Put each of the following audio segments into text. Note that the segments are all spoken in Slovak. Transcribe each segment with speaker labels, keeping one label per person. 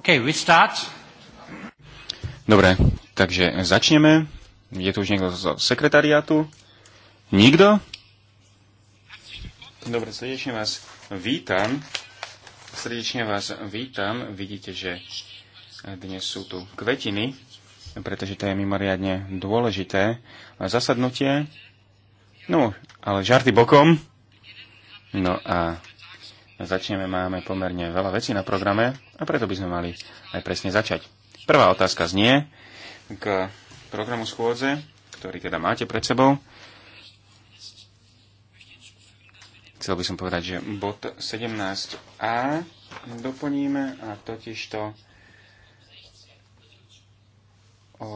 Speaker 1: Okay, we start. Dobre, takže začneme. Je tu už niekto z sekretariátu? Nikto? Dobre, srdečne vás vítam. Srdečne vás vítam. Vidíte, že dnes sú tu kvetiny, pretože to je mimoriadne dôležité zasadnutie. No, ale žarty bokom. No a začneme, máme pomerne veľa vecí na programe a preto by sme mali aj presne začať. Prvá otázka znie k programu schôdze, ktorý teda máte pred sebou. Chcel by som povedať, že bod 17a doplníme a to o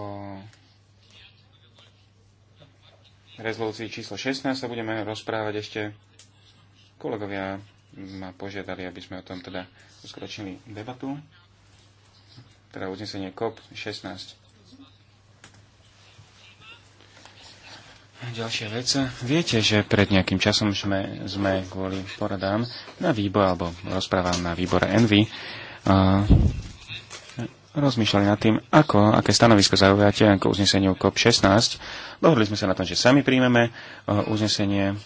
Speaker 1: rezolúcii číslo 16 sa budeme rozprávať ešte kolegovia ma požiadali, aby sme o tom teda uskročili debatu, teda uznesenie COP16. Ďalšia vec. Viete, že pred nejakým časom sme, sme kvôli poradám na výbor, alebo rozprávam na výbore Envy, a rozmýšľali nad tým, ako, aké stanovisko zaujate ako uzneseniu COP16. Dohodli sme sa na tom, že sami príjmeme uznesenie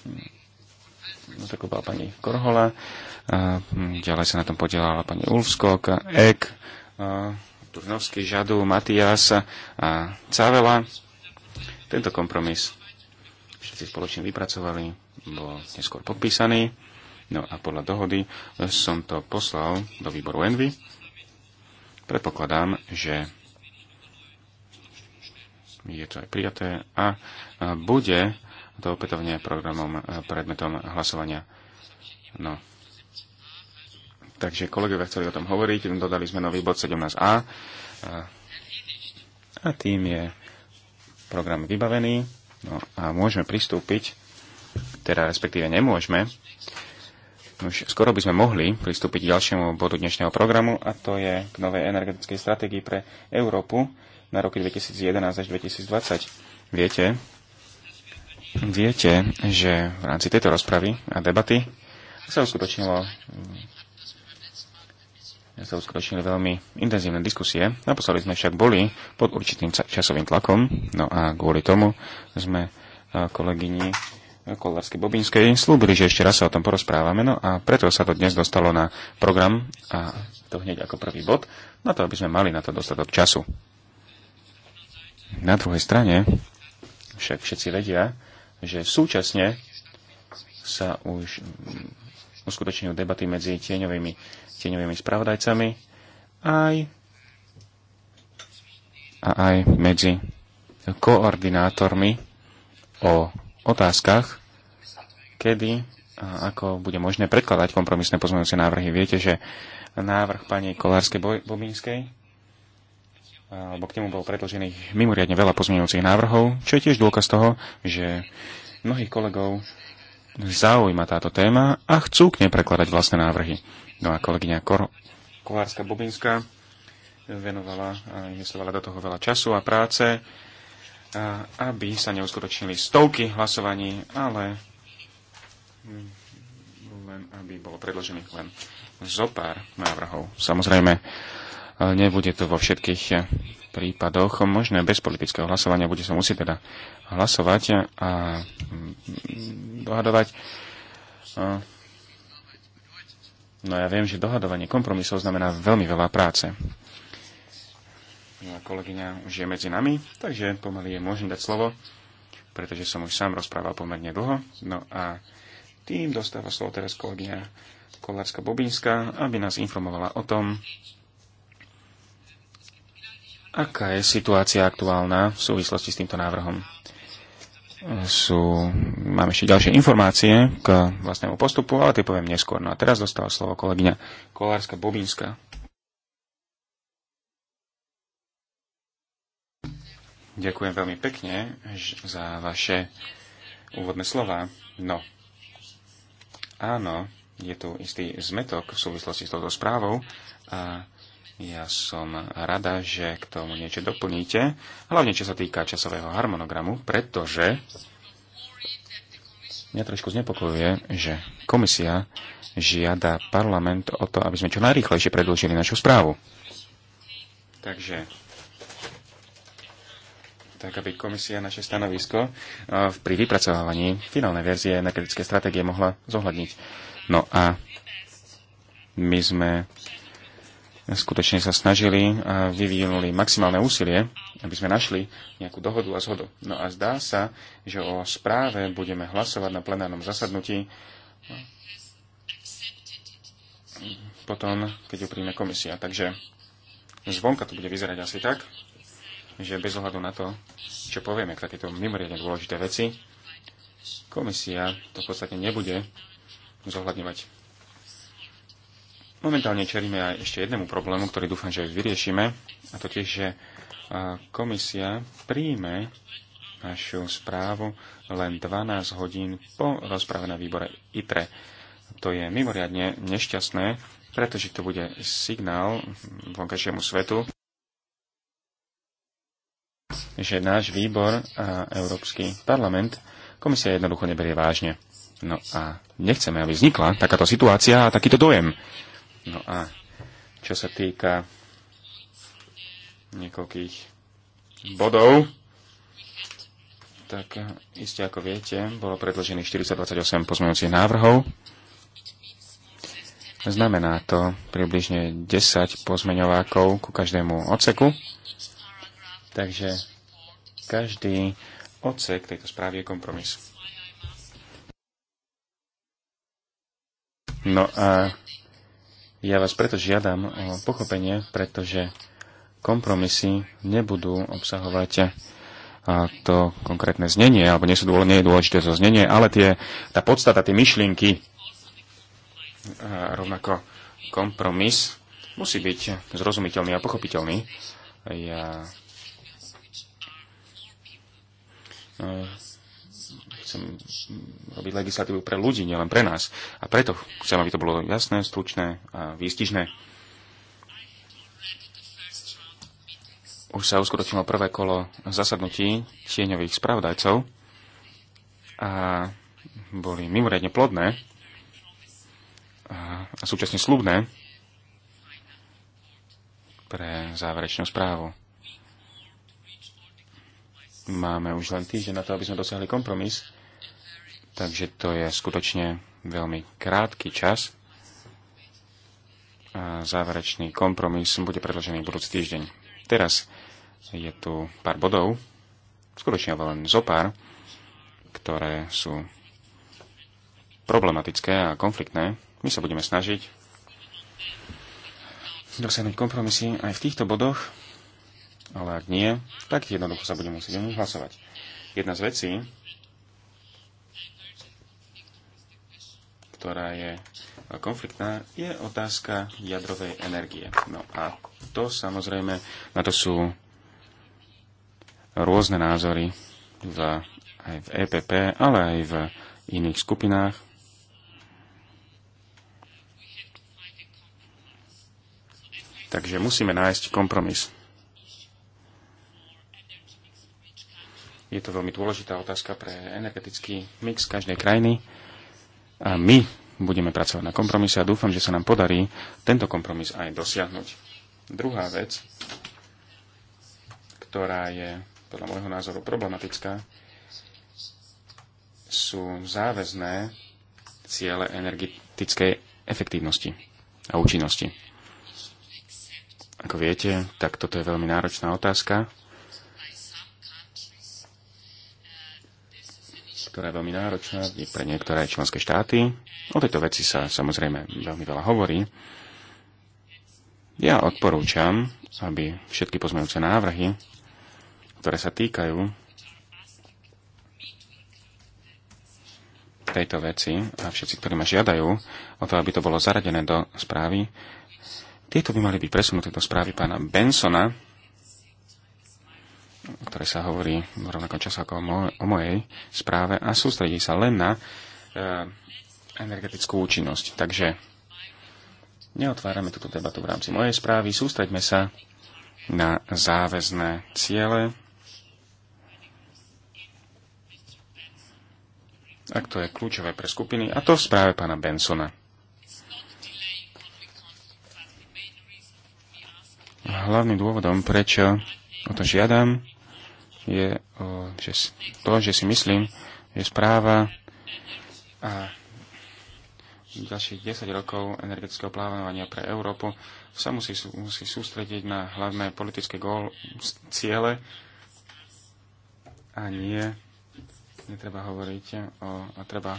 Speaker 1: na no to kúpala pani Korhola, hm, ďalej sa na tom podielala pani Ulfskok, Ek, Turnovský, Žadu, Matias a Cavela. Tento kompromis všetci spoločne vypracovali, bol neskôr podpísaný. No a podľa dohody som to poslal do výboru Envy. Predpokladám, že je to aj prijaté a bude to opätovne programom e, predmetom hlasovania. No. Takže kolegovia chceli o tom hovoriť, dodali sme nový bod 17a e, a tým je program vybavený no a môžeme pristúpiť, teda respektíve nemôžeme, už skoro by sme mohli pristúpiť k ďalšiemu bodu dnešného programu a to je k novej energetickej stratégii pre Európu na roky 2011 až 2020. Viete, Viete, že v rámci tejto rozpravy a debaty sa uskutočnilo mm, sa uskutočnili veľmi intenzívne diskusie. Naposledy sme však boli pod určitým časovým tlakom, no a kvôli tomu sme kolegyni Kolárskej Bobinskej slúbili, že ešte raz sa o tom porozprávame, no a preto sa to dnes dostalo na program a to hneď ako prvý bod, na to, aby sme mali na to dostatok času. Na druhej strane však všetci vedia, že súčasne sa už uskutočňujú debaty medzi tieňovými, tieňovými spravodajcami aj, a aj medzi koordinátormi o otázkach, kedy a ako bude možné predkladať kompromisné pozmeňujúce návrhy. Viete, že návrh pani Kolárskej Bobinskej alebo k nemu bolo predložených mimoriadne veľa pozmeňujúcich návrhov, čo je tiež dôkaz toho, že mnohých kolegov zaujíma táto téma a chcú k nej prekladať vlastné návrhy. No a kolegyňa Kor- Kolárska Bobinská venovala, eh, investovala do toho veľa času a práce, a eh, aby sa neuskutočnili stovky hlasovaní, ale hm, len aby bolo predložených len zo pár návrhov. Samozrejme, Nebude to vo všetkých eh, prípadoch možné bez politického hlasovania. Bude sa musieť teda hlasovať a mm, dohadovať. No ja viem, že dohadovanie kompromisov znamená veľmi veľa práce. Milá kolegyňa už je medzi nami, takže pomaly je môžem dať slovo, pretože som už sám rozprával pomerne dlho. No a tým dostáva slovo teraz kolegyňa Kolárska Bobinská, aby nás informovala o tom, Aká je situácia aktuálna v súvislosti s týmto návrhom? Sú, mám ešte ďalšie informácie k vlastnému postupu, ale tie poviem neskôr. No a teraz dostala slovo kolegyňa Kolárska Bobinska. Ďakujem veľmi pekne za vaše úvodné slova. No, áno, je tu istý zmetok v súvislosti s touto správou a ja som rada, že k tomu niečo doplníte, hlavne čo sa týka časového harmonogramu, pretože mňa trošku znepokojuje, že komisia žiada parlament o to, aby sme čo najrýchlejšie predložili našu správu. Takže tak aby komisia naše stanovisko e, pri vypracovávaní finálnej verzie energetické stratégie mohla zohľadniť. No a my sme skutočne sa snažili a eh, vyvinuli maximálne úsilie, aby sme našli nejakú dohodu a zhodu. No a zdá sa, že o správe budeme hlasovať na plenárnom zasadnutí potom, keď ju príjme komisia. Takže zvonka to bude vyzerať asi tak, že bez ohľadu na to, čo povieme k takéto mimoriadne dôležité veci, komisia to v podstate nebude zohľadňovať Momentálne čelíme aj ešte jednému problému, ktorý dúfam, že vyriešime, a totiž, že komisia príjme našu správu len 12 hodín po rozprave na výbore ITRE. To je mimoriadne nešťastné, pretože to bude signál vonkajšiemu svetu, že náš výbor a Európsky parlament komisia jednoducho neberie vážne. No a nechceme, aby vznikla takáto situácia a takýto dojem. No a čo sa týka niekoľkých bodov, tak iste ako viete, bolo predložených 428 pozmeňujúcich návrhov. Znamená to približne 10 pozmeňovákov ku každému odseku. Takže každý odsek tejto správy je kompromis. No a ja vás preto žiadam o pochopenie, pretože kompromisy nebudú obsahovať to konkrétne znenie, alebo nie, sú dôle, nie je dôležité to znenie, ale tie, tá podstata, tie myšlienky, rovnako kompromis, musí byť zrozumiteľný a pochopiteľný. Ja e, chcem robiť legislatívu pre ľudí, nielen pre nás. A preto chcem, aby to bolo jasné, stručné a výstižné. Už sa uskutočnilo prvé kolo zasadnutí tieňových spravodajcov a boli mimoriadne plodné a súčasne slubné pre záverečnú správu. Máme už len týždeň na to, aby sme dosiahli kompromis Takže to je skutočne veľmi krátky čas. A záverečný kompromis bude predložený budúci týždeň. Teraz je tu pár bodov, skutočne len zo pár, ktoré sú problematické a konfliktné. My sa budeme snažiť dosiahnuť kompromisy aj v týchto bodoch, ale ak nie, tak jednoducho sa budeme musieť hlasovať. Jedna z vecí, ktorá je konfliktná, je otázka jadrovej energie. No a to samozrejme, na to sú rôzne názory v, aj v EPP, ale aj v iných skupinách. Takže musíme nájsť kompromis. Je to veľmi dôležitá otázka pre energetický mix každej krajiny. A my budeme pracovať na kompromise a dúfam, že sa nám podarí tento kompromis aj dosiahnuť. Druhá vec, ktorá je podľa môjho názoru problematická, sú záväzné ciele energetickej efektívnosti a účinnosti. Ako viete, tak toto je veľmi náročná otázka ktorá je veľmi náročná pre niektoré členské štáty. O tejto veci sa samozrejme veľmi veľa hovorí. Ja odporúčam, aby všetky pozmeňujúce návrhy, ktoré sa týkajú tejto veci a všetci, ktorí ma žiadajú o to, aby to bolo zaradené do správy, tieto by mali byť presunuté do správy pána Bensona, ktoré sa hovorí v rovnakom čase ako o, o mojej správe a sústredí sa len na e, energetickú účinnosť. Takže neotvárame túto debatu v rámci mojej správy, sústreďme sa na záväzné ciele. Ak to je kľúčové pre skupiny, a to v správe pána Bensona. Hlavným dôvodom, prečo o to žiadam, je že to, že si myslím, že správa a ďalších 10 rokov energetického plánovania pre Európu sa musí, musí sústrediť na hlavné politické gól, ciele a nie netreba hovoriť o, a treba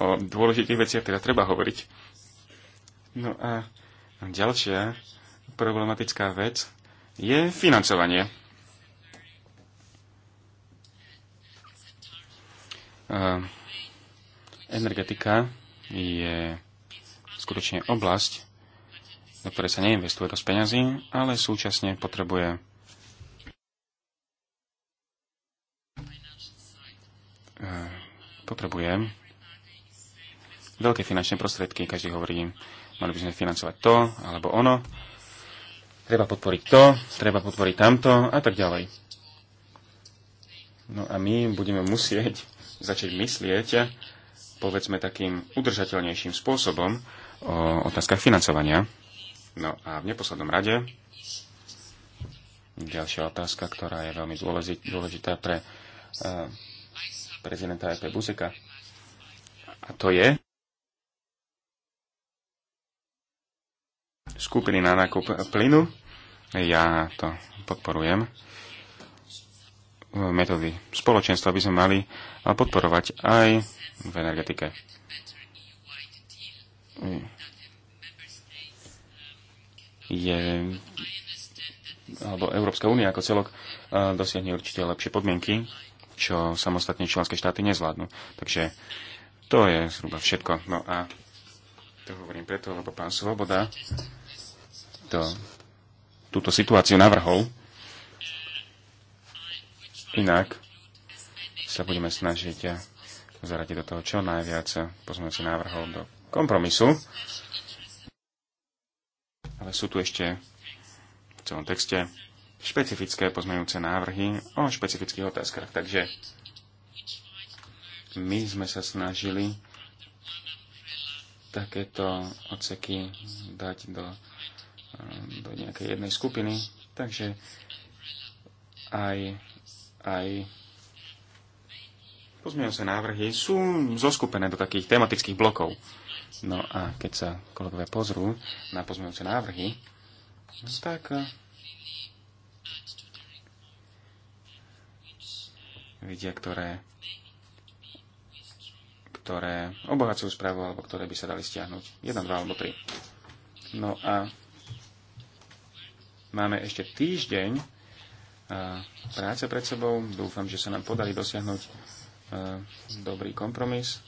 Speaker 1: o dôležitých veciach teda treba hovoriť. No a ďalšia problematická vec je financovanie. Ehm, energetika je skutočne oblasť, do ktorej sa neinvestuje dosť peňazí, ale súčasne potrebuje ehm, potrebuje veľké finančné prostriedky. Každý hovorí, mali by sme financovať to alebo ono treba podporiť to, treba podporiť tamto a tak ďalej. No a my budeme musieť začať myslieť, povedzme, takým udržateľnejším spôsobom o otázkach financovania. No a v neposlednom rade ďalšia otázka, ktorá je veľmi dôležitá pre uh, prezidenta EP Buzika. A to je, skupiny na nákup plynu. Ja to podporujem. Metódy spoločenstva by sme mali podporovať aj v energetike. Je, alebo Európska únia ako celok dosiahne určite lepšie podmienky, čo samostatne členské štáty nezvládnu. Takže to je zhruba všetko. No a to hovorím preto, lebo pán Svoboda to, túto situáciu navrhol. Inak sa budeme snažiť a zaradiť do toho čo najviac pozmeňujúcich návrhov do kompromisu. Ale sú tu ešte v celom texte špecifické pozmeňujúce návrhy o špecifických otázkach. Takže my sme sa snažili takéto odseky dať do, eh, do nejakej jednej skupiny. Takže aj, aj pozmeňujúce návrhy sú zoskupené do takých tematických blokov. No a keď sa kolegovia pozrú na pozmeňujúce návrhy, tak eh, vidia, ktoré ktoré obohacujú správu alebo ktoré by sa dali stiahnuť. Jedna, dva alebo tri. No a máme ešte týždeň práce pred sebou. Dúfam, že sa nám podarí dosiahnuť dobrý kompromis,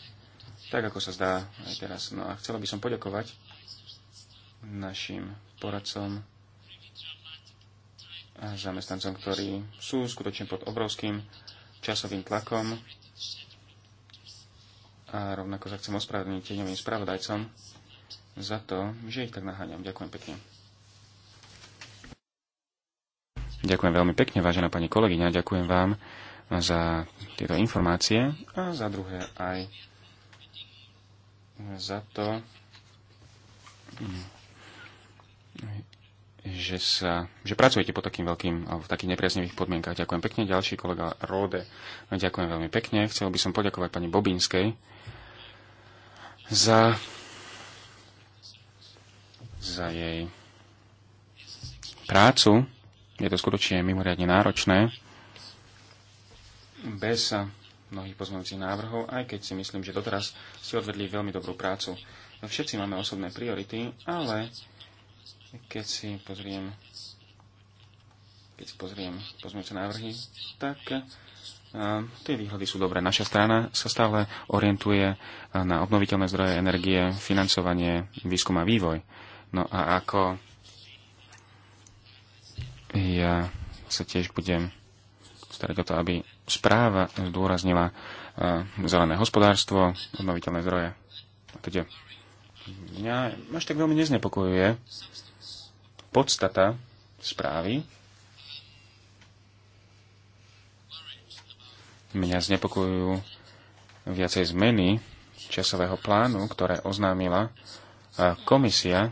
Speaker 1: tak ako sa zdá aj teraz. No a chcela by som poďakovať našim poradcom a zamestnancom, ktorí sú skutočne pod obrovským časovým tlakom a rovnako sa chcem ospravedlniť tieňovým spravodajcom za to, že ich tak naháňam. Ďakujem pekne. Ďakujem veľmi pekne, vážená pani kolegyňa. Ďakujem vám za tieto informácie a za druhé aj za to, že, sa, že pracujete pod takým veľkým, v takých nepriaznivých podmienkach. Ďakujem pekne. Ďalší kolega Róde. Ďakujem veľmi pekne. Chcel by som poďakovať pani Bobínskej za, za jej prácu. Je to skutočne mimoriadne náročné. Bez sa mnohých pozmeňujúcich návrhov, aj keď si myslím, že doteraz ste odvedli veľmi dobrú prácu. No, všetci máme osobné priority, ale keď si pozriem, keď si pozriem pozmeňujúce návrhy, tak eh, tie výhody sú dobré. Naša strana sa stále orientuje eh, na obnoviteľné zdroje energie, financovanie, výskum a vývoj. No a ako ja sa tiež budem starať o to, aby správa zdôraznila eh, zelené hospodárstvo, obnoviteľné zdroje. A teda mňa až tak veľmi neznepokojuje podstata správy. Mňa znepokojujú viacej zmeny časového plánu, ktoré oznámila eh, komisia.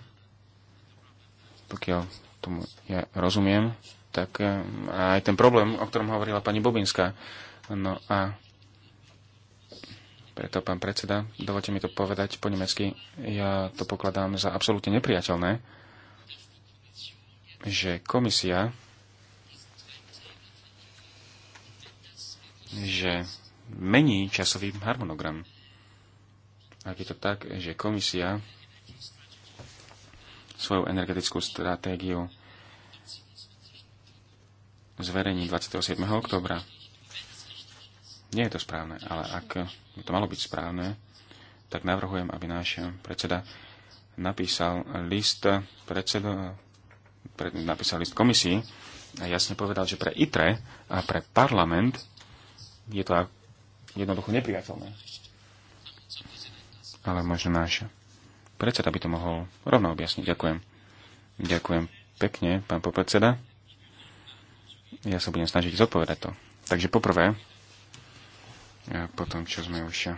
Speaker 1: Pokiaľ tomu ja rozumiem, tak eh, aj ten problém, o ktorom hovorila pani Bobinská. No a preto, pán predseda, dovolte mi to povedať po nemecky. Ja to pokladám za absolútne nepriateľné, že komisia že mení časový harmonogram. Ak je to tak, že komisia svoju energetickú stratégiu zverejní 27. oktobra. Nie je to správne, ale ak by to malo byť správne, tak navrhujem, aby náš predseda napísal list predsedo, napísal list komisii a jasne povedal, že pre ITRE a pre parlament je to jednoducho nepriateľné. Ale možno náš predseda by to mohol rovno objasniť. Ďakujem. Ďakujem pekne, pán popredseda. Ja sa budem snažiť zodpovedať to. Takže poprvé, po potom, čo sme už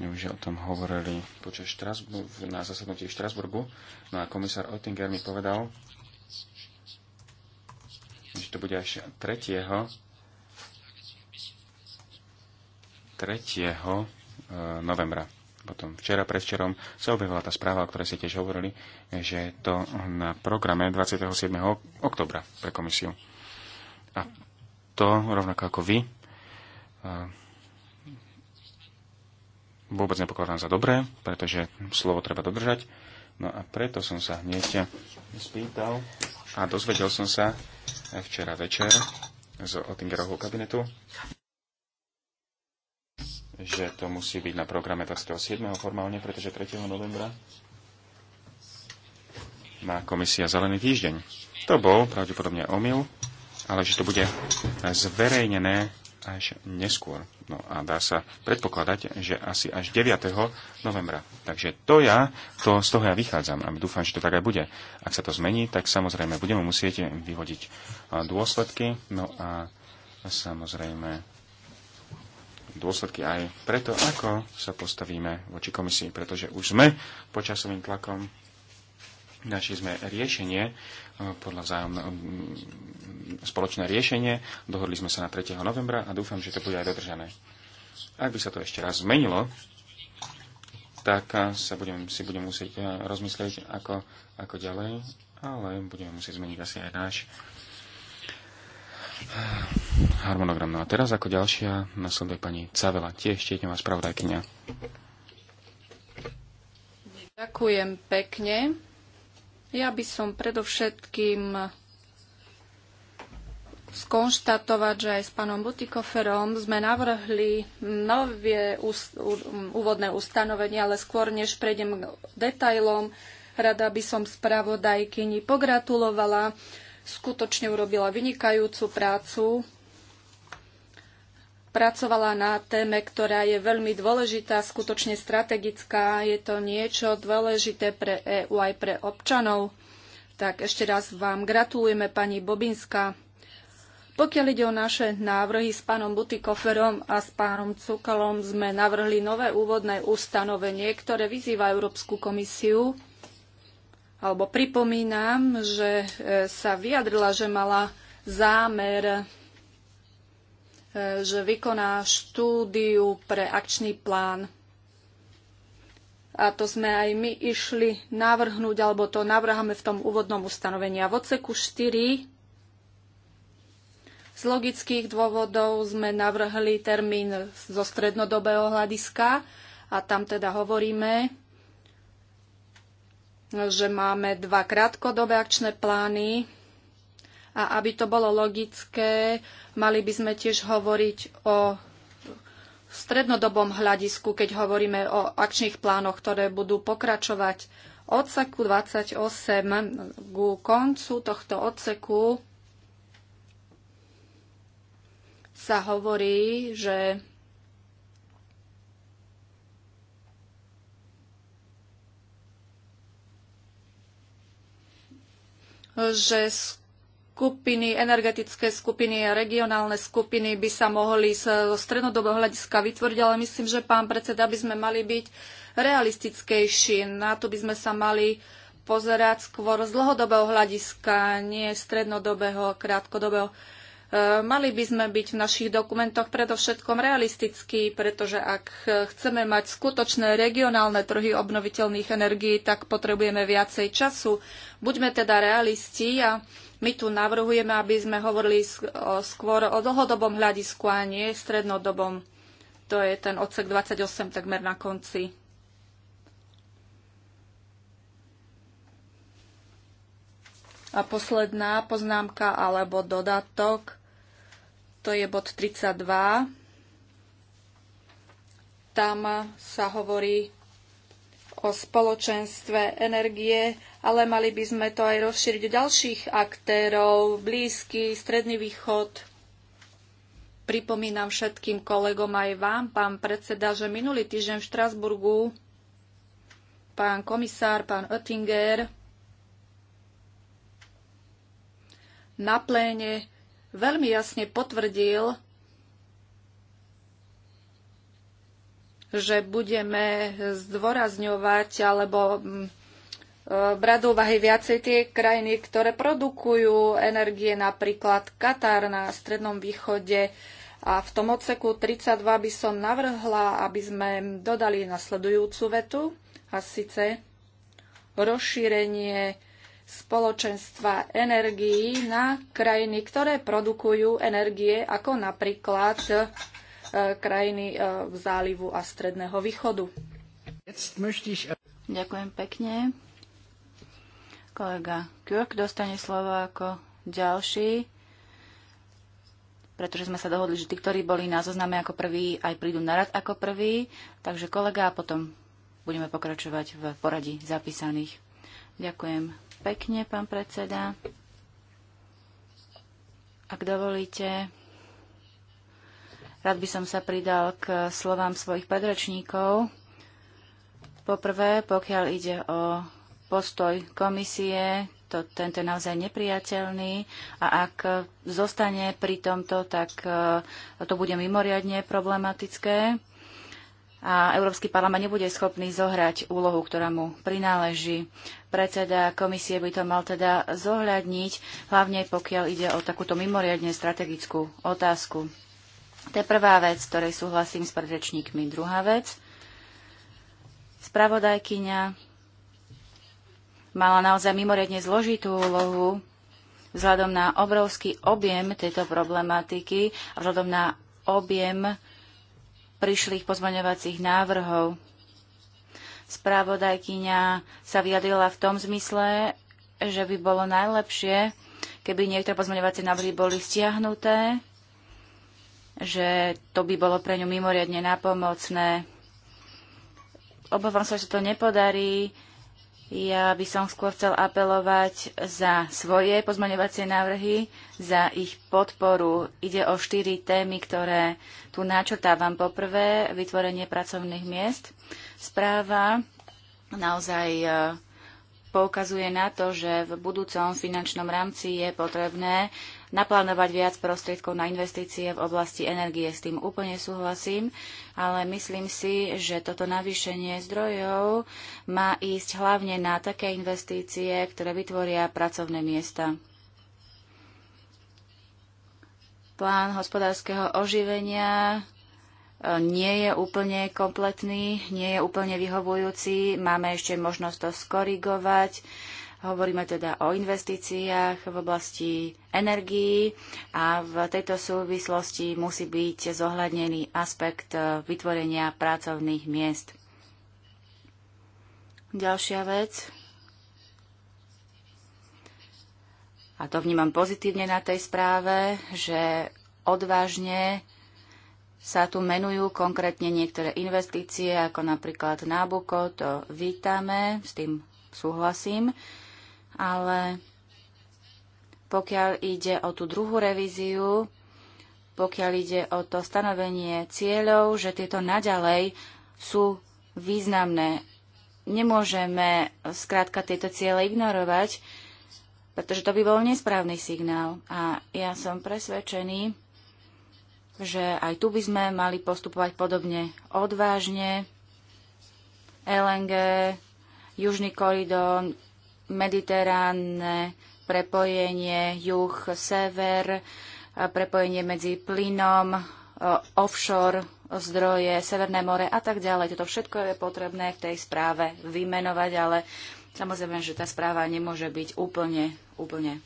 Speaker 1: už o tom hovorili počas Štrasbur- na zasadnutí v Štrasburgu. No a komisár Oettinger mi povedal, že to bude až 3. 3. E, novembra. Potom včera, predvčerom sa objavila tá správa, o ktorej ste tiež hovorili, že je to na programe 27. oktobra pre komisiu. A to rovnako ako vy e, vôbec nepokladám za dobré, pretože slovo treba dodržať. No a preto som sa hneď spýtal a dozvedel som sa včera večer z Otingerovho kabinetu, že to musí byť na programe 27. formálne, pretože 3. novembra má komisia Zelený týždeň. To bol pravdepodobne omyl, ale že to bude zverejnené až neskôr. No a dá sa predpokladať, že asi až 9. novembra. Takže to ja, to, z toho ja vychádzam a dúfam, že to tak aj bude. Ak sa to zmení, tak samozrejme budeme musieť vyhodiť dôsledky, no a samozrejme dôsledky aj preto, ako sa postavíme voči komisii, pretože už sme počasovým tlakom, našli sme riešenie podľa vzájomné um, spoločné riešenie. Dohodli sme sa na 3. novembra a dúfam, že to bude aj dodržané. Ak by sa to ešte raz zmenilo, tak sa budem, si budem musieť rozmyslieť, ako, ako ďalej, ale budeme musieť zmeniť asi aj náš harmonogram. No a teraz ako ďalšia nasleduje pani Cavela, tiež tieťová spravodajkynia.
Speaker 2: Ďakujem pekne. Ja by som predovšetkým skonštatovať, že aj s pánom Butikoferom sme navrhli nové úvodné ustanovenie, ale skôr než prejdem k detailom, rada by som spravodajkyni pogratulovala. Skutočne urobila vynikajúcu prácu pracovala na téme, ktorá je veľmi dôležitá, skutočne strategická. Je to niečo dôležité pre EU aj pre občanov. Tak ešte raz vám gratulujeme, pani Bobinská. Pokiaľ ide o naše návrhy s pánom Butikoferom a s pánom Cukalom, sme navrhli nové úvodné ustanovenie, ktoré vyzýva Európsku komisiu, alebo pripomínam, že e, sa vyjadrila, že mala zámer E, že vykoná štúdiu pre akčný plán. A to sme aj my išli navrhnúť, alebo to navrháme v tom úvodnom ustanovení. A v odseku 4 z logických dôvodov sme navrhli termín zo strednodobého hľadiska a tam teda hovoríme, že máme dva krátkodobé akčné plány a aby to bolo logické, mali by sme tiež hovoriť o strednodobom hľadisku, keď hovoríme o akčných plánoch, ktoré budú pokračovať odseku 28 ku koncu tohto odseku sa hovorí, že že skupiny, energetické skupiny a regionálne skupiny by sa mohli zo strednodobého hľadiska vytvoriť, ale myslím, že pán predseda, by sme mali byť realistickejší. Na to by sme sa mali pozerať skôr z dlhodobého hľadiska, nie strednodobého, krátkodobého. E, mali by sme byť v našich dokumentoch predovšetkom realistickí, pretože ak chceme mať skutočné regionálne trhy obnoviteľných energií, tak potrebujeme viacej času. Buďme teda realisti a my tu navrhujeme, aby sme hovorili skôr o dlhodobom hľadisku a nie strednodobom. To je ten odsek 28 takmer na konci. A posledná poznámka alebo dodatok, to je bod 32. Tam sa hovorí o spoločenstve energie, ale mali by sme to aj rozšíriť ďalších aktérov, Blízky, Stredný východ. Pripomínam všetkým kolegom aj vám, pán predseda, že minulý týždeň v Štrasburgu pán komisár, pán Oettinger na pléne veľmi jasne potvrdil, že budeme zdôrazňovať alebo mm, e, brať do úvahy viacej tie krajiny, ktoré produkujú energie, napríklad Katar na Strednom východe. A v tom odseku 32 by som navrhla, aby sme dodali nasledujúcu vetu, a síce rozšírenie spoločenstva energií na krajiny, ktoré produkujú energie, ako napríklad E, krajiny e, v zálivu a stredného východu.
Speaker 3: Ďakujem pekne. Kolega Kürk dostane slovo ako ďalší, pretože sme sa dohodli, že tí, ktorí boli na zozname ako prví, aj prídu na rad ako prví. Takže kolega a potom budeme pokračovať v poradí zapísaných. Ďakujem pekne, pán predseda. Ak dovolíte, Rád by som sa pridal k slovám svojich predrečníkov. Poprvé, pokiaľ ide o postoj komisie, to, tento je naozaj nepriateľný a ak zostane pri tomto, tak eh, to bude mimoriadne problematické a Európsky parlament nebude schopný zohrať úlohu, ktorá mu prináleží. Predseda komisie by to mal teda zohľadniť, hlavne pokiaľ ide o takúto mimoriadne strategickú otázku. To je prvá vec, ktorej súhlasím s predrečníkmi. Druhá vec, spravodajkyňa mala naozaj mimoriadne zložitú úlohu vzhľadom na obrovský objem tejto problematiky a vzhľadom na objem prišlých pozmaňovacích návrhov. Spravodajkyňa sa vyjadrila v tom zmysle, že by bolo najlepšie, keby niektoré pozmaňovacie návrhy boli stiahnuté že to by bolo pre ňu mimoriadne napomocné. Obávam sa, že to nepodarí. Ja by som skôr chcel apelovať za svoje pozmaňovacie návrhy, za ich podporu. Ide o štyri témy, ktoré tu načrtávam. Poprvé, vytvorenie pracovných miest. Správa naozaj e, poukazuje na to, že v budúcom finančnom rámci je potrebné naplánovať viac prostriedkov na investície v oblasti energie. S tým úplne súhlasím, ale myslím si, že toto navýšenie zdrojov má ísť hlavne na také investície, ktoré vytvoria pracovné miesta. Plán hospodárskeho oživenia e, nie je úplne kompletný, nie je úplne vyhovujúci. Máme ešte možnosť to skorigovať. Hovoríme teda o investíciách v oblasti energií a v tejto súvislosti musí byť zohľadnený aspekt vytvorenia pracovných miest. Ďalšia vec. A to vnímam pozitívne na tej správe, že odvážne sa tu menujú konkrétne niektoré investície, ako napríklad Nabuko, to vítame, s tým súhlasím ale pokiaľ ide o tú druhú revíziu, pokiaľ ide o to stanovenie cieľov, že tieto naďalej sú významné. Nemôžeme skrátka tieto ciele ignorovať, pretože to by bol nesprávny signál. A ja som presvedčený, že aj tu by sme mali postupovať podobne odvážne. LNG, Južný koridor, mediteránne prepojenie juh-sever, prepojenie medzi plynom, offshore zdroje, Severné more a tak ďalej. Toto všetko je potrebné v tej správe vymenovať, ale samozrejme, že tá správa nemôže byť úplne, úplne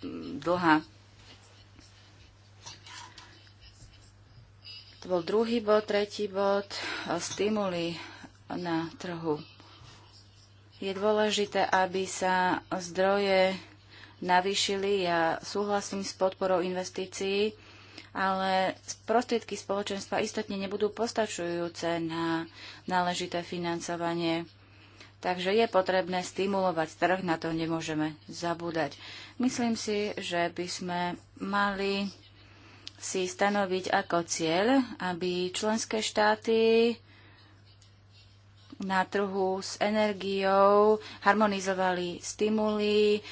Speaker 3: mm, dlhá. To bol druhý bod, tretí bod, e, stimuly na trhu je dôležité, aby sa zdroje navýšili. Ja súhlasím s podporou investícií, ale prostriedky spoločenstva istotne nebudú postačujúce na náležité financovanie. Takže je potrebné stimulovať trh, na to nemôžeme zabúdať. Myslím si, že by sme mali si stanoviť ako cieľ, aby členské štáty na trhu s energiou, harmonizovali stimuly,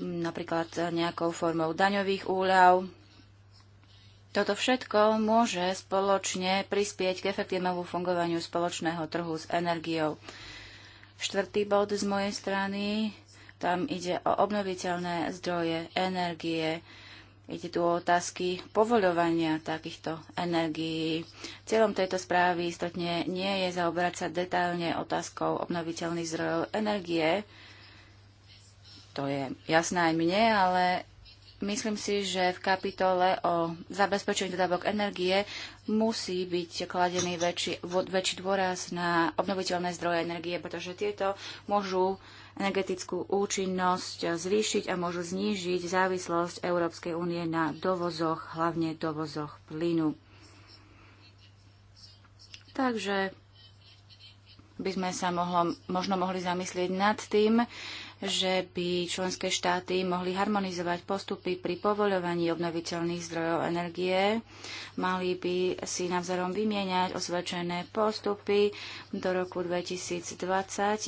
Speaker 3: napríklad nejakou formou daňových úľav. Toto všetko môže spoločne prispieť k efektívnemu fungovaniu spoločného trhu s energiou. Štvrtý bod z mojej strany, tam ide o obnoviteľné zdroje energie. Ide tu o otázky povoľovania takýchto energií. Cieľom tejto správy istotne nie je zaoberať sa detailne otázkou obnoviteľných zdrojov energie. To je jasné aj mne, ale myslím si, že v kapitole o zabezpečení dodávok energie musí byť kladený väčší, väčší dôraz na obnoviteľné zdroje energie, pretože tieto môžu energetickú účinnosť zvýšiť a môžu znížiť závislosť Európskej únie na dovozoch, hlavne dovozoch plynu. Takže by sme sa mohlo, možno mohli zamyslieť nad tým, že by členské štáty mohli harmonizovať postupy pri povoľovaní obnoviteľných zdrojov energie. Mali by si navzorom vymieňať osvedčené postupy do roku 2020.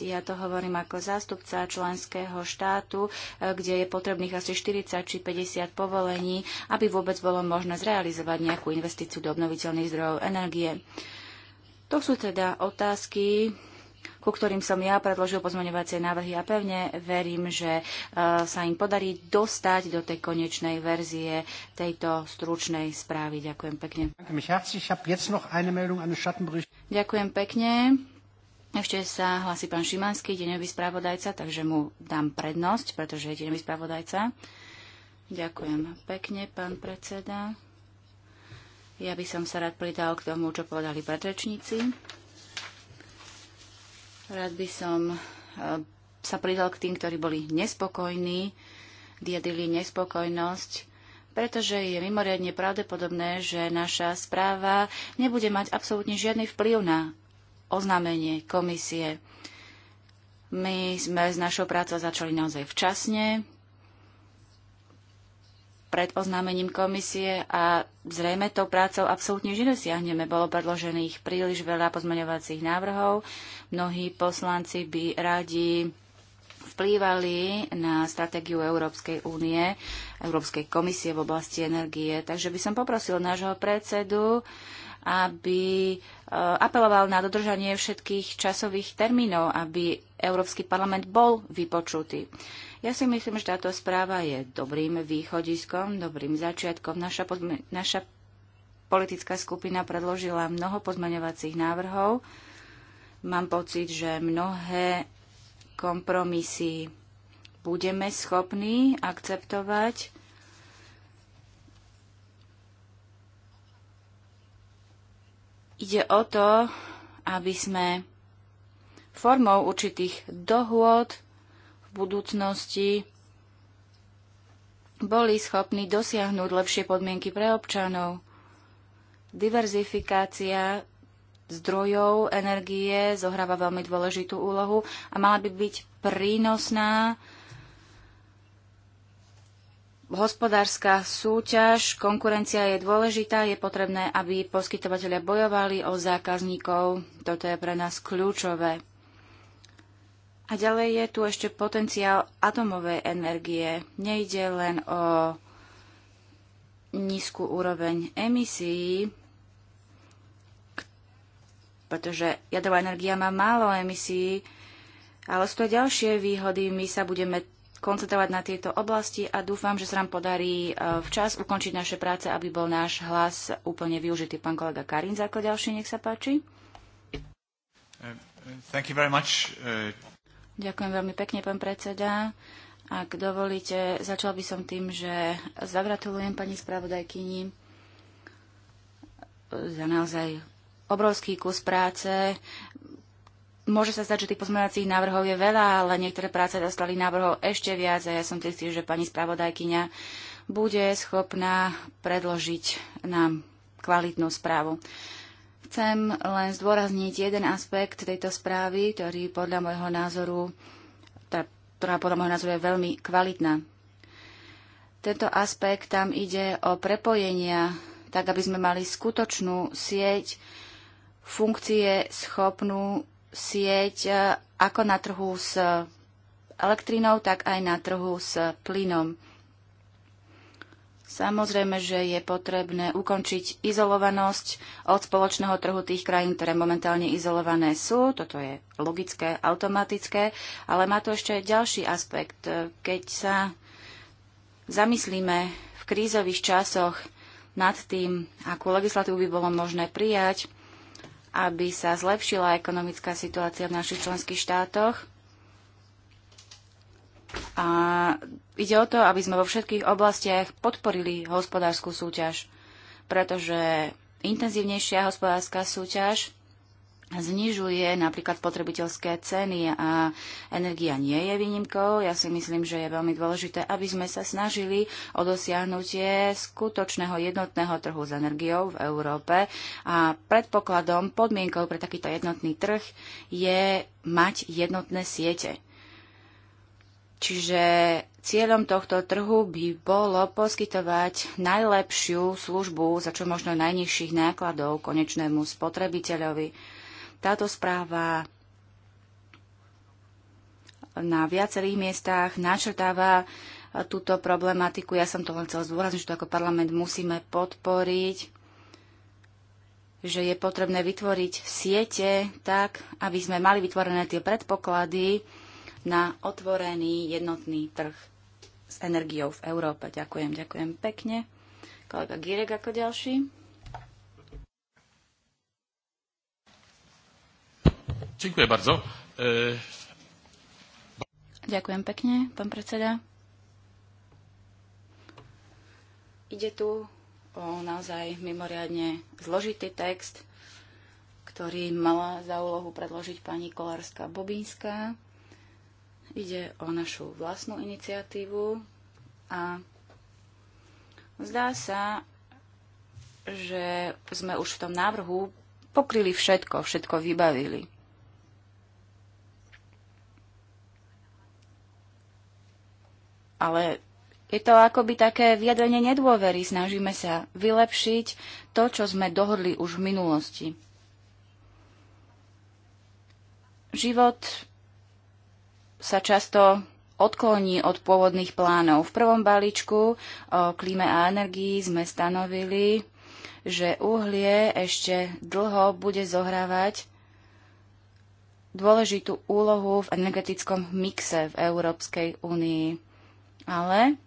Speaker 3: Ja to hovorím ako zástupca členského štátu, e, kde je potrebných asi 40 či 50 povolení, aby vôbec bolo možné zrealizovať nejakú investíciu do obnoviteľných zdrojov energie. To sú teda otázky, ku ktorým som ja predložil pozmeňovacie návrhy a pevne verím, že e, sa im podarí dostať do tej konečnej verzie tejto stručnej správy. Ďakujem pekne. Ďakujem pekne. Ešte sa hlasí pán Šimanský, deňový správodajca, takže mu dám prednosť, pretože je deňový správodajca. Ďakujem pekne, pán predseda. Ja by som sa rád pridal k tomu, čo povedali predrečníci. Rád by som e, sa pridal k tým, ktorí boli nespokojní, vyjadrili nespokojnosť, pretože je mimoriadne pravdepodobné, že naša správa nebude mať absolútne žiadny vplyv na oznámenie komisie. My sme s našou prácou začali naozaj včasne, pred oznámením komisie a zrejme tou prácou absolútne že nesiahneme. Bolo predložených príliš veľa pozmeňovacích návrhov. Mnohí poslanci by radi vplývali na stratégiu Európskej únie, Európskej komisie v oblasti energie. Takže by som poprosil nášho predsedu, aby e, apeloval na dodržanie všetkých časových termínov, aby Európsky parlament bol vypočutý. Ja si myslím, že táto správa je dobrým východiskom, dobrým začiatkom. Naša, naša politická skupina predložila mnoho pozmeňovacích návrhov. Mám pocit, že mnohé kompromisy budeme schopní akceptovať. Ide o to, aby sme formou určitých dohôd budúcnosti boli schopní dosiahnuť lepšie podmienky pre občanov. Diverzifikácia zdrojov energie zohráva veľmi dôležitú úlohu a mala by byť prínosná hospodárska súťaž, konkurencia je dôležitá, je potrebné, aby poskytovateľia bojovali o zákazníkov. Toto je pre nás kľúčové. A ďalej je tu ešte potenciál atomovej energie. Nejde len o nízku úroveň emisí, pretože jadrová energia má málo emisí, ale sú to ďalšie výhody. My sa budeme koncentrovať na tieto oblasti a dúfam, že sa nám podarí e, včas ukončiť naše práce, aby bol náš hlas úplne využitý. Pán kolega Karin, základ ďalšie nech sa páči. Uh,
Speaker 1: uh, thank you very much, uh,
Speaker 3: Ďakujem veľmi pekne, pán predseda. Ak dovolíte, začal by som tým, že zavratulujem pani spravodajkyni za naozaj obrovský kus práce. Môže sa zdať, že tých pozmeňovacích návrhov je veľa, ale niektoré práce dostali návrhov ešte viac a ja som si že pani spravodajkyňa bude schopná predložiť nám kvalitnú správu. Chcem len zdôrazniť jeden aspekt tejto správy, ktorý podľa môjho názoru, teda, ktorá podľa môjho názoru je veľmi kvalitná. Tento aspekt tam ide o prepojenia, tak aby sme mali skutočnú sieť, funkcie schopnú sieť e, ako na trhu s elektrinou, tak aj na trhu s plynom. Samozrejme, že je potrebné ukončiť izolovanosť od spoločného trhu tých krajín, ktoré momentálne izolované sú. Toto je logické, automatické, ale má to ešte ďalší aspekt. Keď sa zamyslíme v krízových časoch nad tým, akú legislatívu by bolo možné prijať, aby sa zlepšila ekonomická situácia v našich členských štátoch, a ide o to, aby sme vo všetkých oblastiach podporili hospodárskú súťaž, pretože intenzívnejšia hospodárska súťaž znižuje napríklad spotrebiteľské ceny a energia nie je výnimkou. Ja si myslím, že je veľmi dôležité, aby sme sa snažili o dosiahnutie skutočného jednotného trhu s energiou v Európe a predpokladom, podmienkou pre takýto jednotný trh je mať jednotné siete. Čiže cieľom tohto trhu by bolo poskytovať najlepšiu službu za čo možno najnižších nákladov konečnému spotrebiteľovi. Táto správa na viacerých miestach načrtáva túto problematiku. Ja som to len chcel zdôrazniť, že to ako parlament musíme podporiť že je potrebné vytvoriť siete tak, aby sme mali vytvorené tie predpoklady, na otvorený jednotný trh s energiou v Európe. Ďakujem, ďakujem pekne. Kolega Girek ako ďalší.
Speaker 1: Ďakujem bardzo. E...
Speaker 3: Ďakujem pekne, pán predseda. Ide tu o naozaj mimoriadne zložitý text, ktorý mala za úlohu predložiť pani Kolárska Bobinská. Ide o našu vlastnú iniciatívu a zdá sa, že sme už v tom návrhu pokryli všetko, všetko vybavili. Ale je to akoby také vyjadrenie nedôvery. Snažíme sa vylepšiť to, čo sme dohodli už v minulosti. Život sa často odkloní od pôvodných plánov. V prvom balíčku o klíme a energii sme stanovili, že uhlie ešte dlho bude zohrávať dôležitú úlohu v energetickom mixe v Európskej únii. Ale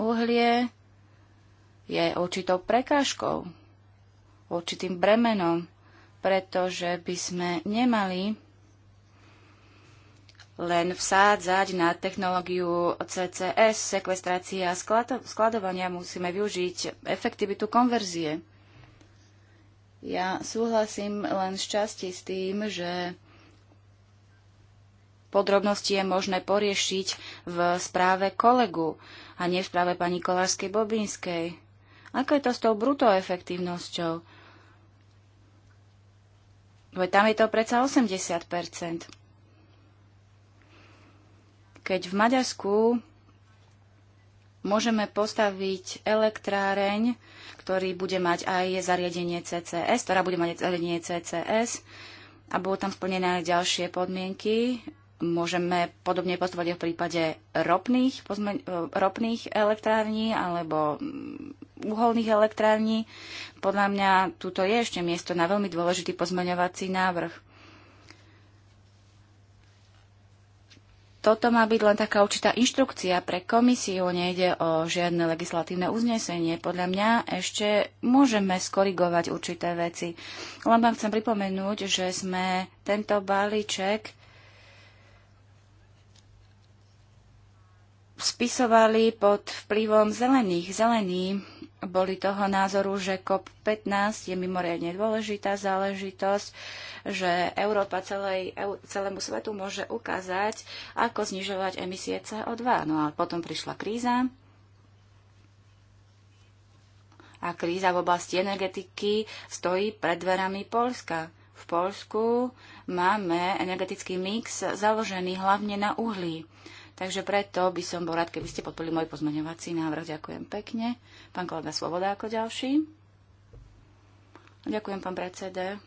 Speaker 3: uhlie je určitou prekážkou, určitým bremenom, pretože by sme nemali len vsádzať na technológiu CCS, sekvestrácia a skladovania. Musíme využiť efektivitu konverzie. Ja súhlasím len s časti s tým, že podrobnosti je možné poriešiť v správe kolegu a nie v správe pani Kolárskej Bobinskej. Ako je to s tou brutoefektívnosťou? Veď tam je to predsa 80 keď v Maďarsku môžeme postaviť elektráreň, ktorý bude mať aj zariadenie CCS, ktorá bude mať zariadenie CCS a budú tam splnené aj ďalšie podmienky. Môžeme podobne postupovať aj v prípade ropných, e, ropných elektrární alebo mm, uholných elektrární. Podľa mňa tuto je ešte miesto na veľmi dôležitý pozmeňovací návrh Toto má byť len taká určitá inštrukcia pre komisiu, nejde o žiadne legislatívne uznesenie. Podľa mňa ešte môžeme skorigovať určité veci. Len vám chcem pripomenúť, že sme tento balíček spisovali pod vplyvom zelených. Zelení boli toho názoru, že COP15 je mimoriadne dôležitá záležitosť, že Európa celej, celému svetu môže ukázať, ako znižovať emisie CO2. No a potom prišla kríza a kríza v oblasti energetiky stojí pred dverami Polska. V Polsku máme energetický mix založený hlavne na uhlí. Takže preto by som bol rád, keby ste podporili môj pozmeňovací návrh. Ďakujem pekne. Pán kolega Svoboda ako ďalší. Ďakujem, pán predsede.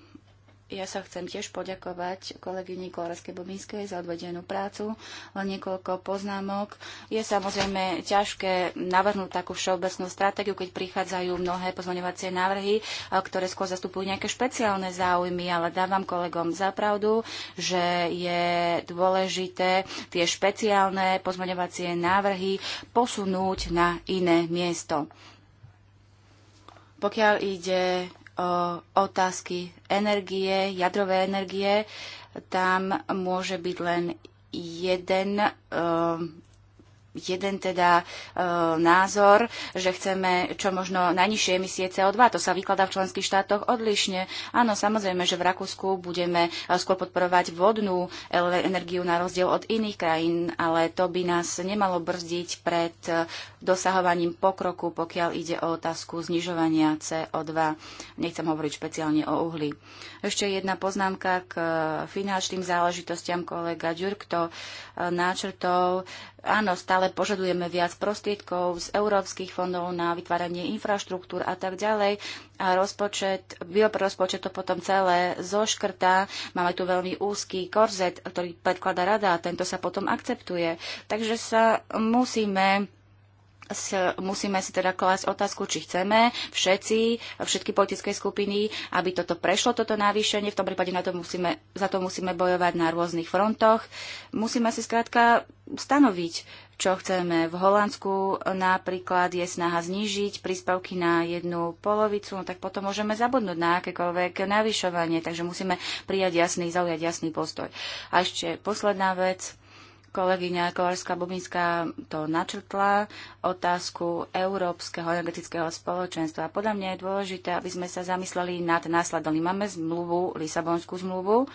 Speaker 3: Ja sa chcem tiež poďakovať kolegyni Koloreskej Bobinskej za odvedenú prácu. Len niekoľko poznámok. Je samozrejme ťažké navrhnúť takú všeobecnú stratégiu, keď prichádzajú mnohé pozmeňovacie návrhy, e, ktoré skôr zastupujú nejaké špeciálne záujmy, ale dávam kolegom za pravdu, že je dôležité tie špeciálne pozmeňovacie návrhy posunúť na iné miesto. Pokiaľ ide Eh, otázky energie, jadrové energie, tam môže byť len jeden eh, jeden teda e, názor, že chceme čo možno najnižšie emisie CO2. To sa vykladá v členských štátoch odlišne. Áno, samozrejme, že v Rakúsku budeme e, skôr podporovať vodnú energiu na rozdiel od iných krajín, ale to by nás nemalo brzdiť pred e, dosahovaním pokroku, pokiaľ ide o otázku znižovania CO2. Nechcem hovoriť špeciálne o uhli. Ešte jedna poznámka k e, finančným záležitostiam kolega Ďurk to načrtol áno, stále požadujeme viac prostriedkov z európskych fondov na vytváranie infraštruktúr a tak ďalej. A rozpočet, rozpočet to potom celé zoškrtá. Máme tu veľmi úzky korzet, ktorý predkladá rada a tento sa potom akceptuje. Takže sa musíme musíme si teda klásť otázku, či chceme všetci, všetky politické skupiny, aby toto prešlo, toto navýšenie. V tom prípade na to musíme, za to musíme bojovať na rôznych frontoch. Musíme si skrátka stanoviť, čo chceme. V Holandsku napríklad je snaha znížiť príspevky na jednu polovicu, no tak potom môžeme zabudnúť na akékoľvek navyšovanie, takže musíme prijať jasný, zaujať jasný postoj. A ešte posledná vec Kolegyňa Kolárska Bubinská to načrtla, otázku Európskeho energetického spoločenstva. Podľa mňa je dôležité, aby sme sa zamysleli nad následovným. Máme zmluvu, Lisabonskú zmluvu,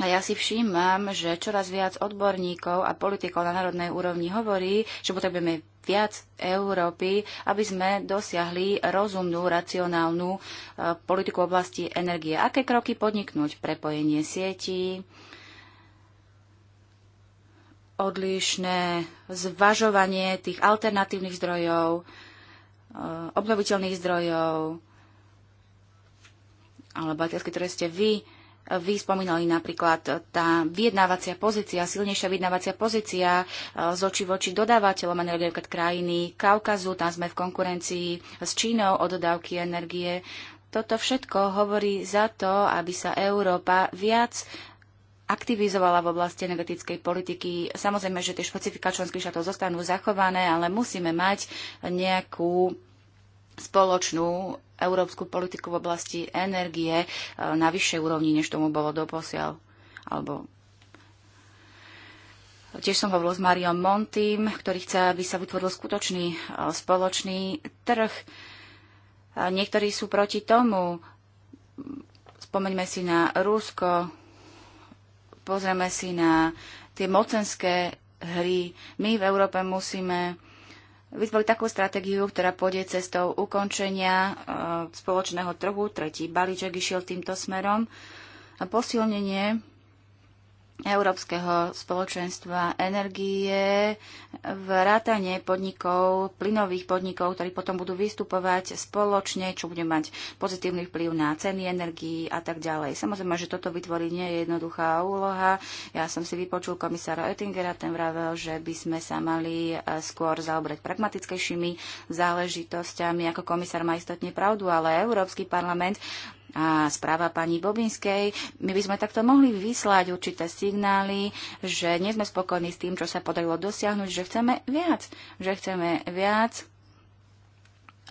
Speaker 3: a ja si všímam, že čoraz viac odborníkov a politikov na národnej úrovni hovorí, že potrebujeme viac Európy, aby sme dosiahli rozumnú, racionálnu eh, politiku politiku oblasti energie. Aké kroky podniknúť? Prepojenie sietí, odlišné zvažovanie tých alternatívnych zdrojov, eh, obnoviteľných zdrojov, alebo aj tie, ktoré ste vy, eh, vy spomínali napríklad tá vyjednávacia pozícia, silnejšia vyjednávacia pozícia eh, z oči voči dodávateľom energie, krajiny Kaukazu, tam sme v konkurencii s Čínou o dodávky energie. Toto všetko hovorí za to, aby sa Európa viac aktivizovala v oblasti energetickej politiky. Samozrejme, že tie špecifika členských štátov zostanú zachované, ale musíme mať nejakú spoločnú európsku politiku v oblasti energie e, na vyššej úrovni, než tomu bolo doposiaľ. Alebo Tiež som hovoril s Mariom Montým, ktorý chce, aby sa vytvoril skutočný e, spoločný trh. Niektorí sú proti tomu. Spomeňme si na Rusko, pozrieme si na tie mocenské hry. My v Európe musíme vytvoriť takú stratégiu, ktorá pôjde cestou ukončenia e, spoločného trhu. Tretí balíček išiel týmto smerom. A posilnenie Európskeho spoločenstva energie, vrátanie podnikov, plynových podnikov, ktorí potom budú vystupovať spoločne, čo bude mať pozitívny vplyv na ceny energií a tak ďalej. Samozrejme, že toto vytvorí nie je jednoduchá úloha. Ja som si vypočul komisára Oettingera, ten vravel, že by sme sa mali eh, skôr zaobrať pragmatickejšími záležitosťami. Ako komisár má istotne pravdu, ale Európsky parlament a správa pani Bobinskej, my by sme takto mohli vyslať určité signály, že nie sme spokojní s tým, čo sa podarilo dosiahnuť, že chceme viac, že chceme viac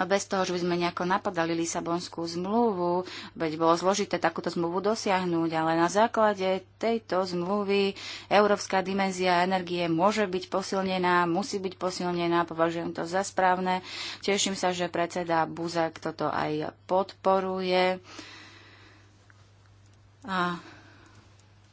Speaker 3: bez toho, že by sme nejako napadali Lisabonskú zmluvu, veď bolo zložité takúto zmluvu dosiahnuť, ale na základe tejto zmluvy európska dimenzia energie môže byť posilnená, musí byť posilnená, považujem to za správne. Teším sa, že predseda Buzak toto aj podporuje. A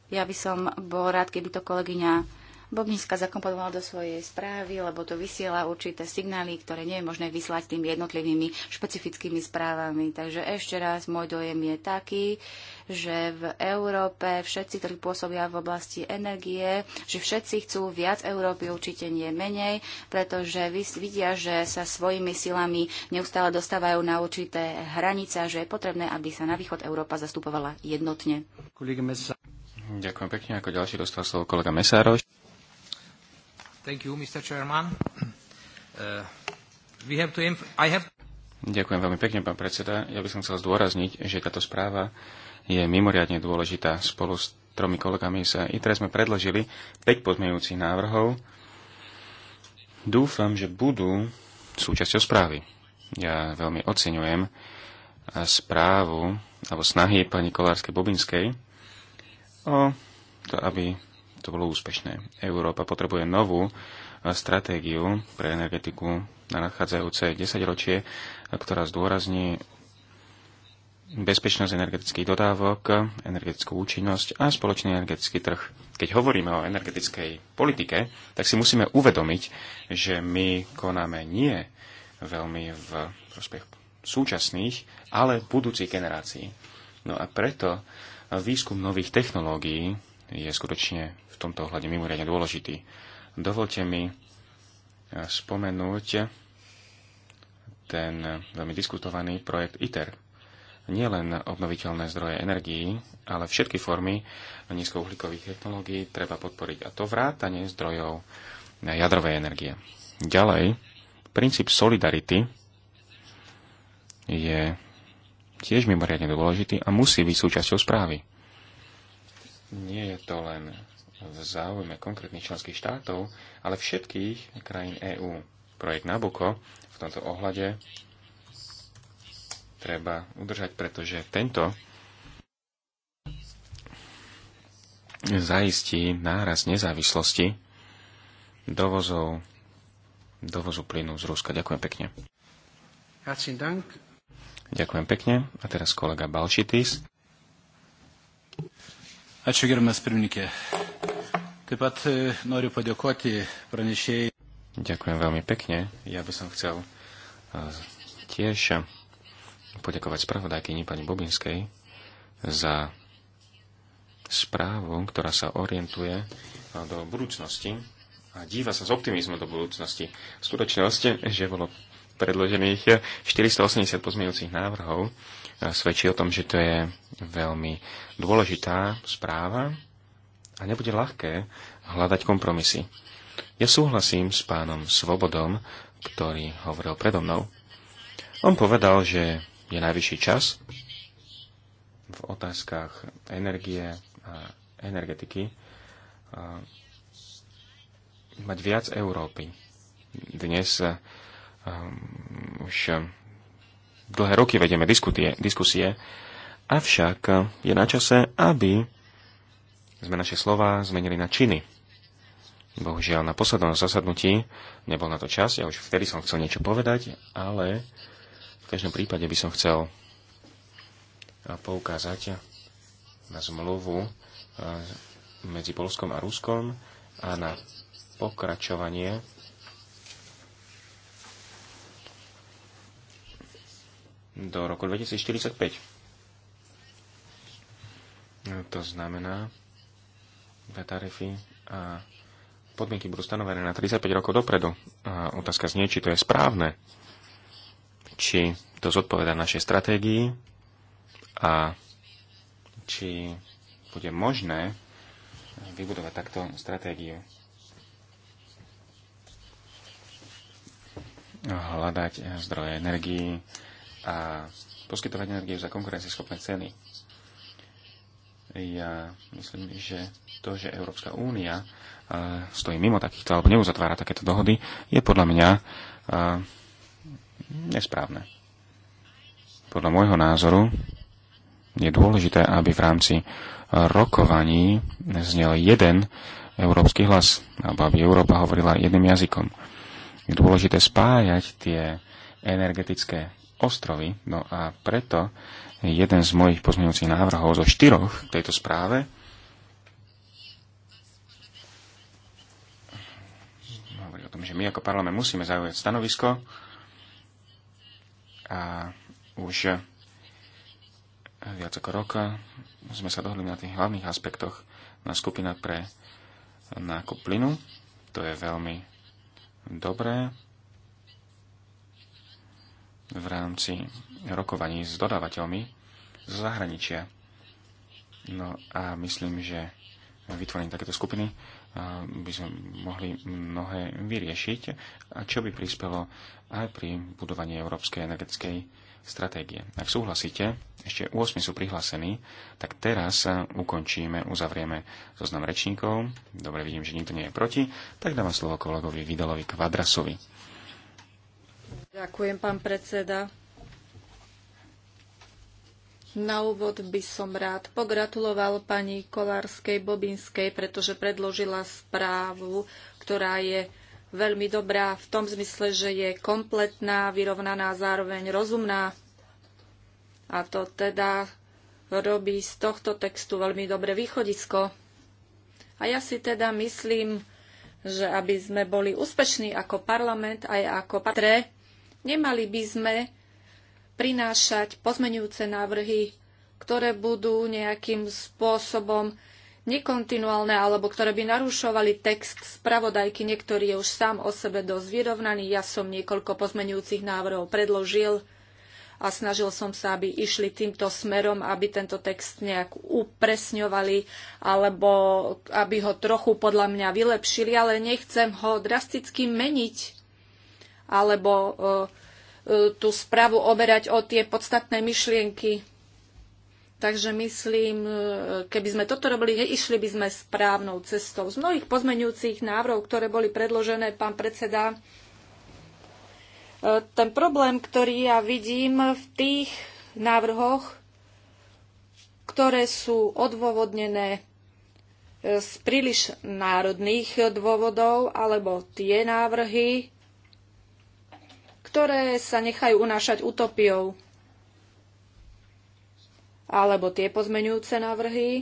Speaker 3: ja by som bol rád, keby to kolegyňa Bobinska zakomponovala do svojej správy, lebo to vysiela určité signály, ktoré nie je možné vyslať tými jednotlivými špecifickými správami. Takže ešte raz, môj dojem je taký, že v Európe všetci, ktorí pôsobia v oblasti energie, že všetci chcú viac Európy, určite nie menej, pretože vidia, že sa svojimi silami neustále dostávajú na určité hranice a že je potrebné, aby sa na východ Európa zastupovala jednotne.
Speaker 1: Ďakujem pekne. Ako ďalší dostal slovo kolega Mesároš.
Speaker 3: Thank you, Mr. Chairman. Uh, we have to I have...
Speaker 1: Ďakujem veľmi pekne, pán predseda. Ja by som chcel zdôrazniť, že táto správa je mimoriadne dôležitá. Spolu s tromi kolegami sa i teraz sme predložili 5 pozmejúcich návrhov. Dúfam, že budú súčasťou správy. Ja veľmi oceňujem správu alebo snahy pani Kolárskej Bobinskej o to, aby to bolo úspešné. Európa potrebuje novú e, stratégiu pre energetiku na nadchádzajúce 10 ročie, e, ktorá zdôrazní bezpečnosť energetických dodávok, energetickú účinnosť a spoločný energetický trh. Keď hovoríme o energetickej politike, tak si musíme uvedomiť, že my konáme nie veľmi v prospech súčasných, ale budúcich generácií. No a preto výskum nových technológií je skutočne v tomto ohľade mimoriadne dôležitý. Dovolte mi eh, spomenúť ten veľmi diskutovaný projekt ITER. Nie len obnoviteľné zdroje energií, ale všetky formy nízkouhlíkových technológií treba podporiť. A to vrátanie zdrojov jadrovej energie. Ďalej, princíp solidarity je tiež mimoriadne dôležitý a musí byť súčasťou správy nie je to len v záujme konkrétnych členských štátov, ale všetkých krajín EÚ. Projekt Nabuko v tomto ohľade treba udržať, pretože tento zaistí náraz nezávislosti dovozov, dovozu plynu z Ruska. Ďakujem pekne. Ďakujem pekne. A teraz kolega Balšitis. Ačiū gerbiamas pirmininkė. Taip pat e, noriu padėkoti pranešėjai. Ďakujem veľmi pekne. Ja by som chcel e, tiež poďakovať spravodajkyni pani Bobinskej za správu, ktorá sa orientuje do budúcnosti a díva sa s optimizmom do budúcnosti. V skutočnosti, že bolo predložených 480 pozmeňujúcich návrhov, svedčí o tom, že to je veľmi dôležitá správa a nebude ľahké hľadať kompromisy. Ja súhlasím s pánom Svobodom, ktorý hovoril predo mnou. On povedal, že je najvyšší čas v otázkach energie a energetiky a mať viac Európy. Dnes um, už dlhé roky vedeme diskusie, diskusie, avšak je na čase, aby sme naše slova zmenili na činy. Bohužiaľ, na poslednom zasadnutí nebol na to čas, ja už vtedy som chcel niečo povedať, ale v každom prípade by som chcel poukázať na zmluvu e, medzi Polskom a Ruskom a na pokračovanie do roku 2045. To znamená, že tarify a podmienky budú stanovené na 35 rokov dopredu. A otázka znie, či to je správne, či to zodpoveda našej stratégii a či bude možné vybudovať takto stratégiu. Hľadať zdroje energii a poskytovať energiu za konkurencieschopné ceny. Ja myslím, že to, že Európska únia e, stojí mimo takýchto alebo neuzatvára takéto dohody, je podľa mňa e, nesprávne. Podľa môjho názoru je dôležité, aby v rámci e, rokovaní znel jeden európsky hlas, alebo aby Európa hovorila jedným jazykom. Je dôležité spájať tie energetické ostrovy. No a preto jeden z mojich pozmeňujúcich návrhov zo štyroch v tejto správe hovorí o tom, že my ako parlament musíme zaujať stanovisko a už viac ako roka sme sa dohodli na tých hlavných aspektoch na skupina pre nákup plynu. To je veľmi dobré v rámci rokovaní s dodávateľmi z zahraničia. No a myslím, že vytvorením takéto skupiny by sme mohli mnohé vyriešiť, a čo by prispelo aj pri budovaní európskej energetickej stratégie. Ak súhlasíte, ešte 8 sú prihlásení, tak teraz ukončíme, uzavrieme zoznam rečníkov. Dobre, vidím, že nikto nie je proti, tak dávam slovo kolegovi Vidalovi Kvadrasovi.
Speaker 2: Ďakujem, pán predseda. Na úvod by som rád pogratuloval pani Kolárskej Bobinskej, pretože predložila správu, ktorá je veľmi dobrá v tom zmysle, že je kompletná, vyrovnaná, zároveň rozumná. A to teda robí z tohto textu veľmi dobré východisko. A ja si teda myslím, že aby sme boli úspešní ako parlament aj ako patre, Nemali by sme prinášať pozmenujúce návrhy, ktoré budú nejakým spôsobom nekontinuálne alebo ktoré by narušovali text spravodajky. Niektorý je už sám o sebe dosť vyrovnaný. Ja som niekoľko pozmenujúcich návrhov predložil a snažil som sa, aby išli týmto smerom, aby tento text nejak upresňovali alebo aby ho trochu podľa mňa vylepšili, ale nechcem ho drasticky meniť alebo e, e, tú správu oberať o tie podstatné myšlienky. Takže myslím, e, keby sme toto robili, neišli by sme správnou cestou. Z mnohých pozmenujúcich návrhov, ktoré boli predložené, pán predseda, ten problém, ktorý ja vidím v tých návrhoch, ktoré sú odôvodnené z príliš národných dôvodov, alebo tie návrhy, ktoré sa nechajú unášať utopiou. Alebo tie pozmenujúce návrhy,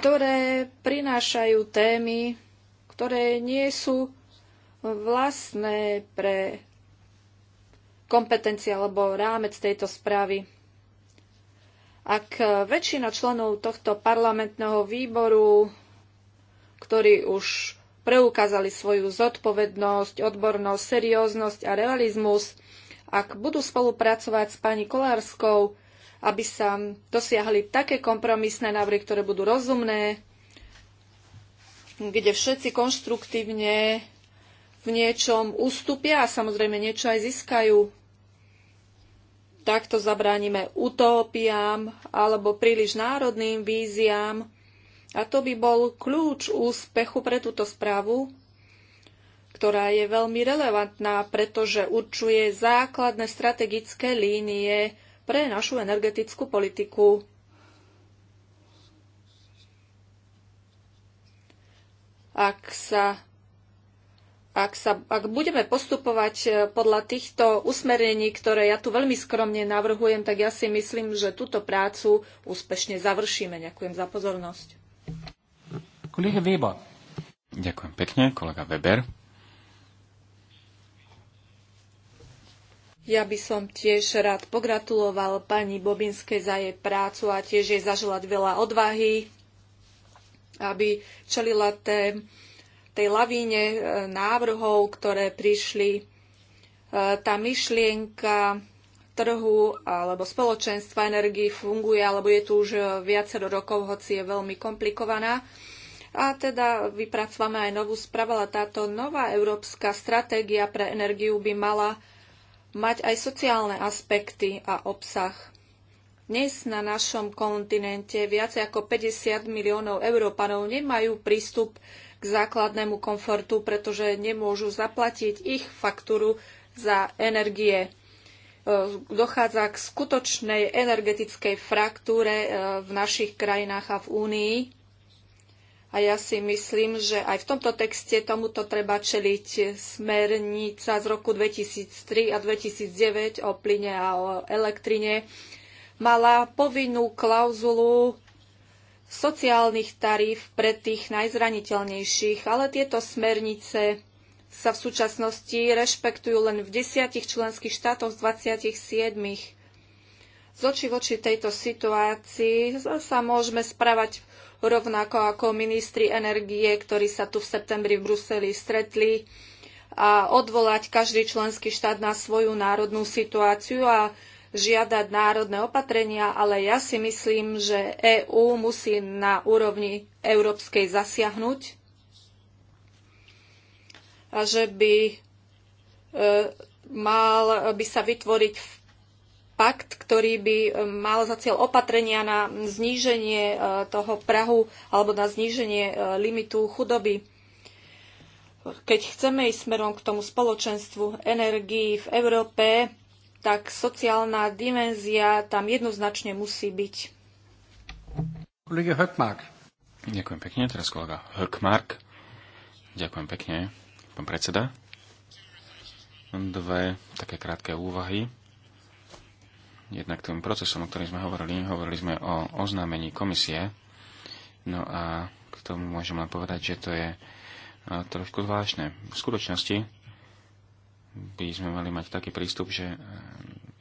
Speaker 2: ktoré prinášajú témy, ktoré nie sú vlastné pre kompetencie alebo rámec tejto správy. Ak väčšina členov tohto parlamentného výboru, ktorý už preukázali svoju zodpovednosť, odbornosť, serióznosť a realizmus, ak budú spolupracovať s pani Kolárskou, aby sa dosiahli také kompromisné návrhy, ktoré budú rozumné, kde všetci konštruktívne v niečom ustúpia a samozrejme niečo aj získajú. Takto zabránime utópiám alebo príliš národným víziám, a to by bol kľúč úspechu pre túto správu, ktorá je veľmi relevantná, pretože určuje základné strategické línie pre našu energetickú politiku. Ak sa ak, sa, ak budeme postupovať e, podľa týchto usmerení, ktoré ja tu veľmi skromne navrhujem, tak ja si myslím, že túto prácu úspešne završíme. Ďakujem za pozornosť.
Speaker 1: Kolega Weber. Ďakujem pekne, kolega Weber.
Speaker 2: Ja by som tiež rád pogratuloval pani Bobinskej za jej prácu a tiež jej zaželať veľa odvahy, aby čelila té, tej lavíne e, návrhov, ktoré prišli. E, tá myšlienka trhu alebo spoločenstva energii funguje, alebo je tu už viacero rokov, hoci je veľmi komplikovaná. A teda vypracovame aj novú správu, ale táto nová európska stratégia pre energiu by mala mať aj sociálne aspekty a obsah. Dnes na našom kontinente viac ako 50 miliónov Európanov nemajú prístup k základnému komfortu, pretože nemôžu zaplatiť ich faktúru za energie. E, dochádza k skutočnej energetickej fraktúre e, v našich krajinách a v Únii. A ja si myslím, že aj v tomto texte tomuto treba čeliť smernica z roku 2003 a 2009 o plyne a o elektrine mala povinnú klauzulu sociálnych taríf pre tých najzraniteľnejších, ale tieto smernice sa v súčasnosti rešpektujú len v desiatich členských štátoch z 27. Z oči voči tejto situácii sa môžeme správať rovnako ako ministri energie, ktorí sa tu v septembri v Bruseli stretli a odvolať každý členský štát na svoju národnú situáciu a žiadať národné opatrenia, ale ja si myslím, že EÚ musí na úrovni európskej zasiahnuť a že by e, mal by sa vytvoriť pakt, ktorý by e, mal za cieľ opatrenia na zníženie e, toho Prahu alebo na zníženie limitu chudoby. Keď chceme ísť smerom k tomu spoločenstvu energii v Európe, tak sociálna dimenzia tam jednoznačne musí byť. Kolega
Speaker 1: Ďakujem pekne, teraz kolega Hökmark. Ďakujem pekne pán predseda. Dve také krátke úvahy. Jednak tým procesom, o ktorým sme hovorili, hovorili sme o oznámení komisie. No a k tomu môžem len povedať, že to je trošku zvláštne. V skutočnosti by sme mali mať taký prístup, že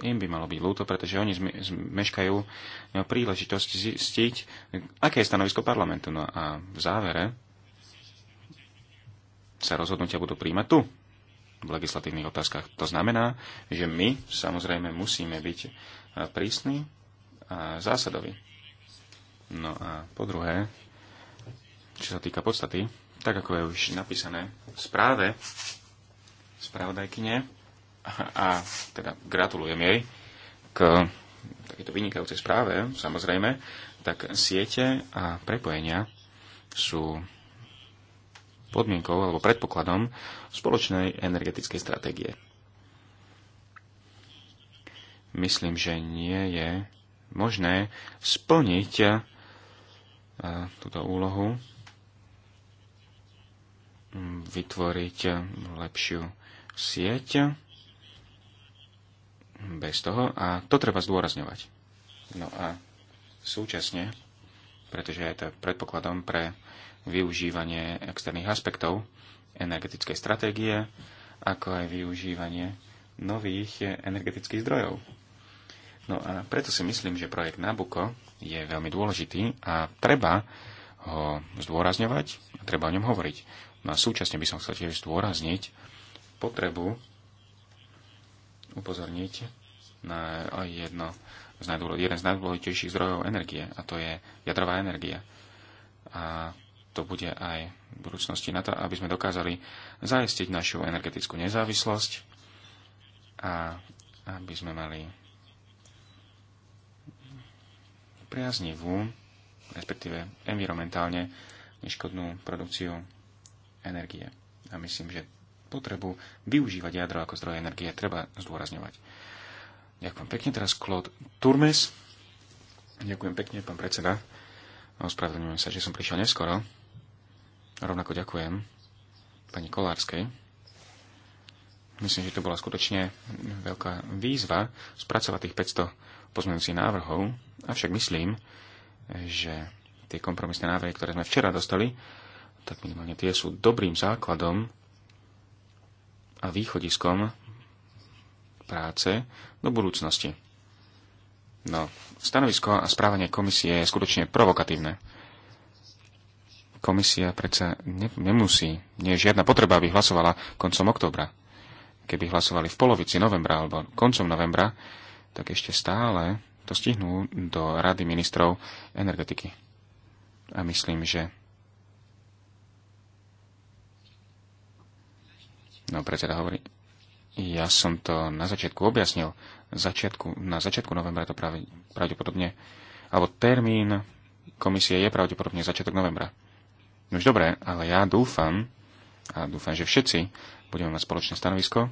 Speaker 1: im by malo byť ľúto, pretože oni meškajú no, príležitosť zistiť, aké je stanovisko parlamentu. No a v závere sa rozhodnutia budú príjmať tu, v legislatívnych otázkach. To znamená, že my samozrejme musíme byť e, prísni a zásadoví. No a po druhé, čo sa týka podstaty, tak ako je už napísané v správe spravodajkyne, a, a teda gratulujem jej k takéto vynikajúcej správe, samozrejme, tak siete a prepojenia sú podmienkou alebo predpokladom spoločnej energetickej stratégie. Myslím, že nie je možné splniť eh, túto úlohu, vytvoriť lepšiu sieť bez toho a to treba zdôrazňovať. No a súčasne, pretože je to predpokladom pre využívanie externých aspektov energetickej stratégie, ako aj využívanie nových energetických zdrojov. No a preto si myslím, že projekt Nabuko je veľmi dôležitý a treba ho zdôrazňovať a treba o ňom hovoriť. No a súčasne by som chcel tiež zdôrazniť potrebu upozorniť na jedno z jeden z najdôležitejších zdrojov energie, a to je jadrová energia. A to bude aj v budúcnosti na to, aby sme dokázali zajistiť našu energetickú nezávislosť a aby sme mali priaznivú, respektíve environmentálne neškodnú produkciu energie. A myslím, že potrebu využívať jadro ako zdroje energie treba zdôrazňovať. Ďakujem pekne. Teraz Claude Turmes. Ďakujem pekne, pán predseda. Ospravedlňujem sa, že som prišiel neskoro. Rovnako ďakujem pani Kolárskej. Myslím, že to bola skutočne veľká výzva spracovať tých 500 pozmeňujúcich návrhov, avšak myslím, že tie kompromisné návrhy, ktoré sme včera dostali, tak minimálne tie sú dobrým základom a východiskom práce do budúcnosti. No, stanovisko a správanie komisie je skutočne provokatívne komisia predsa ne, nemusí, nie je žiadna potreba, aby hlasovala koncom oktobra. Keby hlasovali v polovici novembra alebo koncom novembra, tak ešte stále to stihnú do Rady ministrov energetiky. A myslím, že No, predseda hovorí, ja som to na začiatku objasnil. Začiatku, na začiatku novembra to práve, pravdepodobne, alebo termín komisie je pravdepodobne začiatok novembra. No už dobre, ale ja dúfam, a dúfam, že všetci budeme mať spoločné stanovisko,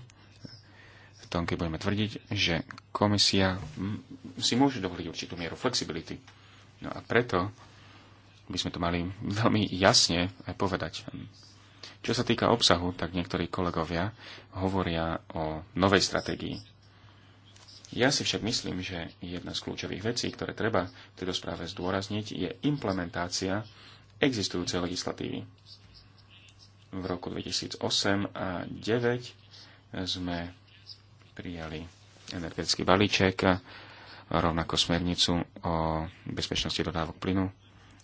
Speaker 1: v tom, keď budeme tvrdiť, že komisia si môže dovoliť určitú mieru flexibility. No a preto by sme to mali veľmi jasne aj povedať. Čo sa týka obsahu, tak niektorí kolegovia hovoria o novej stratégii. Ja si však myslím, že jedna z kľúčových vecí, ktoré treba v tejto správe zdôrazniť, je implementácia existujúcej legislatívy. V roku 2008 a 2009 sme prijali energetický balíček, rovnako smernicu o bezpečnosti dodávok plynu,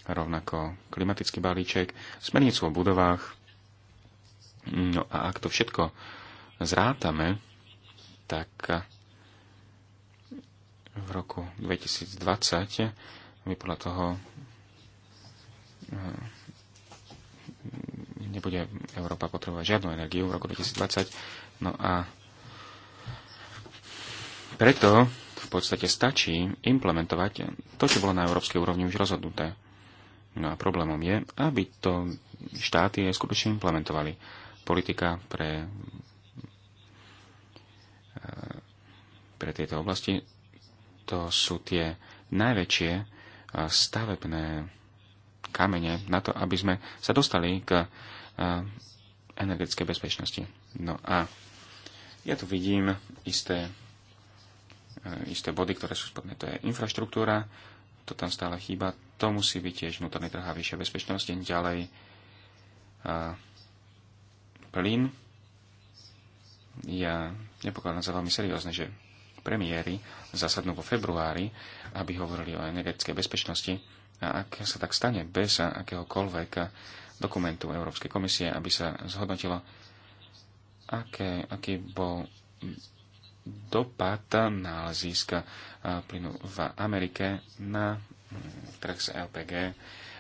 Speaker 1: rovnako klimatický balíček, smernicu o budovách. No a ak to všetko zrátame, tak v roku 2020 by podľa toho nebude Európa potrebovať žiadnu energiu v roku 2020. No a preto v podstate stačí implementovať to, čo bolo na európskej úrovni už rozhodnuté. No a problémom je, aby to štáty skutočne implementovali. Politika pre, pre tieto oblasti to sú tie najväčšie stavebné kamene na to, aby sme sa dostali k eh, energetickej bezpečnosti. No a ja tu vidím isté, eh, isté body, ktoré sú spodné. To je infraštruktúra, to tam stále chýba, to musí byť tiež vnútorný trh a vyššia bezpečnosť. Ďalej eh, plyn. Ja nepokladám za veľmi seriózne, že premiéry zasadnú vo februári, aby hovorili o energetickej bezpečnosti a ak sa tak stane bez akéhokoľvek dokumentu Európskej komisie, aby sa zhodnotilo, aké, aký bol dopad na získa plynu v Amerike na mm, trh z LPG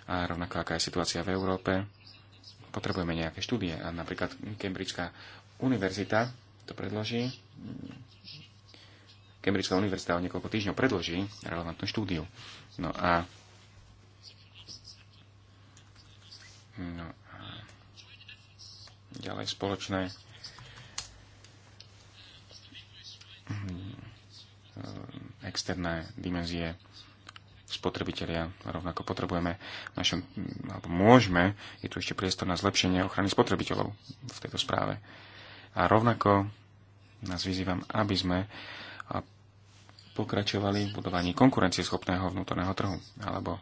Speaker 1: a rovnako aká je situácia v Európe. Potrebujeme nejaké štúdie a napríklad Cambridgeská univerzita to predloží. Cambridgeská univerzita o niekoľko týždňov predloží relevantnú štúdiu. No a No a ďalej spoločné hm, externé dimenzie spotrebitelia rovnako potrebujeme našom, alebo môžeme, je tu ešte priestor na zlepšenie ochrany spotrebiteľov v tejto správe. A rovnako nás vyzývam, aby sme pokračovali v budovaní konkurencieschopného vnútorného trhu, alebo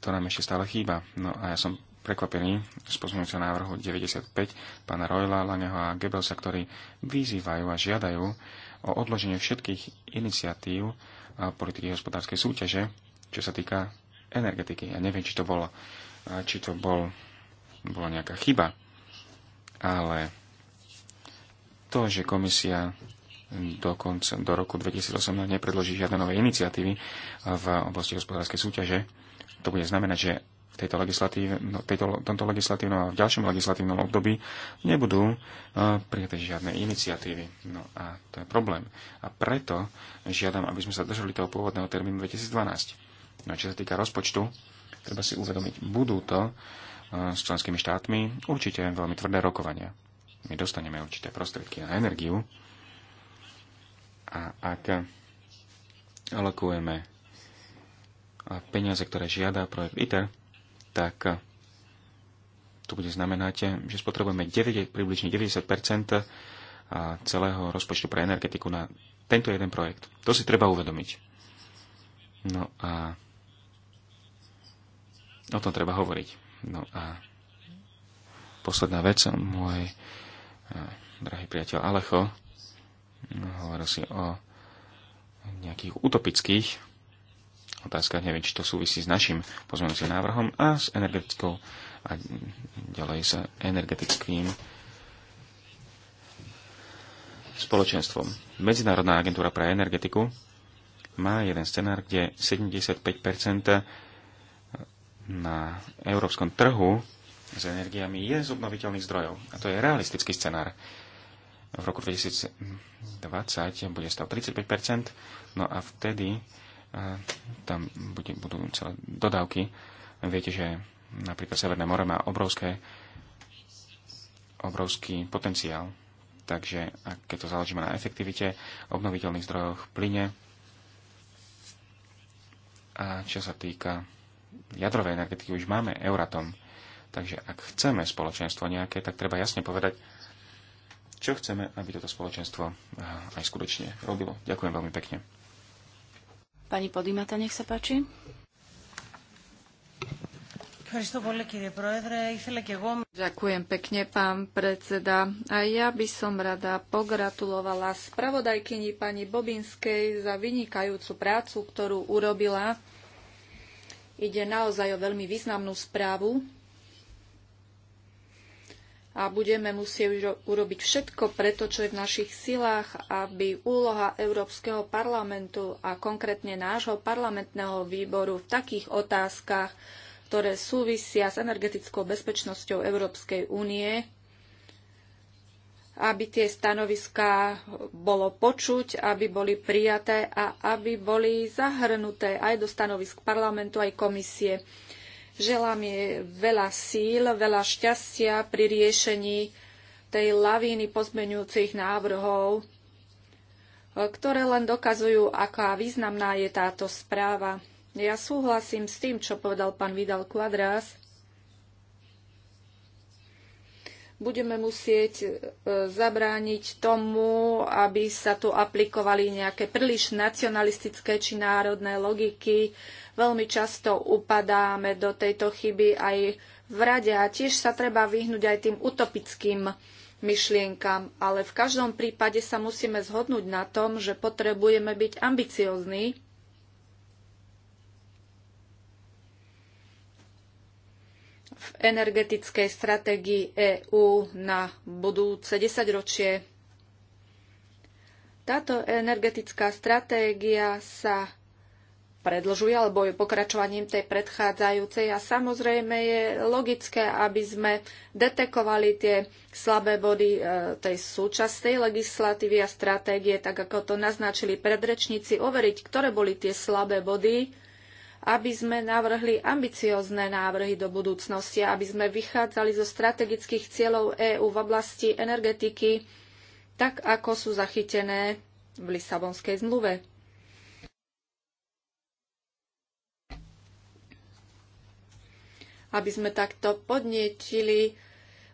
Speaker 1: to nám ešte stále chýba. No a ja som prekvapený z pozmeňujúceho návrhu 95 pána Royla, Laneho a Goebbelsa, ktorí vyzývajú a žiadajú o odloženie všetkých iniciatív politiky hospodárskej súťaže, čo sa týka energetiky. Ja neviem, či to bolo, či to bol, bola nejaká chyba, ale to, že komisia do, konca, do roku 2018 nepredloží žiadne nové iniciatívy v oblasti hospodárskej súťaže, to bude znamenať, že v tejto legislatíve, no, tejto, tomto legislatívnom a v ďalšom legislatívnom období nebudú e, prijaté žiadne iniciatívy. No a to je problém. A preto žiadam, aby sme sa držali toho pôvodného termínu 2012. No čo sa týka rozpočtu, treba si uvedomiť, budú to e, s členskými štátmi určite veľmi tvrdé rokovania. My dostaneme určité prostriedky na energiu a ak alokujeme a peniaze, ktoré žiada projekt ITER, tak eh, to bude znamenať, eh, že spotrebujeme 9, približne 90 eh, celého rozpočtu pre energetiku na tento jeden projekt. To si treba uvedomiť. No a o tom treba hovoriť. No a posledná vec, môj drahý priateľ Alecho hm, hovoril si o nejakých utopických Otázka Neviem, či to súvisí s našim pozmeňujúcim návrhom a s energetickou a ďalej sa energetickým spoločenstvom. Medzinárodná agentúra pre energetiku má jeden scenár, kde 75 na európskom trhu s energiami je z obnoviteľných zdrojov. A to je realistický scenár. V roku 2020 bude stav 35 no a vtedy tam bude, budú celé dodávky. Viete, že napríklad Severné more má obrovské, obrovský potenciál. Takže ak keď to záležíme na efektivite, obnoviteľných zdrojoch, plyne a čo sa týka jadrovej energetiky, už máme Euratom. Takže ak chceme spoločenstvo nejaké, tak treba jasne povedať, čo chceme, aby toto spoločenstvo aj skutočne robilo. Ďakujem veľmi pekne.
Speaker 3: Pani Podimata, nech sa páči.
Speaker 2: Ďakujem pekne, pán predseda. A ja by som rada pogratulovala spravodajkyni pani Bobinskej za vynikajúcu prácu, ktorú urobila. Ide naozaj o veľmi významnú správu, a budeme musieť urobiť všetko preto, čo je v našich silách, aby úloha Európskeho parlamentu a konkrétne nášho parlamentného výboru v takých otázkach, ktoré súvisia s energetickou bezpečnosťou Európskej únie, aby tie stanoviská bolo počuť, aby boli prijaté a aby boli zahrnuté aj do stanovisk parlamentu, aj komisie. Želám jej veľa síl, veľa šťastia pri riešení tej lavíny pozmeňujúcich návrhov, ktoré len dokazujú, aká významná je táto správa. Ja súhlasím s tým, čo povedal pán Vidal Quadras, budeme musieť e, zabrániť tomu, aby sa tu aplikovali nejaké príliš nacionalistické či národné logiky. Veľmi často upadáme do tejto chyby aj v rade a tiež sa treba vyhnúť aj tým utopickým myšlienkam, ale v každom prípade sa musíme zhodnúť na tom, že potrebujeme byť ambiciozní v energetickej stratégii EÚ na budúce desaťročie. Táto energetická stratégia sa predlžuje alebo je pokračovaním tej predchádzajúcej a samozrejme je logické, aby sme detekovali tie slabé body e, tej súčasnej legislatívy a stratégie, tak ako to naznačili predrečníci, overiť, ktoré boli tie slabé body aby sme navrhli ambiciozne návrhy do budúcnosti, aby sme vychádzali zo strategických cieľov EÚ v oblasti energetiky, tak ako sú zachytené v Lisabonskej zmluve. Aby sme takto podnietili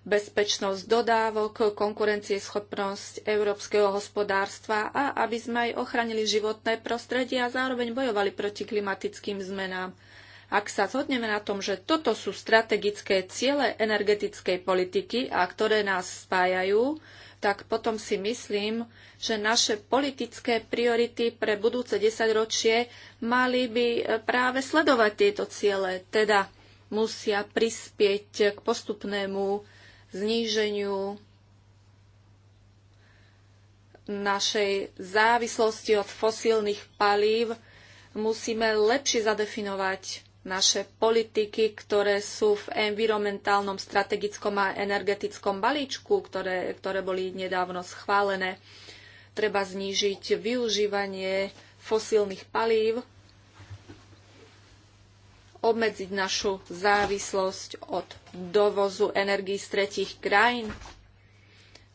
Speaker 2: bezpečnosť dodávok, konkurencieschopnosť európskeho hospodárstva a aby sme aj ochránili životné prostredie a zároveň bojovali proti klimatickým zmenám. Ak sa zhodneme na tom, že toto sú strategické ciele energetickej politiky a ktoré nás spájajú, tak potom si myslím, že naše politické priority pre budúce desaťročie mali by e, práve sledovať tieto ciele, teda musia prispieť k postupnému zníženiu našej závislosti od fosílnych palív musíme lepšie zadefinovať naše politiky, ktoré sú v environmentálnom, strategickom a energetickom balíčku, ktoré, ktoré boli nedávno schválené. Treba znížiť využívanie fosílnych palív obmedziť našu závislosť od dovozu energií z tretich krajín.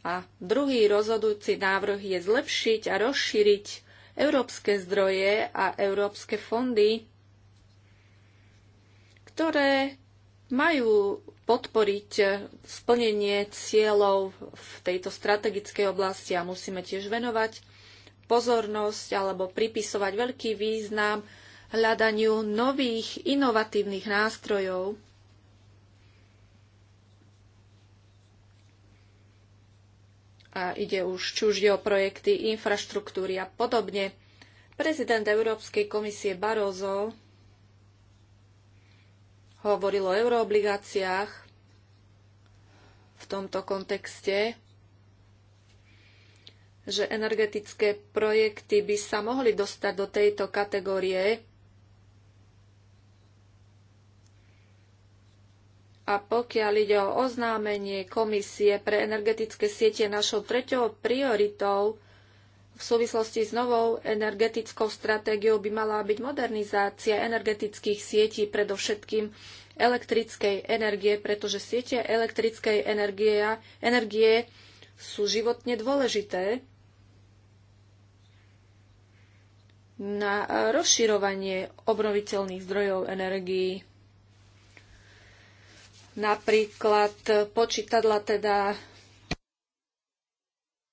Speaker 2: A druhý rozhodujúci návrh je zlepšiť a rozšíriť európske zdroje a európske fondy, ktoré majú podporiť splnenie cieľov v tejto strategickej oblasti a musíme tiež venovať pozornosť alebo pripisovať veľký význam hľadaniu nových inovatívnych nástrojov. A ide už, či už o projekty infraštruktúry a podobne. Prezident Európskej komisie Barroso hovoril o euroobligáciách v tomto kontexte, že energetické projekty by sa mohli dostať do tejto kategórie A pokiaľ ide o oznámenie Komisie pre energetické siete našou treťou prioritou v súvislosti s novou energetickou stratégiou by mala byť modernizácia energetických sietí, predovšetkým elektrickej energie, pretože siete elektrickej energie, energie sú životne dôležité na rozširovanie obnoviteľných zdrojov energií. Napríklad počítadla teda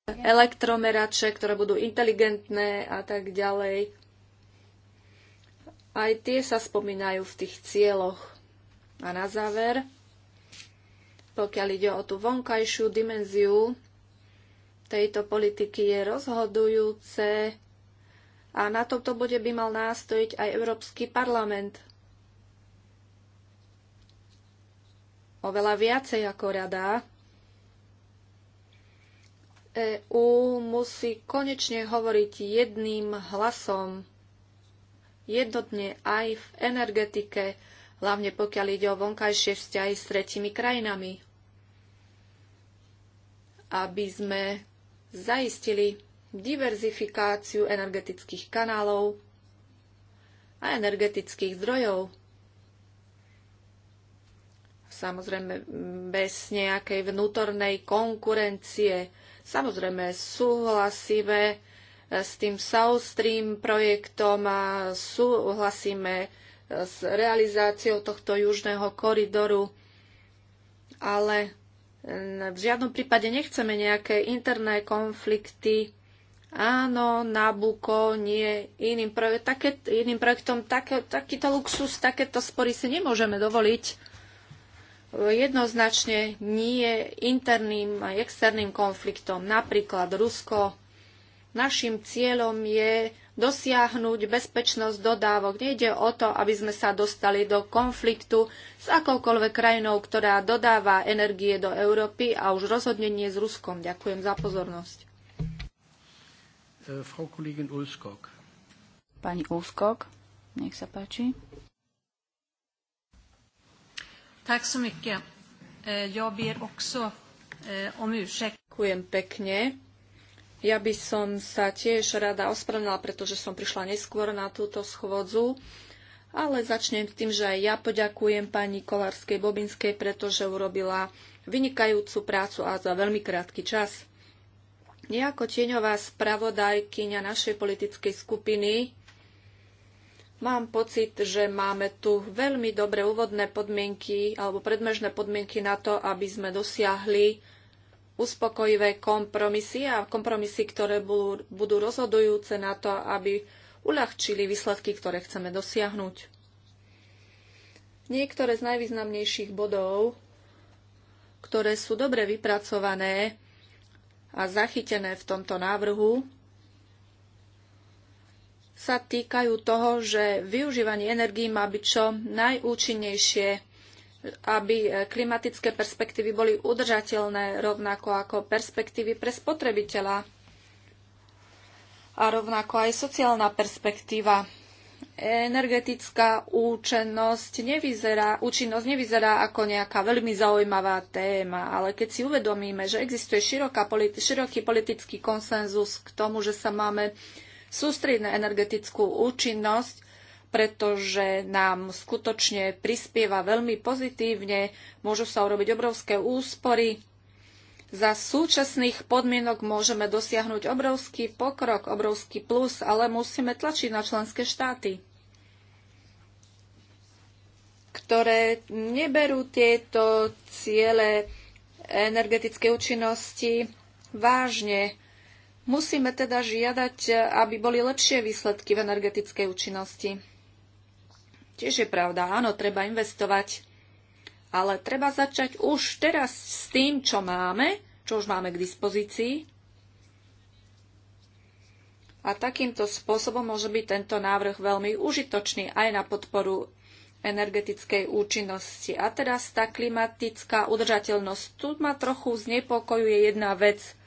Speaker 2: elektromerače, ktoré budú inteligentné a tak ďalej. Aj tie sa spomínajú v tých cieľoch. A na záver, pokiaľ ide o tú vonkajšiu dimenziu tejto politiky, je rozhodujúce a na tomto bode by mal nástojiť aj Európsky parlament. oveľa viacej ako rada. EÚ musí konečne hovoriť jedným hlasom, jednotne aj v energetike, hlavne pokiaľ ide o vonkajšie vzťahy s tretimi krajinami, aby sme zaistili diverzifikáciu energetických kanálov a energetických zdrojov samozrejme bez nejakej vnútornej konkurencie. Samozrejme súhlasíme eh, s tým South Stream projektom a súhlasíme eh, s realizáciou tohto južného koridoru, ale eh, v žiadnom prípade nechceme nejaké interné konflikty. Áno, Nabuko, nie, iným, proje- také, iným projektom také, takýto luxus, takéto spory si nemôžeme dovoliť jednoznačne nie interným a externým konfliktom. Napríklad Rusko. Našim cieľom je dosiahnuť bezpečnosť dodávok. Nejde o to, aby sme sa dostali do konfliktu s akoukoľvek krajinou, ktorá dodáva energie do Európy a už rozhodne nie s Ruskom. Ďakujem za pozornosť. Pani Úskok, nech sa páči mycket. Eh, ber också eh, om ursäkt. Ďakujem pekne. Ja by som sa tiež rada ospravnila, pretože som prišla neskôr na túto schôdzu. Ale začnem s tým, že aj ja poďakujem pani Kolárskej Bobinskej, pretože urobila vynikajúcu prácu a za veľmi krátky čas. Nejako tieňová spravodajkyňa našej politickej skupiny Mám pocit, že máme tu veľmi dobré úvodné podmienky alebo predmežné podmienky na to, aby sme dosiahli uspokojivé kompromisy a kompromisy, ktoré budú, budú rozhodujúce na to, aby uľahčili výsledky, ktoré chceme dosiahnuť. Niektoré z najvýznamnejších bodov, ktoré sú dobre vypracované a zachytené v tomto návrhu, sa týkajú toho, že využívanie energií má byť čo najúčinnejšie, aby klimatické perspektívy boli udržateľné, rovnako ako perspektívy pre spotrebiteľa a rovnako aj sociálna perspektíva. Energetická účinnosť nevyzerá, účinnosť nevyzerá ako nejaká veľmi zaujímavá téma, ale keď si uvedomíme, že existuje široká, široký politický konsenzus k tomu, že sa máme sústrieť na energetickú účinnosť, pretože nám skutočne prispieva veľmi pozitívne, môžu sa urobiť obrovské úspory. Za súčasných podmienok môžeme dosiahnuť obrovský pokrok, obrovský plus, ale musíme tlačiť na členské štáty ktoré neberú tieto ciele energetickej účinnosti vážne. Musíme teda žiadať, e, aby boli lepšie výsledky v energetickej účinnosti. Tiež je pravda, áno, treba investovať, ale treba začať už teraz s tým, čo máme, čo už máme k dispozícii. A takýmto spôsobom môže byť tento návrh veľmi užitočný aj na podporu energetickej účinnosti. A teraz tá klimatická udržateľnosť. Tu ma trochu znepokojuje jedna vec –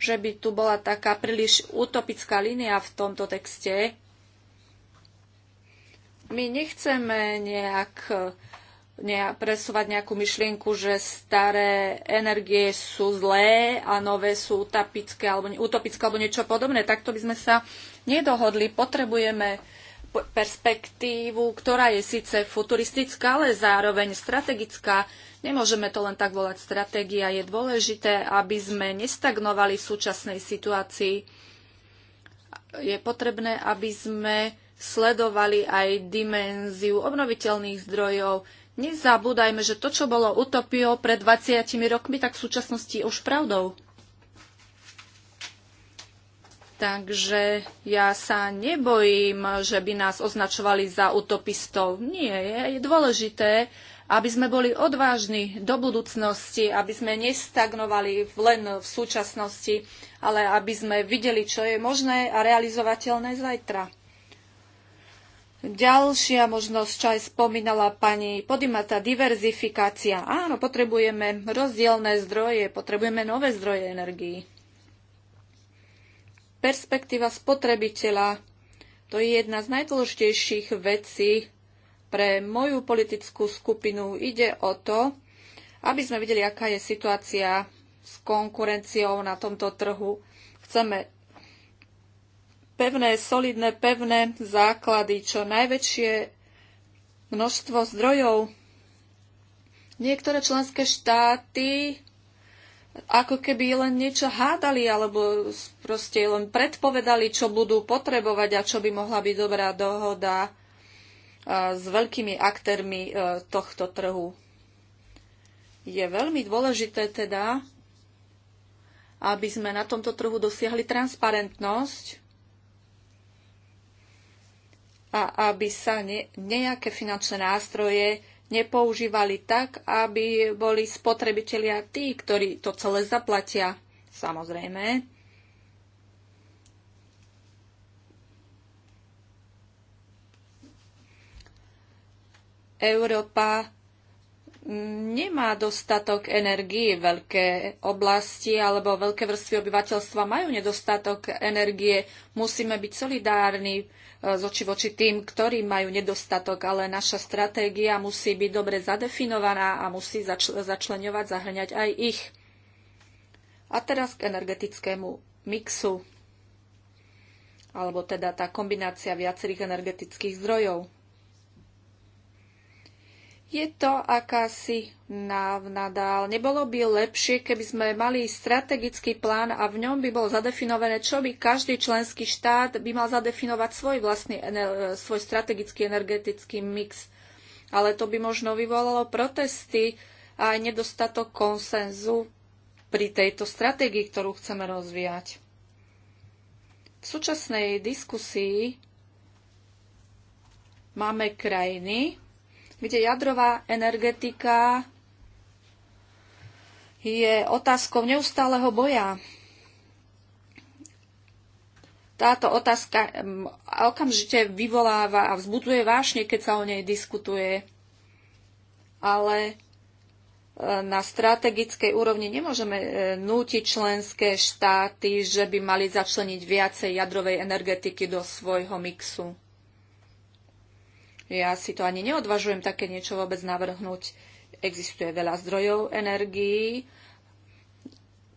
Speaker 2: že by tu bola taká príliš utopická línia v tomto texte. My nechceme nejak presúvať nejakú myšlienku, že staré energie sú zlé a nové sú utopické alebo, utopické alebo niečo podobné. Takto by sme sa nedohodli. Potrebujeme perspektívu, ktorá je síce futuristická, ale zároveň strategická. Nemôžeme to len tak volať stratégia. Je dôležité, aby sme nestagnovali v súčasnej situácii. Je potrebné, aby sme sledovali aj dimenziu obnoviteľných zdrojov. Nezabúdajme, že to, čo bolo utopiou pred 20 rokmi, tak v súčasnosti je už pravdou. Takže ja sa nebojím, že by nás označovali za utopistov. Nie, je, je dôležité, aby sme boli odvážni do budúcnosti, aby sme nestagnovali len v súčasnosti, ale aby sme videli, čo je možné a realizovateľné zajtra. Ďalšia možnosť, čo aj spomínala pani Podimata, diverzifikácia. Áno, potrebujeme rozdielne zdroje, potrebujeme nové zdroje energií. Perspektíva spotrebiteľa, to je jedna z najdôležitejších vecí, pre moju politickú skupinu ide o to, aby sme videli, aká je situácia s konkurenciou na tomto trhu. Chceme pevné, solidné, pevné základy, čo najväčšie množstvo zdrojov. Niektoré členské štáty ako keby len niečo hádali alebo proste len predpovedali, čo budú potrebovať a čo by mohla byť dobrá dohoda s veľkými aktérmi e, tohto trhu. Je veľmi dôležité teda, aby sme na tomto trhu dosiahli transparentnosť a aby sa nejaké finančné nástroje nepoužívali tak, aby boli spotrebitelia tí, ktorí to celé zaplatia. Samozrejme, Európa nemá dostatok energie. Veľké oblasti alebo veľké vrstvy obyvateľstva majú nedostatok energie. Musíme byť solidárni eh, z oči voči tým, ktorí majú nedostatok, ale naša stratégia musí byť dobre zadefinovaná a musí začl- začleňovať, zahrňať aj ich. A teraz k energetickému mixu, alebo teda tá kombinácia viacerých energetických zdrojov. Je to akási návnada, ale nebolo by lepšie, keby sme mali strategický plán a v ňom by bolo zadefinované, čo by každý členský štát by mal zadefinovať svoj vlastný svoj strategický energetický mix. Ale to by možno vyvolalo protesty a aj nedostatok konsenzu pri tejto stratégii, ktorú chceme rozvíjať. V súčasnej diskusii máme krajiny, kde jadrová energetika je otázkou neustáleho boja. Táto otázka okamžite vyvoláva a vzbuduje vášne, keď sa o nej diskutuje. Ale e, na strategickej úrovni nemôžeme e, nútiť členské štáty, že by mali začleniť viacej jadrovej energetiky do svojho mixu. Ja si to ani neodvažujem také niečo vôbec navrhnúť. Existuje veľa zdrojov energií,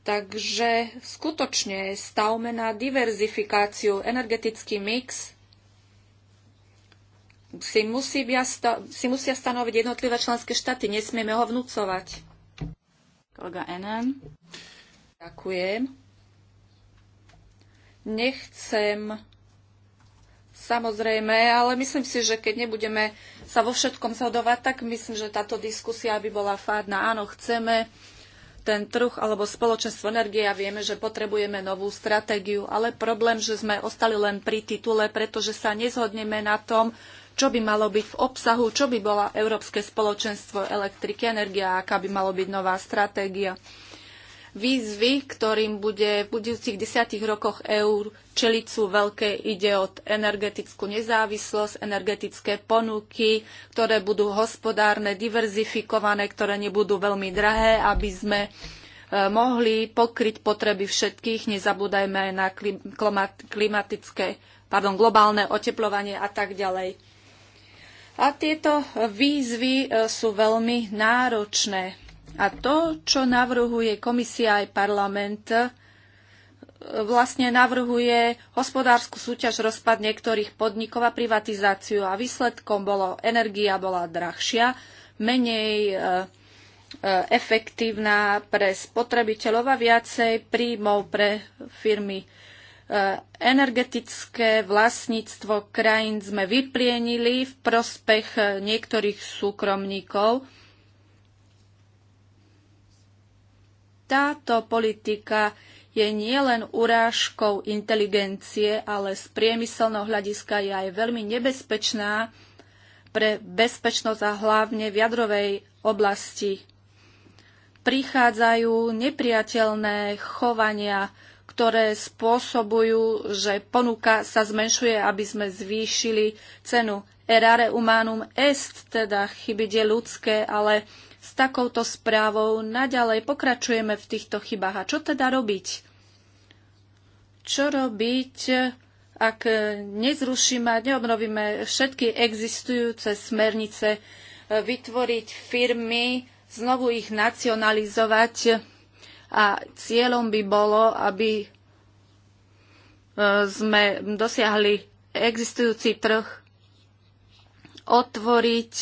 Speaker 2: takže skutočne stavme na diverzifikáciu. Energetický mix si, musí, si musia stanoviť jednotlivé členské štáty. Nesmieme ho vnúcovať. Kolega NN. Ďakujem. Nechcem Samozrejme, ale myslím si, že keď nebudeme sa vo všetkom zhodovať, tak myslím, že táto diskusia by bola fádna. Áno, chceme ten trh alebo spoločenstvo energie a vieme, že potrebujeme novú stratégiu, ale problém, že sme ostali len pri titule, pretože sa nezhodneme na tom, čo by malo byť v obsahu, čo by bola Európske spoločenstvo elektriky energia, aká by malo byť nová stratégia. Výzvy, ktorým bude v budúcich desiatich rokoch EÚ čeliť sú veľké. Ide o energetickú nezávislosť, energetické ponuky, ktoré budú hospodárne, diverzifikované, ktoré nebudú veľmi drahé, aby sme e, mohli pokryť potreby všetkých, nezabúdajme aj na klimatické, pardon, globálne oteplovanie a tak ďalej. A tieto výzvy e, sú veľmi náročné. A to, čo navrhuje komisia aj parlament, e, vlastne navrhuje hospodárskú súťaž, rozpad niektorých podnikov a privatizáciu. A výsledkom bolo, energia bola drahšia, menej e, e, efektívna pre spotrebiteľov a viacej príjmov pre firmy. E, energetické vlastníctvo krajín sme vyplienili v prospech niektorých súkromníkov táto politika je nielen urážkou inteligencie, ale z priemyselného hľadiska je aj veľmi nebezpečná pre bezpečnosť a hlavne v jadrovej oblasti. Prichádzajú nepriateľné chovania, ktoré spôsobujú, že ponuka sa zmenšuje, aby sme zvýšili cenu. Erare humanum est, teda chybide ľudské, ale s takouto správou naďalej pokračujeme v týchto chybách. A čo teda robiť? Čo robiť, ak nezrušíme neobnovíme všetky existujúce smernice, e, vytvoriť firmy, znovu ich nacionalizovať a cieľom by bolo, aby e, sme dosiahli existujúci trh, otvoriť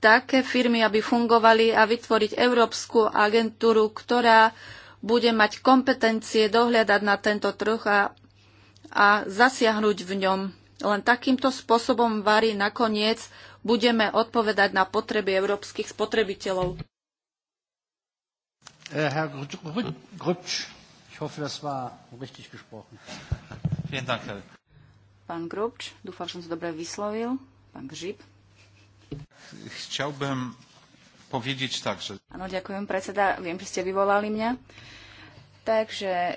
Speaker 2: také firmy, aby fungovali a vytvoriť európsku agentúru, ktorá bude mať kompetencie dohľadať na tento trh a, a zasiahnuť v ňom. Len takýmto spôsobom varí nakoniec budeme odpovedať na potreby európskych spotrebiteľov. Äh, Herr Grutsch, ich hoffe, das war richtig gesprochen.
Speaker 1: Vielen Dank, Herr.
Speaker 3: Pán Grubč, dúfam, že som to dobre vyslovil. Pán Gžip.
Speaker 1: Chciałbym powiedzieć
Speaker 3: ďakujem, predseda. Viem, že ste vyvolali mňa. Takže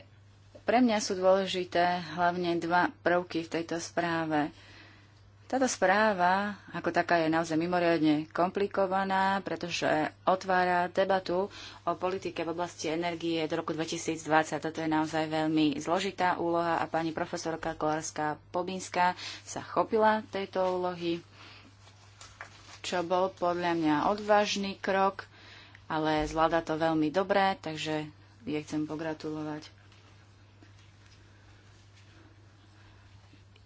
Speaker 3: pre mňa sú dôležité hlavne dva prvky v tejto správe. Táto správa ako taká je naozaj mimoriadne komplikovaná, pretože otvára debatu o politike v oblasti energie do roku 2020. Toto je naozaj veľmi zložitá úloha a pani profesorka Kolárska Pobinská sa chopila tejto úlohy čo bol podľa mňa odvážny krok, ale zvláda to veľmi dobre, takže jej chcem pogratulovať.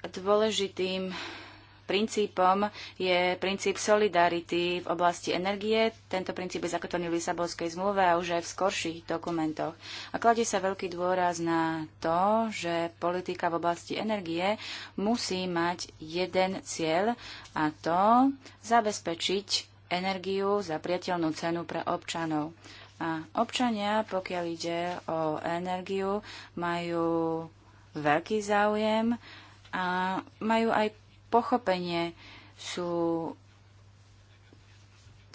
Speaker 3: Dôležitým princípom je princíp solidarity v oblasti energie. Tento princíp je zakotvený v Lisabonskej zmluve a už aj v skorších dokumentoch. A kladie sa veľký dôraz na to, že politika v oblasti energie musí mať jeden cieľ a to zabezpečiť energiu za priateľnú cenu pre občanov. A občania, pokiaľ ide o energiu, majú veľký záujem a majú aj pochopenie, sú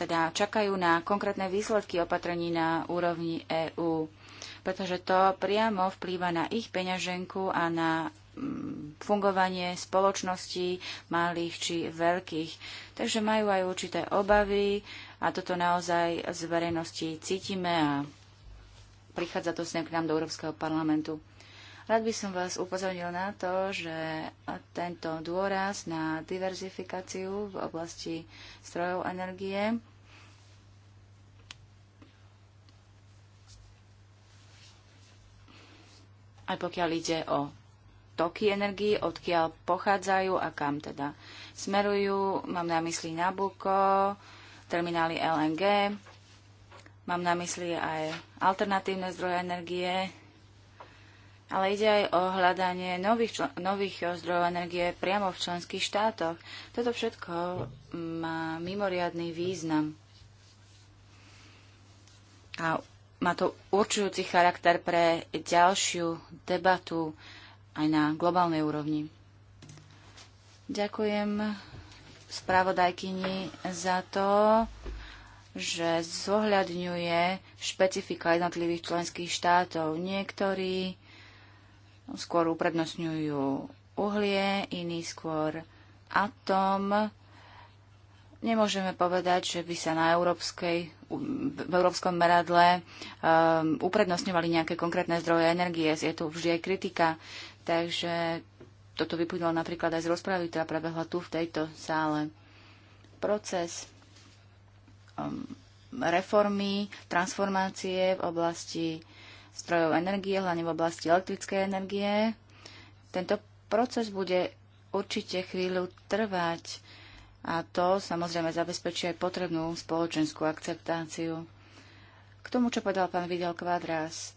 Speaker 3: teda čakajú na konkrétne výsledky opatrení na úrovni EÚ, pretože to priamo vplýva na ich peňaženku a na mm, fungovanie spoločností malých či veľkých. Takže majú aj určité obavy a toto naozaj z verejnosti cítime a prichádza to sem k nám do Európskeho parlamentu. Rád by som vás upozornil na to, že tento dôraz na diverzifikáciu v oblasti strojov energie aj pokiaľ ide o toky energii, odkiaľ pochádzajú a kam teda smerujú. Mám na mysli Nabucco, terminály LNG, mám na mysli aj alternatívne zdroje energie, ale ide aj o hľadanie nových, nových eh, zdrojov energie priamo v členských štátoch. Toto všetko má mimoriadný význam. A má to určujúci charakter pre ďalšiu debatu aj na globálnej úrovni. Ďakujem spravodajkyni za to, že zohľadňuje špecifika jednotlivých členských štátov. Niektorí skôr uprednostňujú uhlie, iní skôr atom. Nemôžeme povedať, že by sa na európskej, v európskom meradle um, uprednostňovali nejaké konkrétne zdroje energie. Je tu vždy aj kritika. Takže toto vyplynulo napríklad aj z rozpravy, ktorá prebehla tu v tejto sále. Proces um, reformy, transformácie v oblasti zdrojov energie, hlavne v oblasti elektrickej energie. Tento proces bude určite chvíľu trvať a to samozrejme zabezpečí aj potrebnú spoločenskú akceptáciu. K tomu, čo povedal pán Videl Kvadrás,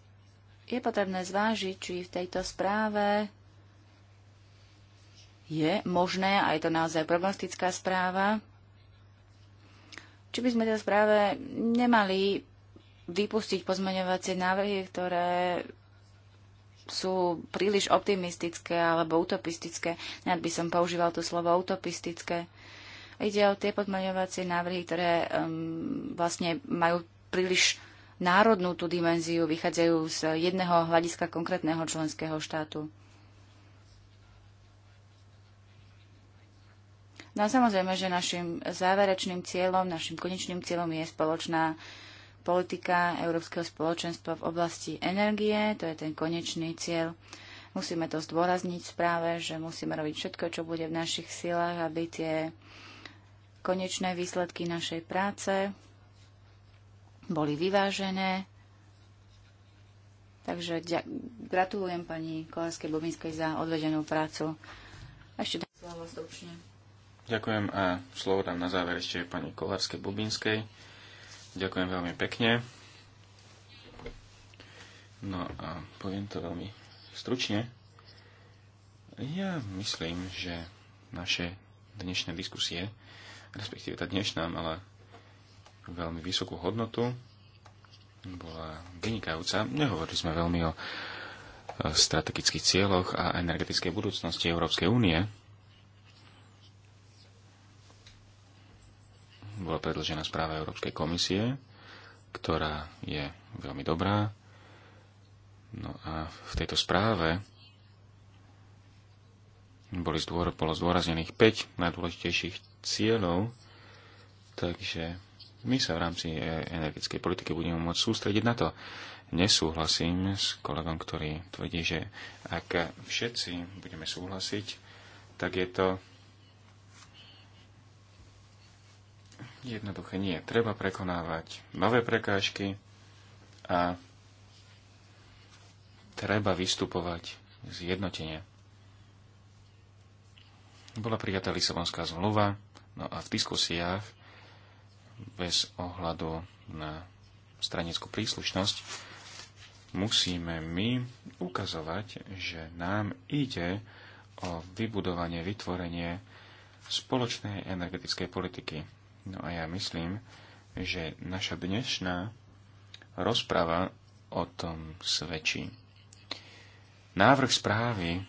Speaker 3: je potrebné zvážiť, či v tejto správe je možné, a je to naozaj prognostická správa, či by sme teda správe nemali vypustiť pozmeňovacie návrhy, ktoré sú príliš optimistické alebo utopistické. Nad by som používal to slovo utopistické. Ide o tie pozmeňovacie návrhy, ktoré um, vlastne majú príliš národnú tú dimenziu, vychádzajú z jedného hľadiska konkrétneho členského štátu. No a samozrejme, že našim záverečným cieľom, našim konečným cieľom je spoločná uh, politika Európskeho spoločenstva v oblasti energie, to je ten konečný cieľ. Musíme to zdôrazniť v správe, že musíme robiť všetko, čo bude v našich silách, aby tie konečné výsledky našej práce boli vyvážené. Takže gratulujem pani Kolárskej Bobinskej za odvedenú prácu. Ešte dám slovo stručne.
Speaker 1: Ďakujem a slovo dám na záver ešte pani Kolárskej Bubinskej. Ďakujem veľmi pekne. No a poviem to veľmi stručne. Ja myslím, že naše dnešné diskusie, respektíve tá dnešná mala veľmi vysokú hodnotu, bola vynikajúca. Nehovorili sme veľmi o e, strategických cieľoch a energetickej budúcnosti Európskej únie, bola predložená správa Európskej komisie, ktorá je veľmi dobrá. No a v tejto správe boli zdôr, bolo zdôraznených 5 najdôležitejších cieľov, takže my sa v rámci e, energetickej politiky budeme môcť sústrediť na to. Nesúhlasím s kolegom, ktorý tvrdí, že ak všetci budeme súhlasiť, tak je to Jednoduché nie. Treba prekonávať nové prekážky a treba vystupovať jednotenia. Bola prijatá Lisabonská zmluva, no a v diskusiách bez ohľadu na stranickú príslušnosť musíme my ukazovať, že nám ide o vybudovanie, vytvorenie spoločnej energetickej politiky. No a ja myslím, že naša dnešná rozprava o tom svedčí. Návrh správy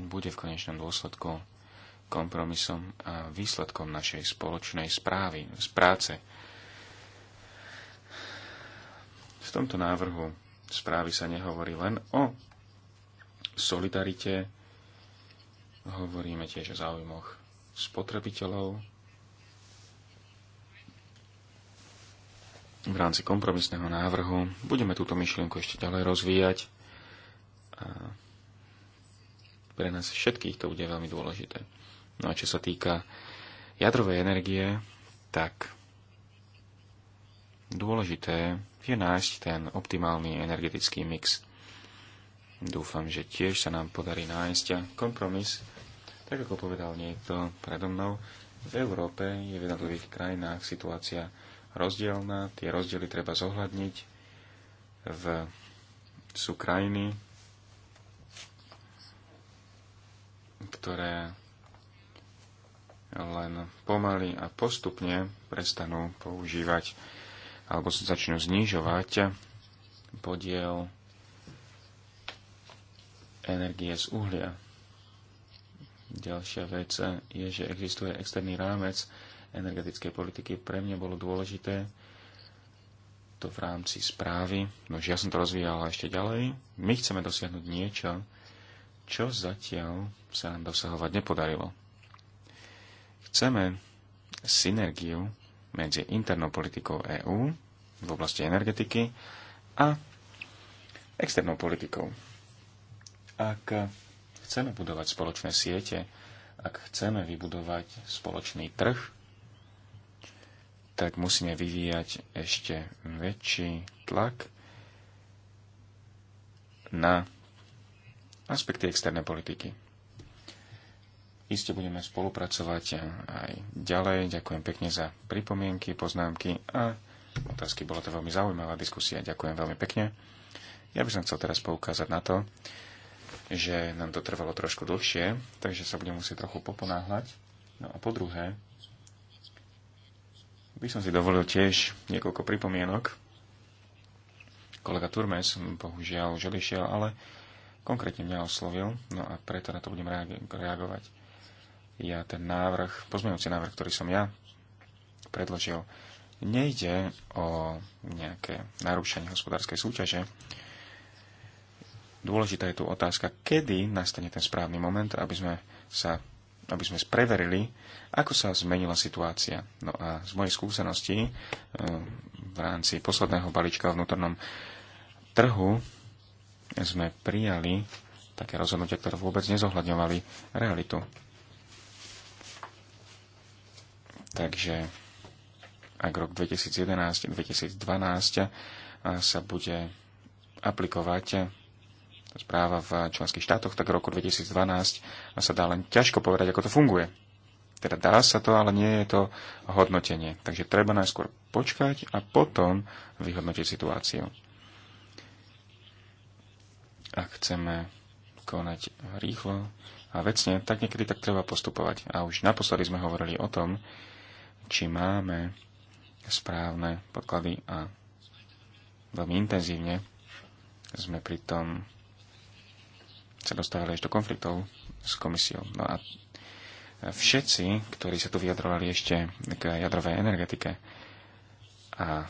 Speaker 1: bude v konečnom dôsledku kompromisom a výsledkom našej spoločnej správy, z práce. V tomto návrhu správy sa nehovorí len o solidarite, hovoríme tiež o záujmoch spotrebiteľov, v rámci kompromisného návrhu budeme túto myšlienku ešte ďalej rozvíjať. A pre nás všetkých to bude veľmi dôležité. No a čo sa týka jadrovej energie, tak dôležité je nájsť ten optimálny energetický mix. Dúfam, že tiež sa nám podarí nájsť kompromis, tak ako povedal niekto predo mnou, v Európe je v jednotlivých krajinách situácia rozdielna, tie rozdiely treba zohľadniť. V, sú krajiny, ktoré len pomaly a postupne prestanú používať alebo sa začnú znižovať podiel energie z uhlia. Ďalšia vec je, že existuje externý rámec energetickej politiky. Pre mňa bolo dôležité to v rámci správy, no ja som to rozvíjal ešte ďalej. My chceme dosiahnuť niečo, čo zatiaľ sa nám dosahovať nepodarilo. Chceme synergiu medzi internou politikou EÚ v oblasti energetiky a externou politikou. Ak chceme budovať spoločné siete, ak chceme vybudovať spoločný trh, tak musíme vyvíjať ešte väčší tlak na aspekty externej politiky. Iste budeme spolupracovať aj ďalej. Ďakujem pekne za pripomienky, poznámky a otázky. Bola to veľmi zaujímavá diskusia. Ďakujem veľmi pekne. Ja by som chcel teraz poukázať na to, že nám to trvalo trošku dlhšie, takže sa budem musieť trochu poponáhľať. No a po druhé, by som si dovolil tiež niekoľko pripomienok. Kolega Turmes bohužiaľ už odišiel, ale konkrétne mňa oslovil, no a preto na to budem reagovať. Ja ten návrh, pozmeňujúci návrh, ktorý som ja predložil, nejde o nejaké narušenie hospodárskej súťaže. Dôležitá je tu otázka, kedy nastane ten správny moment, aby sme sa aby sme spreverili, ako sa zmenila situácia. No a z mojej skúsenosti eh, v rámci posledného balíčka o vnútornom trhu sme prijali také rozhodnutia, ktoré vôbec nezohľadňovali realitu. Takže ak rok 2011-2012 eh, sa bude aplikovať správa v členských štátoch, tak v roku 2012 sa dá len ťažko povedať, ako to funguje. Teda dá sa to, ale nie je to hodnotenie. Takže treba najskôr počkať a potom vyhodnotiť situáciu. Ak chceme konať rýchlo a vecne, tak niekedy tak treba postupovať. A už naposledy sme hovorili o tom, či máme správne podklady a veľmi intenzívne sme pritom sa dostávali až do konfliktov s komisiou. No a všetci, ktorí sa tu vyjadrovali ešte k jadrovej energetike a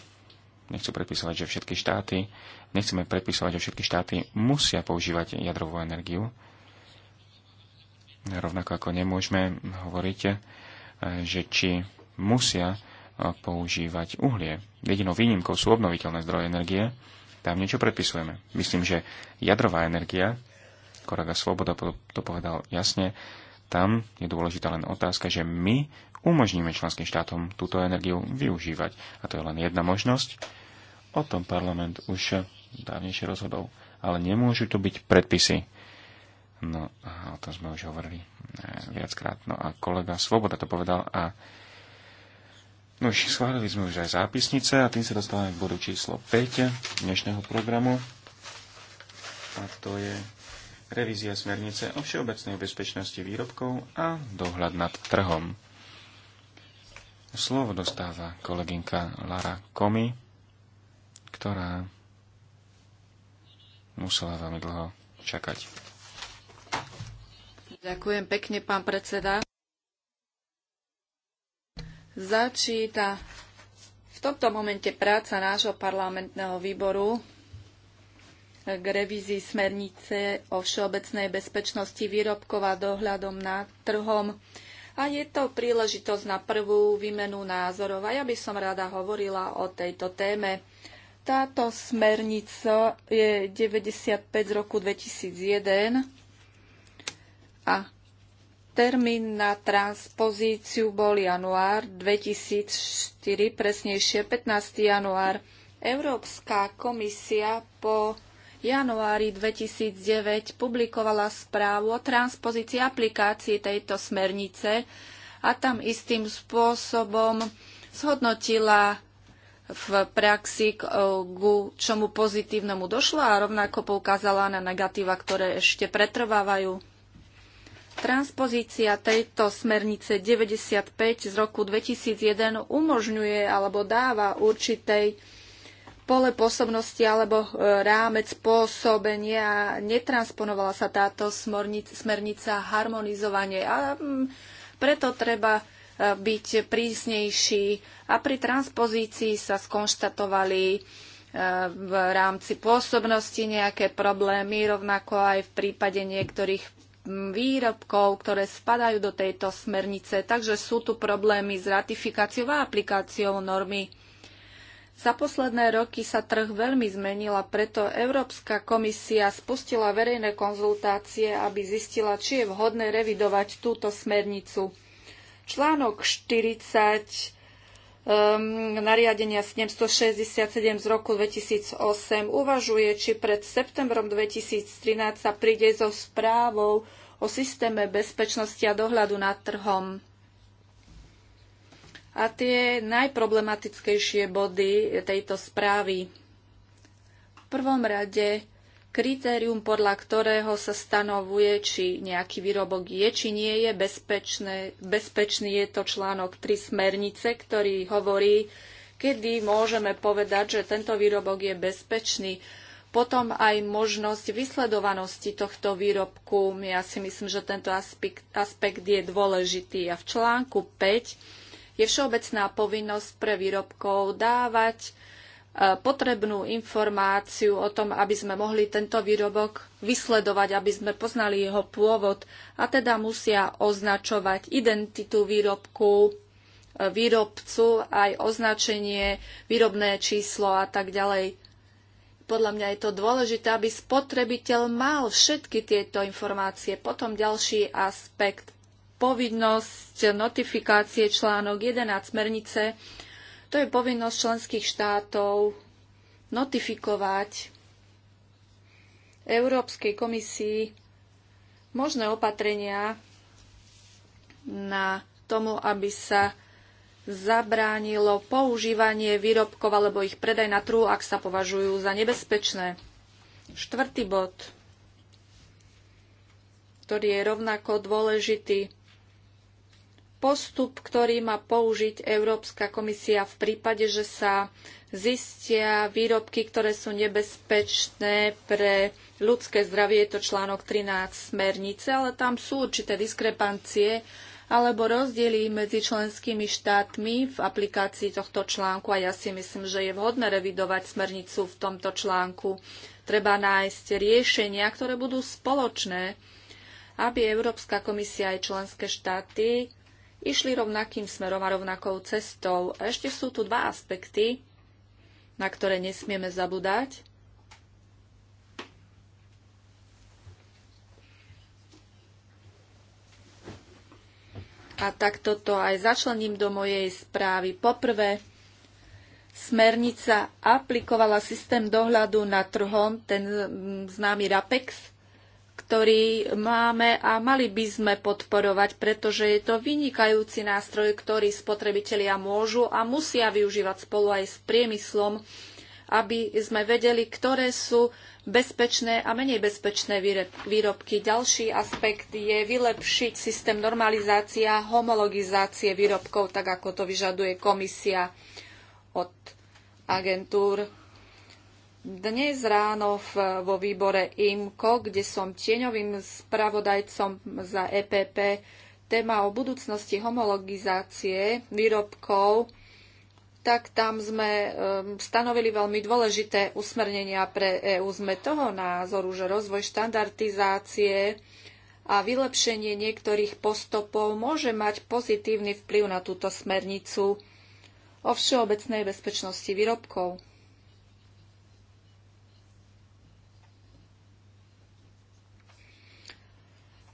Speaker 1: nechcú predpisovať, že všetky štáty, nechceme predpisovať, že všetky štáty musia používať jadrovú energiu. Rovnako ako nemôžeme hovoriť, že či musia používať uhlie. Jedinou výnimkou sú obnoviteľné zdroje energie, tam niečo predpisujeme. Myslím, že jadrová energia kolega Svoboda to povedal jasne, tam je dôležitá len otázka, že my umožníme členským štátom túto energiu využívať. A to je len jedna možnosť. O tom parlament už dávnejšie rozhodol. Ale nemôžu to byť predpisy. No a o tom sme už hovorili eh, viackrát. No a kolega Svoboda to povedal a No už schválili sme už aj zápisnice a tým sa dostávame k bodu číslo 5 dnešného programu. A to je revízia smernice o všeobecnej bezpečnosti výrobkov a dohľad nad trhom. Slovo dostáva kolegynka Lara Komi, ktorá musela veľmi dlho čakať.
Speaker 2: Ďakujem pekne, pán predseda. Začíta v tomto momente práca nášho parlamentného výboru k revízii smernice o všeobecnej bezpečnosti výrobkov a dohľadom nad trhom. A je to príležitosť na prvú výmenu názorov. A ja by som rada hovorila o tejto téme. Táto smernica je 95 z roku 2001 a termín na transpozíciu bol január 2004, presnejšie 15. január. Európska komisia po januári 2009 publikovala správu o transpozícii aplikácií tejto smernice a tam istým spôsobom zhodnotila v praxi, e, ku čomu pozitívnemu došlo a rovnako poukázala na negatíva, ktoré ešte pretrvávajú. Transpozícia tejto smernice 95 z roku 2001 umožňuje alebo dáva určitej pole pôsobnosti alebo e, rámec pôsobenia netransponovala sa táto smernica harmonizovanie a mm, preto treba e, byť prísnejší a pri transpozícii sa skonštatovali e, v rámci pôsobnosti nejaké problémy, rovnako aj v prípade niektorých mm, výrobkov, ktoré spadajú do tejto smernice. Takže sú tu problémy s ratifikáciou a aplikáciou normy za posledné roky sa trh veľmi zmenil a preto Európska komisia spustila verejné konzultácie, aby zistila, či je vhodné revidovať túto smernicu. Článok 40 um, ehm, nariadenia 767 z roku 2008 uvažuje, či pred septembrom 2013 sa príde so správou o systéme bezpečnosti a dohľadu nad trhom a tie najproblematickejšie body tejto správy. V prvom rade kritérium, podľa ktorého sa stanovuje, či nejaký výrobok je, či nie je bezpečné. Bezpečný je to článok 3 smernice, ktorý hovorí, kedy môžeme povedať, že tento výrobok je bezpečný. Potom aj možnosť vysledovanosti tohto výrobku. Ja si myslím, že tento aspekt, aspekt je dôležitý. A v článku 5 je všeobecná povinnosť pre výrobkov dávať e, potrebnú informáciu o tom, aby sme mohli tento výrobok vysledovať, aby sme poznali jeho pôvod a teda musia označovať identitu výrobku, e, výrobcu, aj označenie, výrobné číslo a tak ďalej. Podľa mňa je to dôležité, aby spotrebiteľ mal všetky tieto informácie. Potom ďalší aspekt povinnosť notifikácie článok 11 smernice. To je povinnosť členských štátov notifikovať Európskej komisii možné opatrenia na tomu, aby sa zabránilo používanie výrobkov alebo ich predaj na trhu, ak sa považujú za nebezpečné. Štvrtý bod, ktorý je rovnako dôležitý postup, ktorý má použiť Európska komisia v prípade, že sa zistia výrobky, ktoré sú nebezpečné pre ľudské zdravie. Je to článok 13 smernice, ale tam sú určité diskrepancie alebo rozdiely medzi členskými štátmi v aplikácii tohto článku a ja si myslím, že je vhodné revidovať smernicu v tomto článku. Treba nájsť riešenia, ktoré budú spoločné, aby Európska komisia aj členské štáty išli rovnakým smerom a rovnakou cestou. A ešte sú tu dva aspekty, na ktoré nesmieme zabúdať. A tak toto aj začlením do mojej správy. Poprvé, smernica aplikovala systém dohľadu na trhom, ten známy RAPEX, ktorý máme a mali by sme podporovať, pretože je to vynikajúci nástroj, ktorý spotrebitelia môžu a musia využívať spolu aj s priemyslom, aby sme vedeli, ktoré sú bezpečné a menej bezpečné výrobky. Ďalší aspekt je vylepšiť systém normalizácie a homologizácie výrobkov, tak ako to vyžaduje komisia od agentúr dnes ráno v, vo výbore IMKO, kde som tieňovým spravodajcom za EPP, téma o budúcnosti homologizácie výrobkov, tak tam sme um, stanovili veľmi dôležité usmernenia pre EÚ. Sme toho názoru, že rozvoj štandardizácie a vylepšenie niektorých postupov môže mať pozitívny vplyv na túto smernicu o všeobecnej bezpečnosti výrobkov.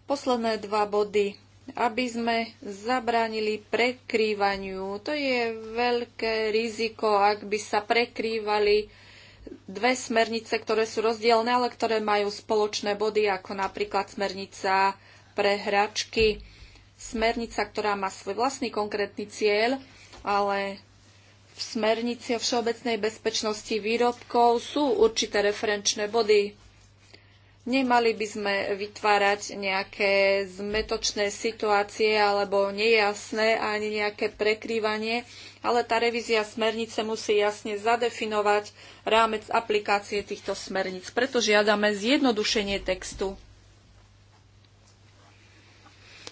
Speaker 2: Posledné dva body aby sme zabránili prekrývaniu. To je veľké riziko, ak by sa prekrývali dve smernice, ktoré sú rozdielne, ale ktoré majú spoločné body, ako napríklad smernica pre hračky. Smernica, ktorá má svoj vlastný konkrétny cieľ, ale v smernici o všeobecnej bezpečnosti výrobkov sú určité referenčné body Nemali by sme vytvárať nejaké zmetočné situácie alebo nejasné ani nejaké prekrývanie, ale tá revízia smernice musí jasne zadefinovať rámec aplikácie týchto smerníc. Preto žiadame zjednodušenie textu.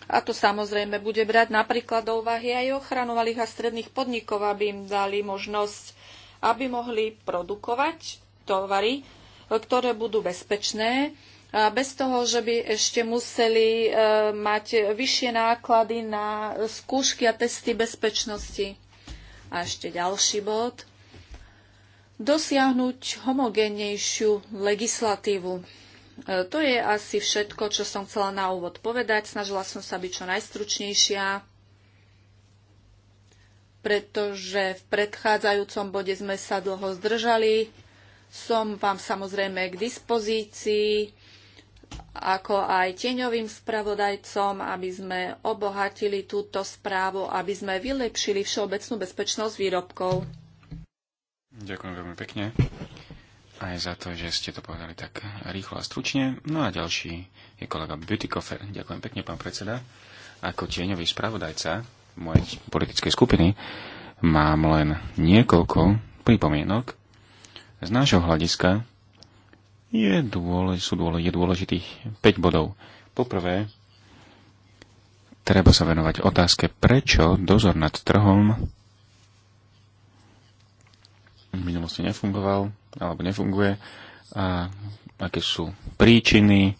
Speaker 2: A to samozrejme bude brať napríklad do úvahy aj ochranu malých a stredných podnikov, aby im dali možnosť, aby mohli produkovať tovary, ktoré budú bezpečné, bez toho, že by ešte museli e, mať vyššie náklady na skúšky a testy bezpečnosti. A ešte ďalší bod. Dosiahnuť homogénnejšiu legislatívu. E, to je asi všetko, čo som chcela na úvod povedať. Snažila som sa byť čo najstručnejšia, pretože v predchádzajúcom bode sme sa dlho zdržali som vám samozrejme k dispozícii ako aj tieňovým spravodajcom, aby sme obohatili túto správu, aby sme vylepšili všeobecnú bezpečnosť výrobkov.
Speaker 1: Ďakujem veľmi pekne aj za to, že ste to povedali tak rýchlo a stručne. No a ďalší je kolega Butikofer. Ďakujem pekne, pán predseda. Ako tieňový spravodajca mojej politickej skupiny mám len niekoľko pripomienok z nášho hľadiska je, dôlež, sú dôlež, je dôležitých 5 bodov. Poprvé, treba sa venovať otázke, prečo dozor nad trhom v minulosti nefungoval alebo nefunguje a aké sú príčiny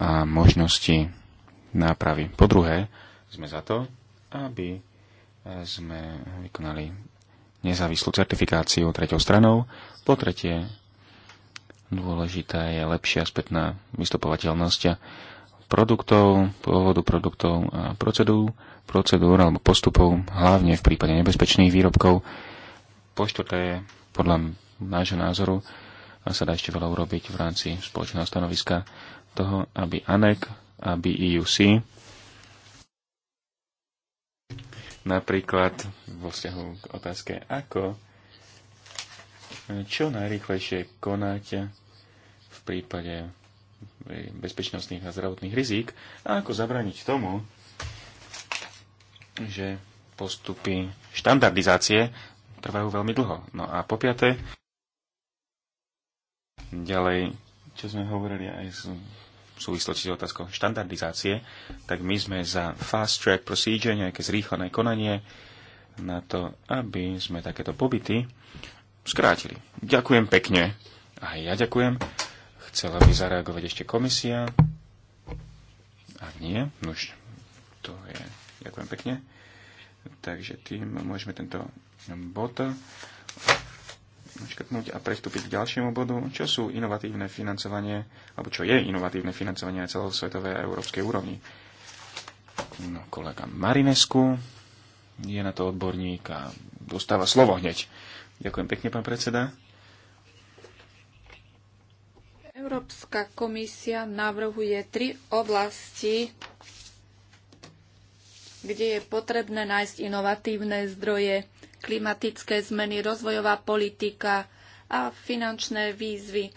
Speaker 1: a možnosti nápravy. Po druhé, sme za to, aby sme vykonali nezávislú certifikáciu treťou stranou. Po tretie, dôležitá je lepšia spätná vystupovateľnosť produktov, pôvodu produktov a procedúr, procedúr alebo postupov, hlavne v prípade nebezpečných výrobkov. Po štvrté, podľa nášho názoru, a sa dá ešte veľa urobiť v rámci spoločného stanoviska toho, aby ANEC, e aby EUC Napríklad vo vzťahu k otázke, ako čo najrychlejšie konať v prípade eh, bezpečnostných a zdravotných rizík a ako zabraniť tomu, že postupy štandardizácie trvajú veľmi dlho. No a po piaté, ďalej, čo sme hovorili aj s súvislosti s otázkou štandardizácie, tak my sme za fast track procedure, nejaké zrýchlené konanie na to, aby sme takéto pobyty skrátili. Ďakujem pekne. A ja ďakujem. Chcela by zareagovať ešte komisia. Ak nie, už to je. Ďakujem pekne. Takže tým môžeme tento bot škrtnúť a prestúpiť k ďalšiemu bodu, čo sú inovatívne financovanie, alebo čo je inovatívne financovanie na celosvetovej a európskej úrovni. No, kolega Marinesku je na to odborník a dostáva slovo hneď. Ďakujem pekne, pán predseda.
Speaker 2: Európska komisia navrhuje tri oblasti, kde je potrebné nájsť inovatívne zdroje klimatické zmeny, rozvojová politika a finančné výzvy.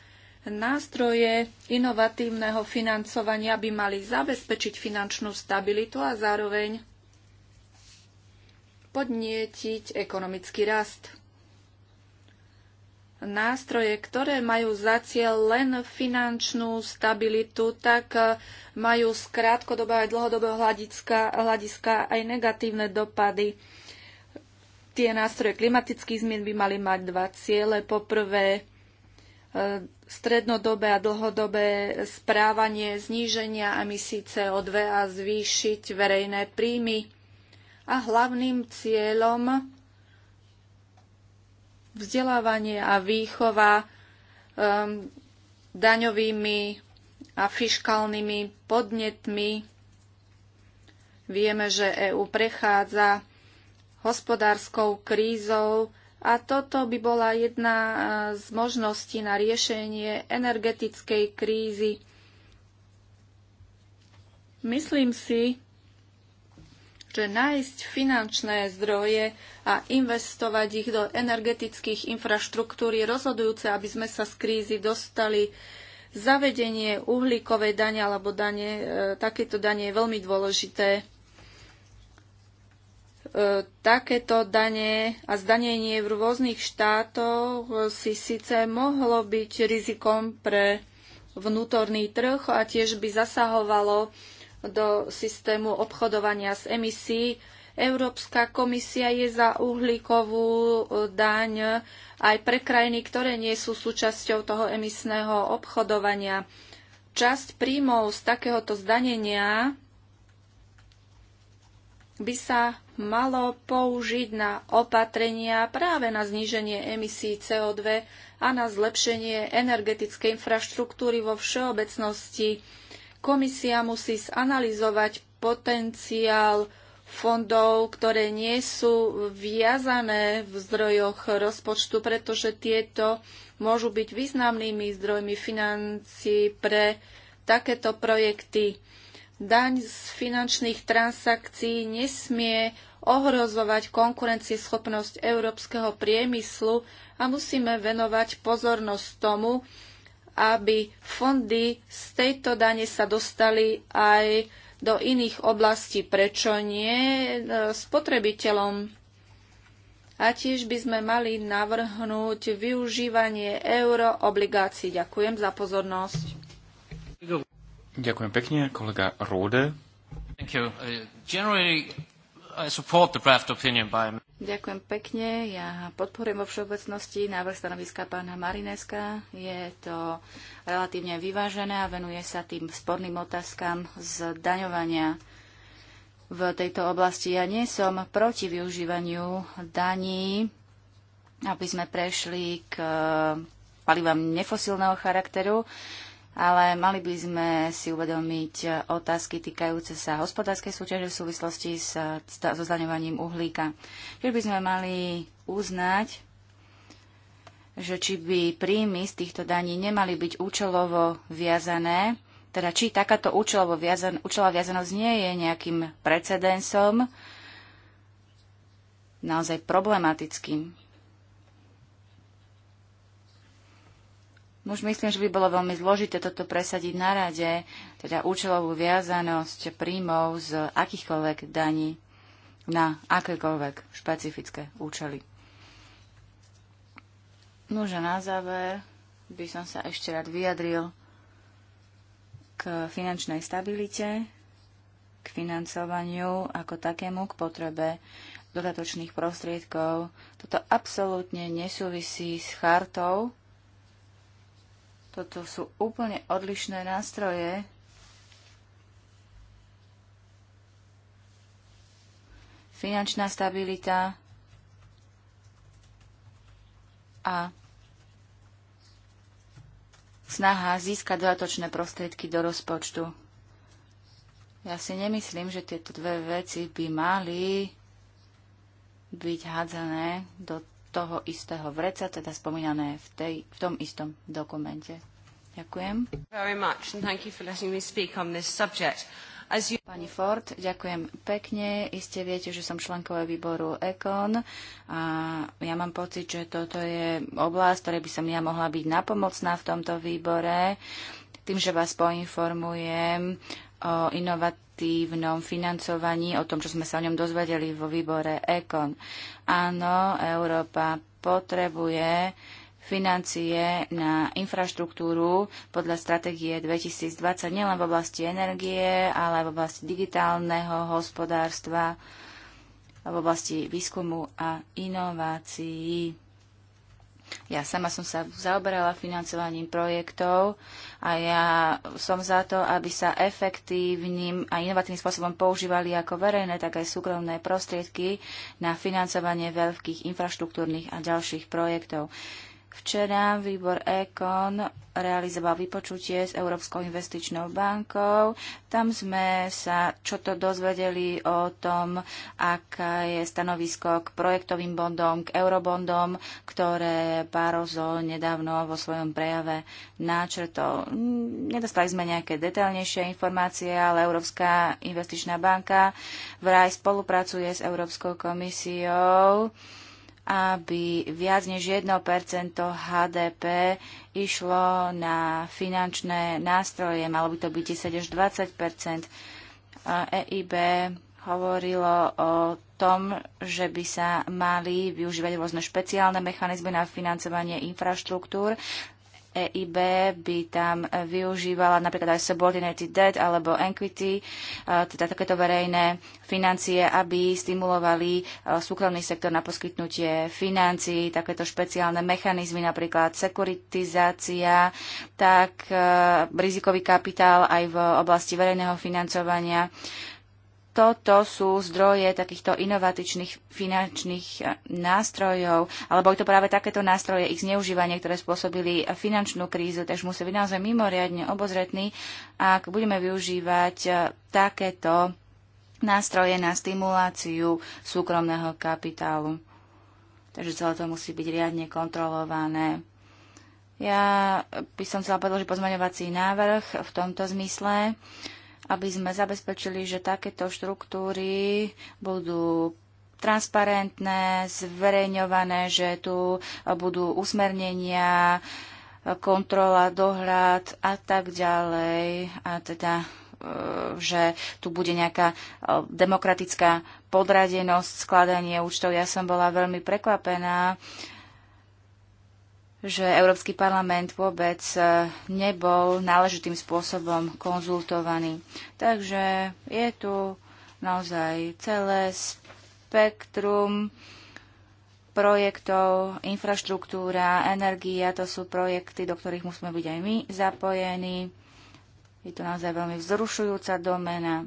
Speaker 2: Nástroje inovatívneho financovania by mali zabezpečiť finančnú stabilitu a zároveň podnietiť ekonomický rast. Nástroje, ktoré majú za cieľ len finančnú stabilitu, tak eh, majú z krátkodobého aj dlhodobého hľadiska, hľadiska aj negatívne dopady tie nástroje klimatických zmien by mali mať dva ciele. Poprvé, e, strednodobé a dlhodobé správanie zníženia emisí CO2 a zvýšiť verejné príjmy. A hlavným cieľom vzdelávanie a výchova um, daňovými a fiškálnymi podnetmi. Vieme, že EÚ prechádza hospodárskou krízou a toto by bola jedna e, z možností na riešenie energetickej krízy. Myslím si, že nájsť finančné zdroje a investovať ich do energetických infraštruktúr je rozhodujúce, aby sme sa z krízy dostali. Zavedenie uhlíkovej dane alebo dane, e, takéto dane je veľmi dôležité. E, takéto dane a zdanenie v rôznych štátoch si síce mohlo byť rizikom pre vnútorný trh a tiež by zasahovalo do systému obchodovania s emisí. Európska komisia je za uhlíkovú e, daň aj pre krajiny, ktoré nie sú súčasťou toho emisného obchodovania. Časť príjmov z takéhoto zdanenia by sa malo použiť na opatrenia práve na zníženie emisí CO2 a na zlepšenie energetickej infraštruktúry vo všeobecnosti. Komisia musí zanalizovať potenciál fondov, ktoré nie sú viazané v zdrojoch rozpočtu, pretože tieto môžu byť významnými zdrojmi financií pre takéto projekty daň z finančných transakcií nesmie ohrozovať konkurencieschopnosť európskeho priemyslu a musíme venovať pozornosť tomu, aby fondy z tejto dane sa dostali aj do iných oblastí. Prečo nie no, spotrebiteľom? A tiež by sme mali navrhnúť využívanie euroobligácií. Ďakujem za pozornosť.
Speaker 1: Ďakujem pekne, kolega Rode. Uh,
Speaker 3: Ďakujem pekne. Ja podporujem vo všeobecnosti návrh stanoviska pána Marineska. Je to relatívne vyvážené a venuje sa tým sporným otázkam zdaňovania v tejto oblasti. Ja nie som proti využívaniu daní, aby sme prešli k eh, palivám nefosilného charakteru ale mali by sme si uvedomiť otázky týkajúce sa hospodárskej súťaže v súvislosti s, so zdaňovaním uhlíka. Keď by sme mali uznať, že či by príjmy z týchto daní nemali byť účelovo viazané, teda či takáto účelová viazan, viazanosť nie je nejakým precedensom, naozaj problematickým. Už myslím, že by bolo veľmi zložité toto presadiť na rade, teda účelovú viazanosť príjmov z akýchkoľvek daní na akékoľvek špecifické účely. Nože na záver by som sa ešte rád vyjadril k finančnej stabilite, k financovaniu ako takému, k potrebe dodatočných prostriedkov. Toto absolútne nesúvisí s chartou, toto sú úplne odlišné nástroje. Finančná stabilita a snaha získať dodatočné prostriedky do rozpočtu. Ja si nemyslím, že tieto dve veci by mali byť hádzané do toho istého vreca, teda spomínané v, tej, v tom istom dokumente. Ďakujem. You... Pani Ford, ďakujem pekne. Iste viete, že som členkové výboru ECON a ja mám pocit, že toto je oblasť, ktorej by som ja mohla byť napomocná v tomto výbore. Tým, že vás poinformujem, o inovatívnom financovaní, o tom, čo sme sa o ňom dozvedeli vo výbore ECON. Áno, Európa potrebuje financie na infraštruktúru podľa stratégie 2020 nielen v oblasti energie, ale aj v oblasti digitálneho hospodárstva, v oblasti výskumu a inovácií. Ja sama som sa zaoberala financovaním projektov a ja som za to, aby sa efektívnym a inovatívnym spôsobom používali ako verejné, tak aj súkromné prostriedky na financovanie veľkých infraštruktúrnych a ďalších projektov. Včera výbor EKON realizoval vypočutie s Európskou investičnou bankou. Tam sme sa čo to dozvedeli o tom, aká je stanovisko k projektovým bondom, k eurobondom, ktoré Barozo nedávno vo svojom prejave náčrtol. Nedostali sme nejaké detailnejšie informácie, ale Európska investičná banka vraj spolupracuje s Európskou komisiou aby viac než 1% HDP išlo na finančné nástroje. Malo by to byť 10 až 20 EIB hovorilo o tom, že by sa mali využívať rôzne špeciálne mechanizmy na financovanie infraštruktúr. EIB by tam využívala napríklad aj subordinated debt alebo equity, e, teda takéto verejné financie, aby stimulovali e, súkromný sektor na poskytnutie financií, takéto špeciálne mechanizmy, napríklad sekuritizácia, tak e, rizikový kapitál aj v oblasti verejného financovania toto sú zdroje takýchto inovatičných finančných eh, nástrojov, alebo je to práve takéto nástroje, ich zneužívanie, ktoré spôsobili finančnú krízu, takže musí byť naozaj mimoriadne obozretní, ak budeme využívať eh, takéto nástroje na stimuláciu súkromného kapitálu. Takže celé to musí byť riadne kontrolované. Ja by som chcela predložiť pozmaňovací návrh v tomto zmysle. Uh, aby sme zabezpečili, že takéto štruktúry budú transparentné, zverejňované, že tu budú usmernenia, kontrola, dohľad a tak ďalej. A teda e, že tu bude nejaká e, demokratická podradenosť, skladanie účtov. Ja som bola veľmi prekvapená, že Európsky parlament vôbec e, nebol náležitým spôsobom konzultovaný. Takže je tu naozaj celé spektrum projektov, infraštruktúra, energia, to sú projekty, do ktorých musíme byť aj my zapojení. Je to naozaj veľmi vzrušujúca domena.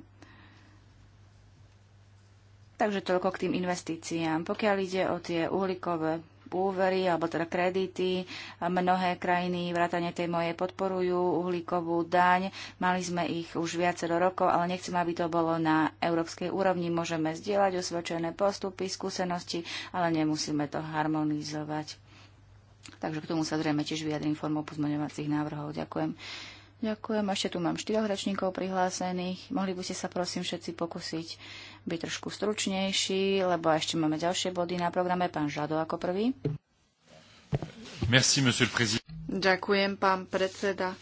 Speaker 3: Takže toľko k tým investíciám. Pokiaľ ide o tie uhlíkové úvery alebo teda kredity. Mnohé krajiny vrátane tej mojej podporujú uhlíkovú daň. Mali sme ich už viacero rokov, ale nechcem, aby to bolo na európskej úrovni. Môžeme zdieľať osvedčené postupy, skúsenosti, ale nemusíme to harmonizovať. Takže k tomu sa zrejme tiež vyjadrím formou pozmeňovacích návrhov. Ďakujem. Ďakujem. Ešte tu mám štyroch rečníkov prihlásených. Mohli by ste sa prosím všetci pokúsiť byť trošku stručnejší, lebo ešte máme ďalšie body na programe. Pán Žado ako prvý.
Speaker 1: Merci, monsieur le président.
Speaker 3: Ďakujem, pán predseda.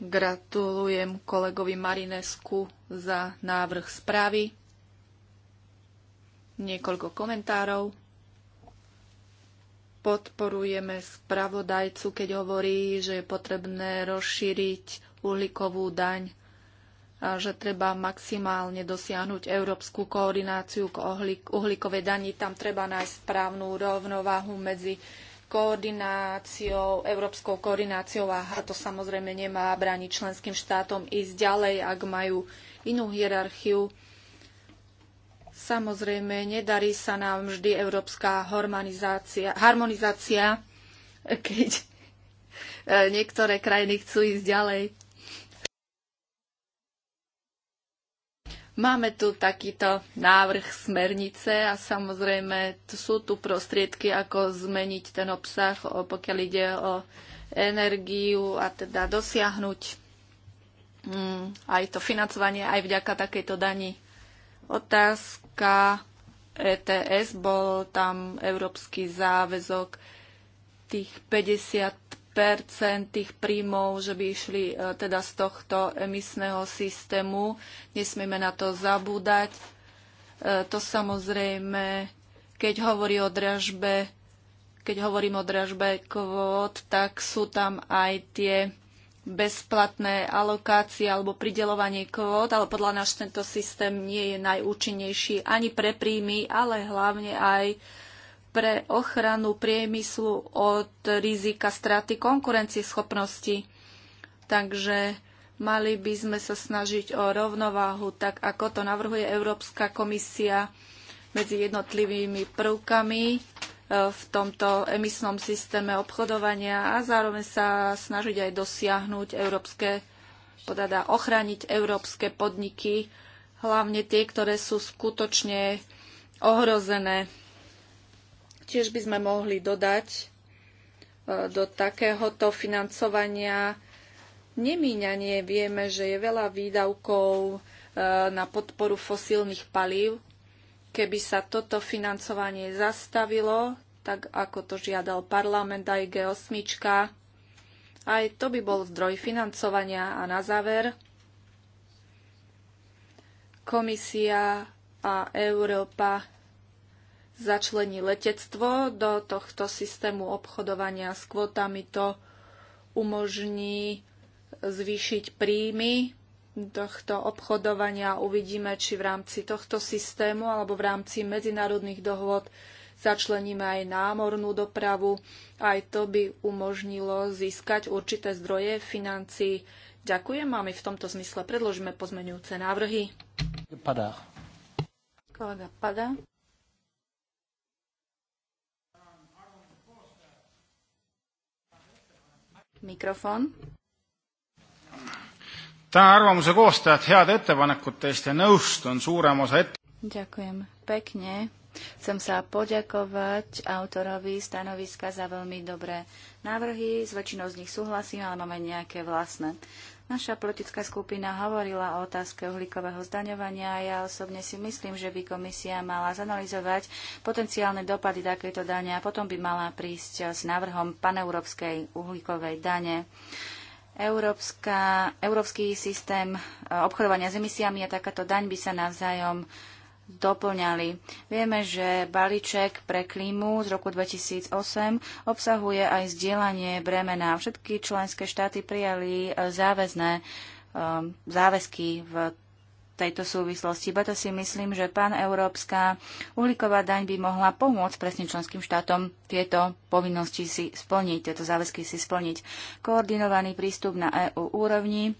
Speaker 2: Gratulujem kolegovi Marinesku za návrh správy. Niekoľko komentárov podporujeme spravodajcu, keď hovorí, že je potrebné rozšíriť uhlíkovú daň že treba maximálne dosiahnuť európsku koordináciu k uhlíkovej dani. Tam treba nájsť správnu rovnováhu medzi koordináciou, európskou koordináciou a to samozrejme nemá brániť členským štátom ísť ďalej, ak majú inú hierarchiu. Samozrejme, nedarí sa nám vždy európska harmonizácia, harmonizácia keď e, niektoré krajiny chcú ísť ďalej. Máme tu takýto návrh smernice a samozrejme sú tu prostriedky, ako zmeniť ten obsah, pokiaľ ide o energiu a teda dosiahnuť mm, aj to financovanie aj vďaka takejto dani. Otázka ETS, bol tam európsky záväzok tých 50 tých príjmov, že by išli e, teda z tohto emisného systému. Nesmieme na to zabúdať. E, to samozrejme, keď hovorí o dražbe, keď hovorím o dražbe kvót, tak sú tam aj tie bezplatné alokácie alebo pridelovanie kvót, ale podľa nás tento systém nie je najúčinnejší ani pre príjmy, ale hlavne aj pre ochranu priemyslu od rizika straty konkurencieschopnosti. Takže mali by sme sa snažiť o rovnováhu, tak ako to navrhuje Európska komisia medzi jednotlivými prvkami e, v tomto emisnom systéme obchodovania a zároveň sa snažiť aj dosiahnuť európske, podada ochraniť európske podniky, hlavne tie, ktoré sú skutočne ohrozené. Tiež by sme mohli dodať e, do takéhoto financovania nemíňanie. Vieme, že je veľa výdavkov e, na podporu fosílnych palív. Keby sa toto financovanie zastavilo, tak ako to žiadal parlament aj G8, aj to by bol zdroj financovania. A na záver, komisia a Európa začlení letectvo do tohto systému obchodovania s kvotami. To umožní zvýšiť príjmy tohto obchodovania. Uvidíme, či v rámci tohto systému alebo v rámci medzinárodných dohôd začleníme aj námornú dopravu. Aj to by umožnilo získať určité zdroje financií. Ďakujem a my v tomto zmysle predložíme pozmenujúce návrhy.
Speaker 1: Pada.
Speaker 3: Kolega Mikrofón.
Speaker 1: Tänan arvamuse koostajad heade ettepanekute eest ja nõustun suurema osa ette...
Speaker 3: Ďakujem pekne. Chcem sa poďakovať autorovi stanoviska za veľmi dobré návrhy. S väčšinou z nich súhlasím, ale máme nejaké vlastné. Naša politická skupina hovorila o otázke uhlíkového zdaňovania a ja osobne si myslím, že by komisia mala zanalizovať potenciálne dopady takéto dane a potom by mala prísť s návrhom paneurópskej uhlíkovej dane. Európska, európsky systém e, obchodovania s emisiami a takáto daň by sa navzájom doplňali. Vieme, že balíček pre klímu z roku 2008 obsahuje aj zdieľanie bremena. Všetky členské štáty prijali eh, záväzné eh, záväzky v tejto súvislosti. Preto si myslím, že pán Európska uhlíková daň by mohla pomôcť presne členským štátom tieto povinnosti si splniť, tieto záväzky si splniť. Koordinovaný prístup na EU úrovni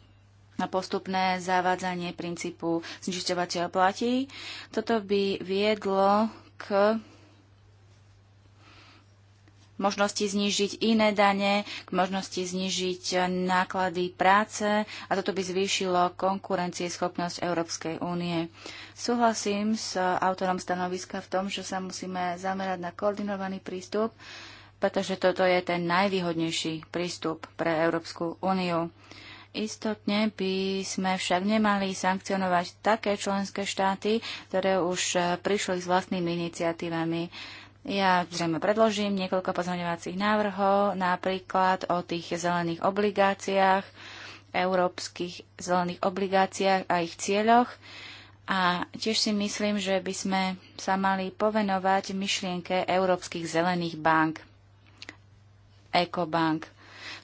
Speaker 3: na postupné zavádzanie princípu znečisťovateľ platí. Toto by viedlo k možnosti znižiť iné dane, k možnosti znižiť náklady práce a toto by zvýšilo konkurencieschopnosť Európskej únie. Súhlasím s autorom stanoviska v tom, že sa musíme zamerať na koordinovaný prístup, pretože toto je ten najvýhodnejší prístup pre Európsku úniu. Istotne by sme však nemali sankcionovať také členské štáty, ktoré už e, prišli s vlastnými iniciatívami. Ja zrejme predložím niekoľko pozmeňovacích návrhov, napríklad o tých zelených obligáciách, európskych zelených obligáciách a ich cieľoch. A tiež si myslím, že by sme sa mali povenovať myšlienke európskych zelených bank, ekobank.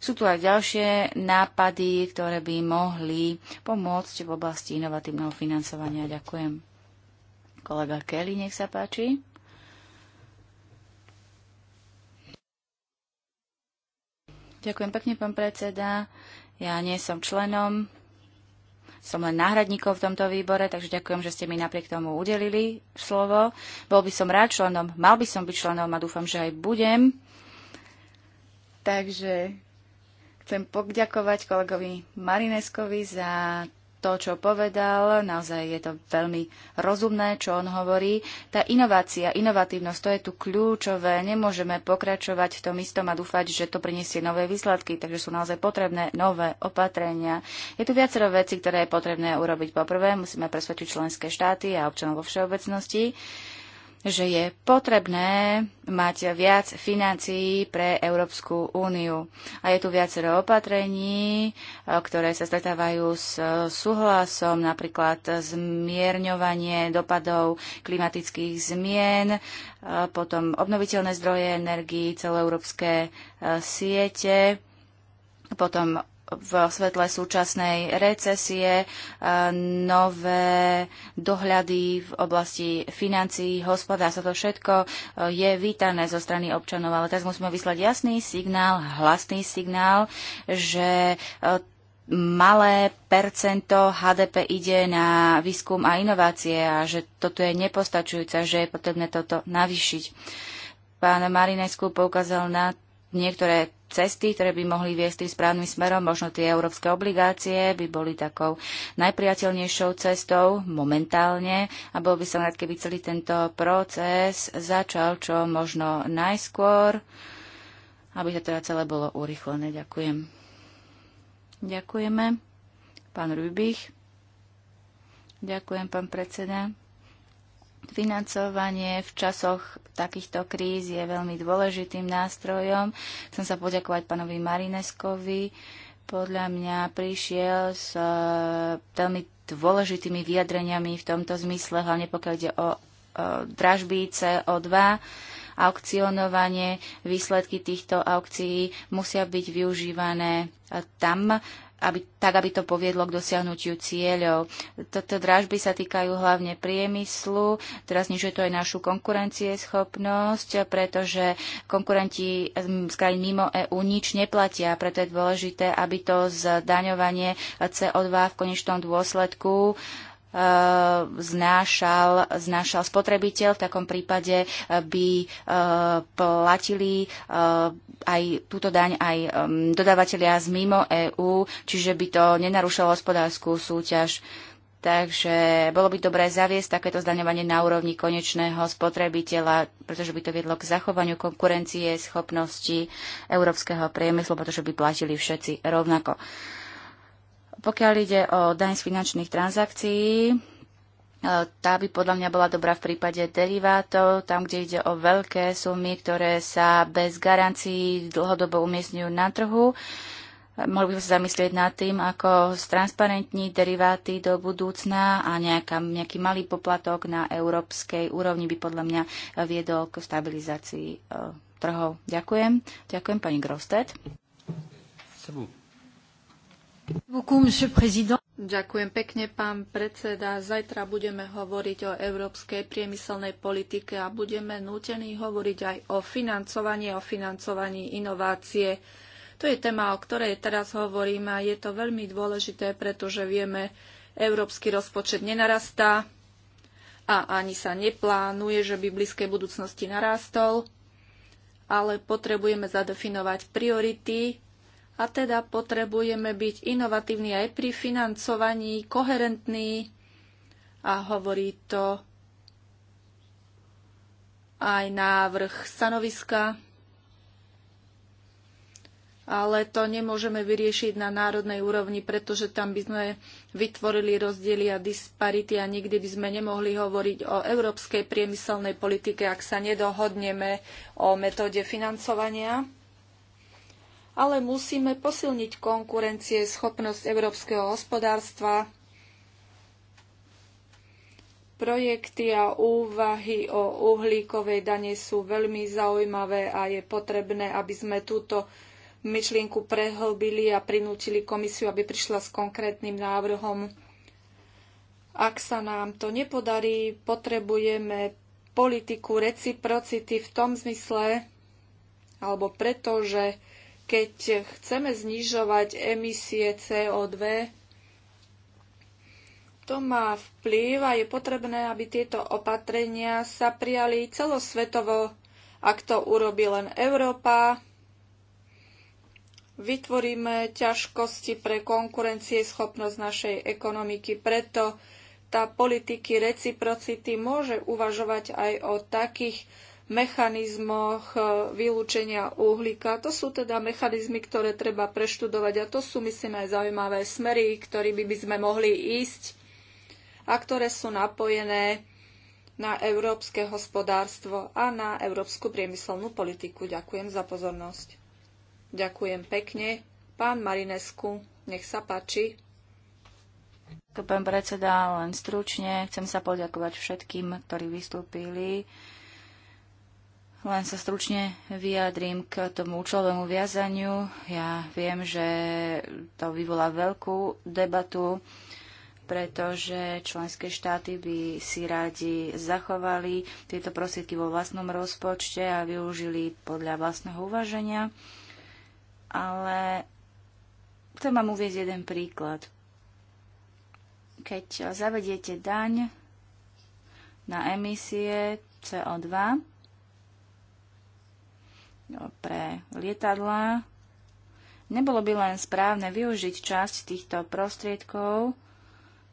Speaker 3: Sú tu aj ďalšie nápady, ktoré by mohli pomôcť v oblasti inovatívneho financovania. Ďakujem. Kolega Kelly, nech sa páči. Ďakujem pekne, pán predseda. Ja nie som členom som len náhradníkom v tomto výbore, takže ďakujem, že ste mi napriek tomu udelili slovo. Bol by som rád členom, mal by som byť členom a dúfam, že aj budem. Takže Chcem poďakovať kolegovi Marineskovi za to, čo povedal, naozaj je to veľmi rozumné, čo on hovorí. Tá inovácia, inovatívnosť, to je tu kľúčové. Nemôžeme pokračovať v tom istom a dúfať, že to priniesie nové výsledky, takže sú naozaj potrebné nové opatrenia. Je tu viacero vecí, ktoré je potrebné urobiť. Poprvé, musíme presvedčiť členské štáty a občanov vo všeobecnosti, že je potrebné mať viac financií pre Európsku úniu. A je tu viacero opatrení, e, ktoré sa stretávajú s e, súhlasom, napríklad zmierňovanie dopadov klimatických zmien, e, potom obnoviteľné zdroje energii, celoeurópske siete, potom v svetle súčasnej recesie, e, nové dohľady v oblasti financií, hospodárstva, to všetko e, je vítané zo strany občanov, ale teraz musíme vyslať jasný signál, hlasný signál, že e, malé percento HDP ide na výskum a inovácie a že toto je nepostačujúce, že je potrebné toto navýšiť. Pán Marinesku poukázal na niektoré cesty, ktoré by mohli viesť tým správnym smerom, možno tie európske obligácie by boli takou najpriateľnejšou cestou momentálne a bol by som rád, keby celý tento proces začal čo možno najskôr, aby to teda celé bolo urychlené. Ďakujem. Ďakujeme. Pán Rubich. Ďakujem, pán predseda. Financovanie v časoch takýchto kríz je veľmi dôležitým nástrojom. Chcem sa poďakovať pánovi Marineskovi. Podľa mňa prišiel s e, veľmi dôležitými vyjadreniami v tomto zmysle, hlavne pokiaľ ide o e, dražby CO2 aukcionovanie, výsledky týchto aukcií musia byť využívané tam, aby, tak, aby to poviedlo k dosiahnutiu cieľov. Toto dražby sa týkajú hlavne priemyslu, teraz znižuje to aj našu konkurencieschopnosť, pretože konkurenti z krajín mimo EÚ nič neplatia, preto je dôležité, aby to zdaňovanie CO2 v konečnom dôsledku uh, Eh, znášal, znášal spotrebiteľ. V takom prípade eh, by eh, platili aj túto daň aj mm, dodávateľia z mimo EÚ, čiže by to nenarušalo hospodárskú súťaž. Takže bolo by dobré zaviesť takéto zdaňovanie na úrovni konečného spotrebiteľa, pretože by to viedlo k zachovaniu konkurencie, schopnosti európskeho priemyslu, pretože by platili všetci rovnako. Uh, pokiaľ ide o daň z finančných transakcií, e, tá by podľa mňa bola dobrá v prípade derivátov, tam, kde ide o veľké sumy, ktoré sa bez garancií dlhodobo umiestňujú na trhu. Mohli by sa zamyslieť nad tým, ako transparentní deriváty do budúcna a nejaká, nejaký malý poplatok na európskej úrovni by podľa mňa viedol k stabilizácii e, trhov. Ďakujem. Ďakujem pani Grostet.
Speaker 2: Ďakujem pekne, pán predseda. Zajtra budeme hovoriť o európskej priemyselnej politike a budeme nútení hovoriť aj o financovaní, o financovaní inovácie. To je téma, o ktorej teraz hovorím a je to veľmi dôležité, pretože vieme, európsky rozpočet nenarastá a ani sa neplánuje, že by v blízkej budúcnosti narástol, ale potrebujeme zadefinovať priority a teda potrebujeme byť inovatívni aj pri financovaní, koherentní a hovorí to aj návrh stanoviska, ale to nemôžeme vyriešiť na národnej úrovni, pretože tam by sme vytvorili rozdiely a disparity a nikdy by sme nemohli hovoriť o európskej priemyselnej politike, ak sa nedohodneme o metóde financovania ale musíme posilniť konkurencie, schopnosť európskeho hospodárstva, Projekty a úvahy o uhlíkovej dane sú veľmi zaujímavé a je potrebné, aby sme túto myšlienku prehlbili a prinútili komisiu, aby prišla s konkrétnym návrhom. Ak sa nám to nepodarí, potrebujeme politiku reciprocity v tom zmysle, alebo preto, že keď chceme znižovať emisie CO2, to má vplyv a je potrebné, aby tieto opatrenia sa prijali celosvetovo. Ak to urobí len Európa, vytvoríme ťažkosti pre konkurencieschopnosť našej ekonomiky. Preto tá politiky reciprocity môže uvažovať aj o takých mechanizmoch e, vylúčenia uhlíka. To sú teda mechanizmy, ktoré treba preštudovať a to sú, myslím, aj zaujímavé smery, ktorými by sme mohli ísť a ktoré sú napojené na európske hospodárstvo a na európsku priemyselnú politiku. Ďakujem za pozornosť. Ďakujem pekne. Pán Marinesku, nech sa páči.
Speaker 3: Pán predseda, len stručne chcem sa poďakovať všetkým, ktorí vystúpili len sa stručne vyjadrím k tomu účelovému viazaniu. Ja viem, že to vyvolá veľkú debatu, pretože členské štáty by si radi zachovali tieto prostriedky vo vlastnom rozpočte a využili podľa vlastného uvaženia. Ale chcem vám uvieť jeden príklad. Keď zavediete daň na emisie CO2, pre lietadlá. Nebolo by len správne využiť časť týchto prostriedkov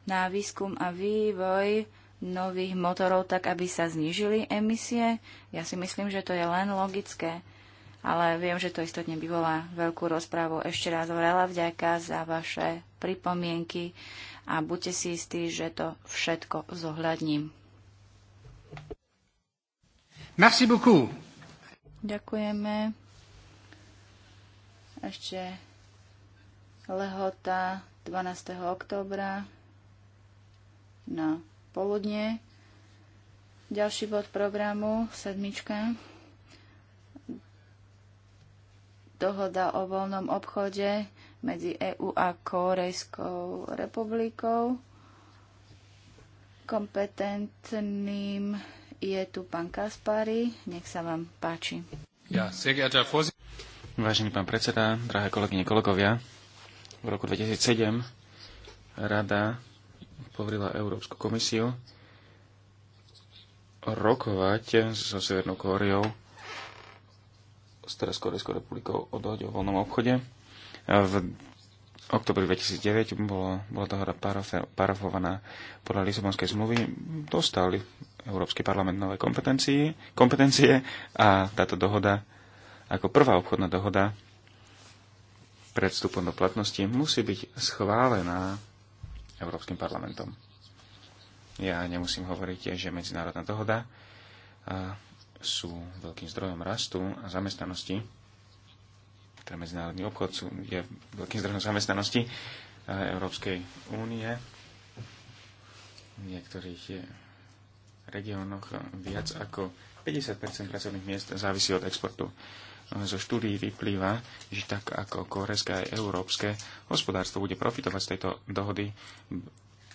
Speaker 3: na výskum a vývoj nových motorov tak, aby sa znížili emisie? Ja si myslím, že to je len logické. Ale viem, že to istotne by bola veľkú rozprávu. Ešte raz veľa vďaka za vaše pripomienky a buďte si istí, že to všetko zohľadním.
Speaker 2: Merci beaucoup.
Speaker 3: Ďakujeme. Ešte lehota 12. oktobra na poludne. Ďalší bod programu, sedmička. Dohoda o voľnom obchode medzi EÚ a Korejskou republikou. Kompetentným je tu pán Kaspari. Nech sa vám páči.
Speaker 1: Ja, Vážený pán predseda, drahé kolegyne, kolegovia, v roku 2007 Rada povrila Európsku komisiu rokovať so Severnou Kóriou, s Tereskou republikou o dohode o voľnom obchode. V oktobri 2009 bolo, bola dohoda parafovaná podľa Lisabonskej zmluvy. Dostali Európsky parlament nové kompetencie, kompetencie a táto dohoda ako prvá obchodná dohoda pred vstupom do platnosti musí byť schválená Európskym parlamentom. Ja nemusím hovoriť, že medzinárodná dohoda sú veľkým zdrojom rastu a zamestnanosti pre medzinárodný obchod je veľkým zdrojom zamestnanosti eh, Európskej únie. V niektorých eh, regiónoch eh, viac ako 50 pracovných miest závisí od exportu. No, zo štúdií vyplýva, že tak ako korejské aj európske hospodárstvo bude profitovať z tejto dohody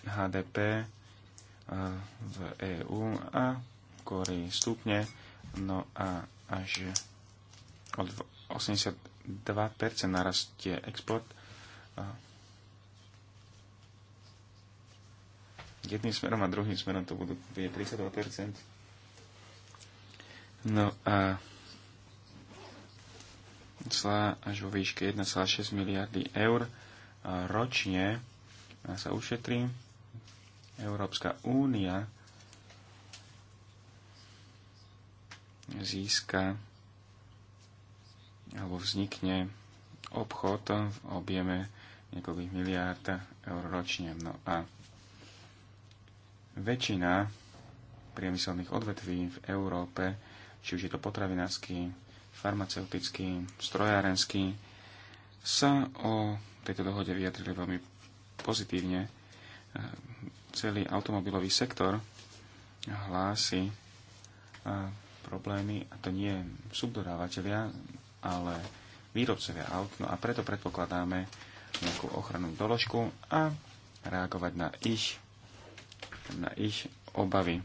Speaker 1: HDP v EÚ a Kórii stupne, no a až od 80 2% narastie export. Jedným smerom a druhým smerom to budú, bude 32%. No a celá až vo výške 1,6 miliardy eur ročne sa ušetrí. Európska únia získa alebo vznikne obchod v objeme niekoľkých miliárd eur ročne. No a väčšina priemyselných odvetví v Európe, či už je to potravinársky, farmaceutický, strojárenský, sa o tejto dohode vyjadrili veľmi pozitívne. Celý automobilový sektor hlási problémy, a to nie subdodávateľia ale výrobcovia aut. No a preto predpokladáme nejakú ochrannú doložku a reagovať na ich, na ich obavy.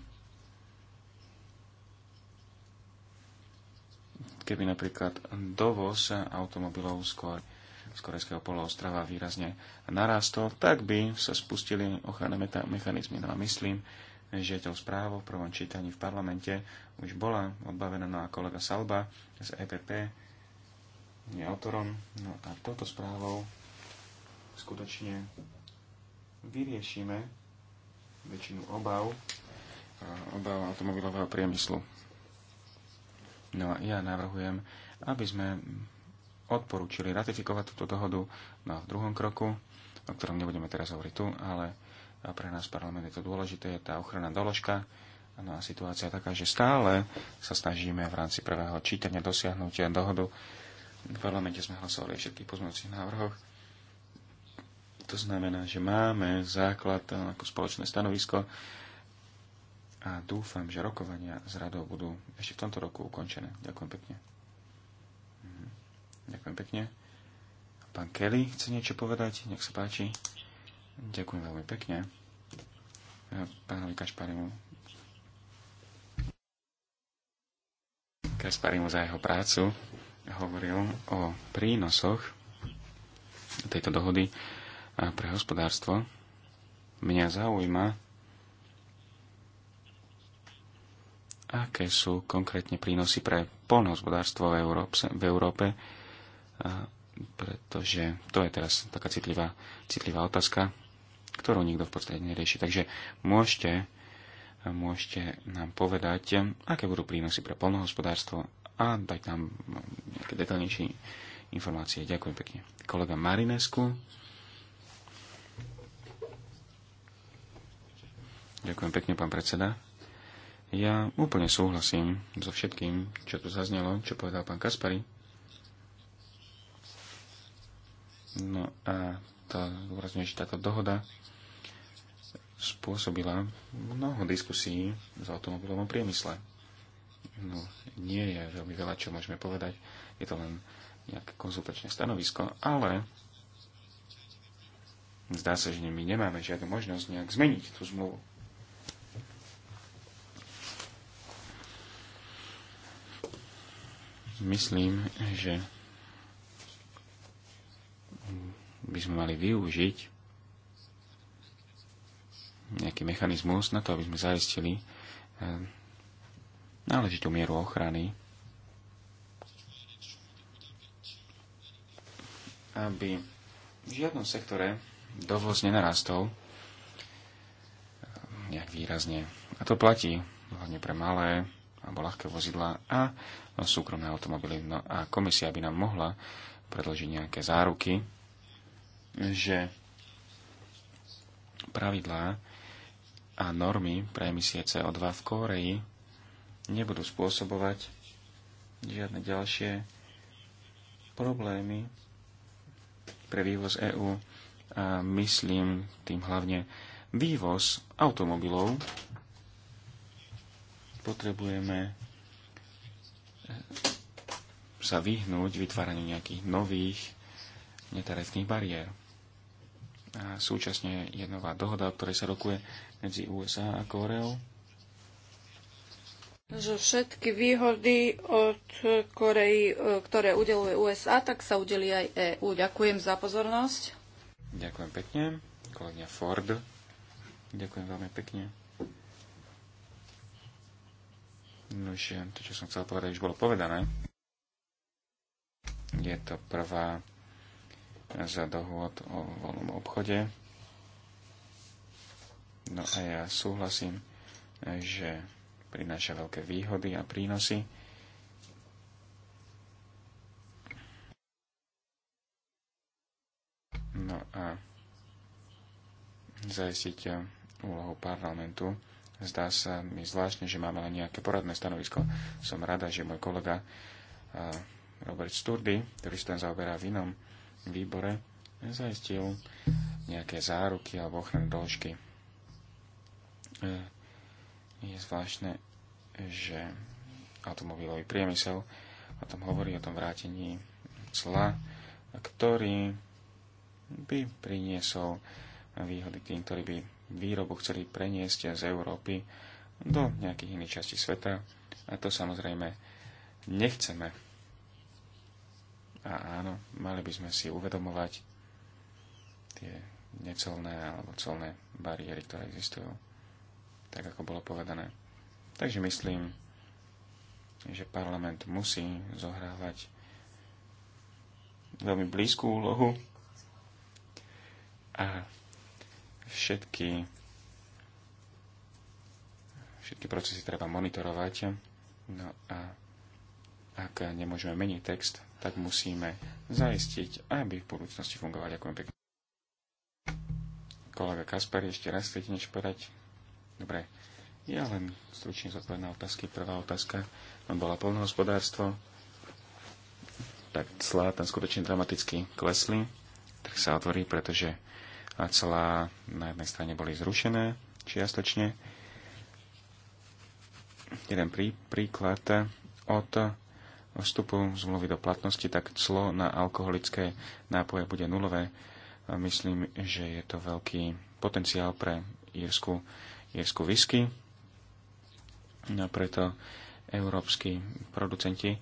Speaker 1: Keby napríklad dovoz automobilov skôr z Korejského poloostrava výrazne narastol, tak by sa spustili ochranné mechanizmy. No a myslím, že tou správou v prvom čítaní v parlamente už bola odbavená no a kolega Salba z EPP je autorom. No a touto správou skutočne vyriešime väčšinu obav, obav automobilového priemyslu. No a ja navrhujem, aby sme odporúčili ratifikovať túto dohodu na no v druhom kroku, o ktorom nebudeme teraz hovoriť tu, ale pre nás parlament je to dôležité, je tá ochranná doložka. No a situácia je taká, že stále sa snažíme v rámci prvého čítania dosiahnuť dohodu v parlamente sme hlasovali o všetkých pozmeňujúcich návrhoch. To znamená, že máme základ eh, ako spoločné stanovisko a dúfam, že rokovania s radou budú ešte v tomto roku ukončené. Ďakujem pekne. Mhm. Ďakujem pekne. Pán Kelly chce niečo povedať, nech sa páči. Ďakujem veľmi pekne. Eh, pánovi Kašparimu. Kašparimu za jeho prácu hovoril o prínosoch tejto dohody pre hospodárstvo. Mňa zaujíma, aké sú konkrétne prínosy pre polnohospodárstvo v Európe, v Európe pretože to je teraz taká citlivá, citlivá otázka, ktorú nikto v podstate nerieši. Takže môžete, môžete nám povedať, aké budú prínosy pre polnohospodárstvo a dať nám no, nejaké detaľnejšie informácie. Ďakujem pekne. Kolega Marinesku. Ďakujem pekne, pán predseda. Ja úplne súhlasím so všetkým, čo tu zaznelo, čo povedal pán Kaspari. No a tá, že táto dohoda spôsobila mnoho diskusí za automobilovom priemysle no, nie je veľmi veľa, čo môžeme povedať. Je to len nejaké konzultačné stanovisko, ale zdá sa, že my nemáme žiadnu možnosť nejak zmeniť tú zmluvu. Myslím, že by sme mali využiť nejaký mechanizmus na to, aby sme zaistili eh, náležitú mieru ochrany, aby v žiadnom sektore dovoz nenarastol eh, nejak výrazne. A to platí hlavne pre malé alebo ľahké vozidlá a súkromné automobily. No a komisia by nám mohla predložiť nejaké záruky, že pravidlá a normy pre emisie CO2 v Koreji nebudú spôsobovať žiadne ďalšie problémy pre vývoz EÚ. A myslím tým hlavne vývoz automobilov. Potrebujeme eh, sa vyhnúť vytváraniu nejakých nových netarefných bariér. A súčasne je nová dohoda, o ktorej sa rokuje medzi USA a Koreou
Speaker 2: že všetky výhody od Koreji, e, ktoré udeluje USA, tak sa udeli aj EU. Ďakujem za pozornosť.
Speaker 1: Ďakujem pekne. Kolegyňa Ford. Ďakujem veľmi pekne. No už to, čo som chcel povedať, už bolo povedané. Je to prvá za dohôd o voľnom obchode. No a ja súhlasím, že prináša veľké výhody a prínosy. No a zajistiť úlohu parlamentu. Zdá sa mi zvláštne, že máme len nejaké poradné stanovisko. Som rada, že môj kolega Robert Sturdy, ktorý sa tam zaoberá v inom výbore, zaistil nejaké záruky alebo ochranné dĺžky e, je zvláštne, že automobilový priemysel o tom hovorí, o tom vrátení cla, ktorý by priniesol výhody tým, ktorí by výrobu chceli preniesť z Európy do nejakých iných častí sveta. A to samozrejme nechceme. A áno, mali by sme si uvedomovať tie necelné alebo celné bariéry, ktoré existujú tak ako bolo povedané. Takže myslím, že parlament musí zohrávať veľmi blízku úlohu a všetky všetky procesy treba monitorovať no a ak nemôžeme meniť text, tak musíme zaistiť, aby v budúcnosti fungovali. Ďakujem pekne. Kolega Kaspar, ešte raz chcete niečo povedať? Dobre, ja len stručne zodpovedám na otázky. Prvá otázka bola polnohospodárstvo. Tak clá tam skutočne dramaticky klesli. tak sa otvorí, pretože clá na jednej strane boli zrušené čiastočne. Jeden prí, príklad od vstupu zmluvy do platnosti, tak clo na alkoholické nápoje bude nulové. Myslím, že je to veľký potenciál pre írsku Irsku whisky. A preto európsky producenti,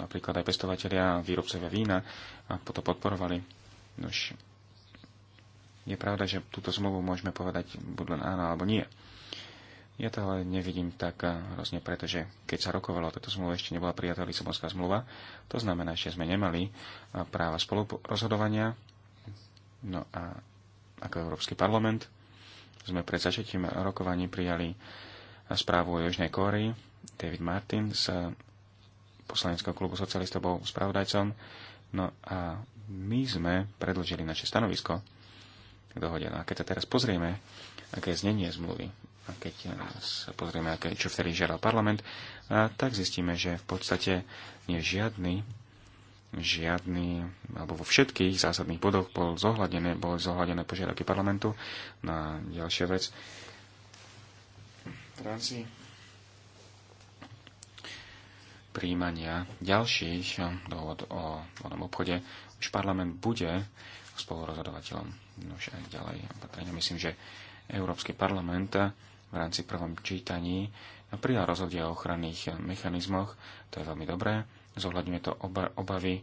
Speaker 1: napríklad aj pestovateľia a výrobcovia vína, a potom podporovali. Nož, je pravda, že túto zmluvu môžeme povedať buď len áno alebo nie. Ja to ale nevidím tak hrozne, pretože keď sa rokovalo táto zmluve, ešte nebola prijatá Lisabonská zmluva, to znamená, že sme nemali práva spolurozhodovania, no a ako Európsky parlament, sme pred začiatím rokovaní prijali správu o Južnej Kórii. David Martin z poslaneckého klubu socialistov bol spravodajcom. No a my sme predložili naše stanovisko k dohode. No a keď sa teraz pozrieme, aké je znenie zmluvy, a keď sa pozrieme, aké, čo vtedy žiadal parlament, a tak zistíme, že v podstate nie je žiadny žiadny, alebo vo všetkých zásadných bodoch bol zohľadené, boli zohľadené požiadavky parlamentu. No a ďalšia vec. V rámci príjmania ďalších eh, dohod o voľnom obchode už parlament bude spolurozhodovateľom. No už aj ďalej Patrenia. Myslím, že Európsky parlament eh, v rámci prvom čítaní eh, prijal rozhodie o ochranných mechanizmoch. To je veľmi dobré zohľadňuje to obavy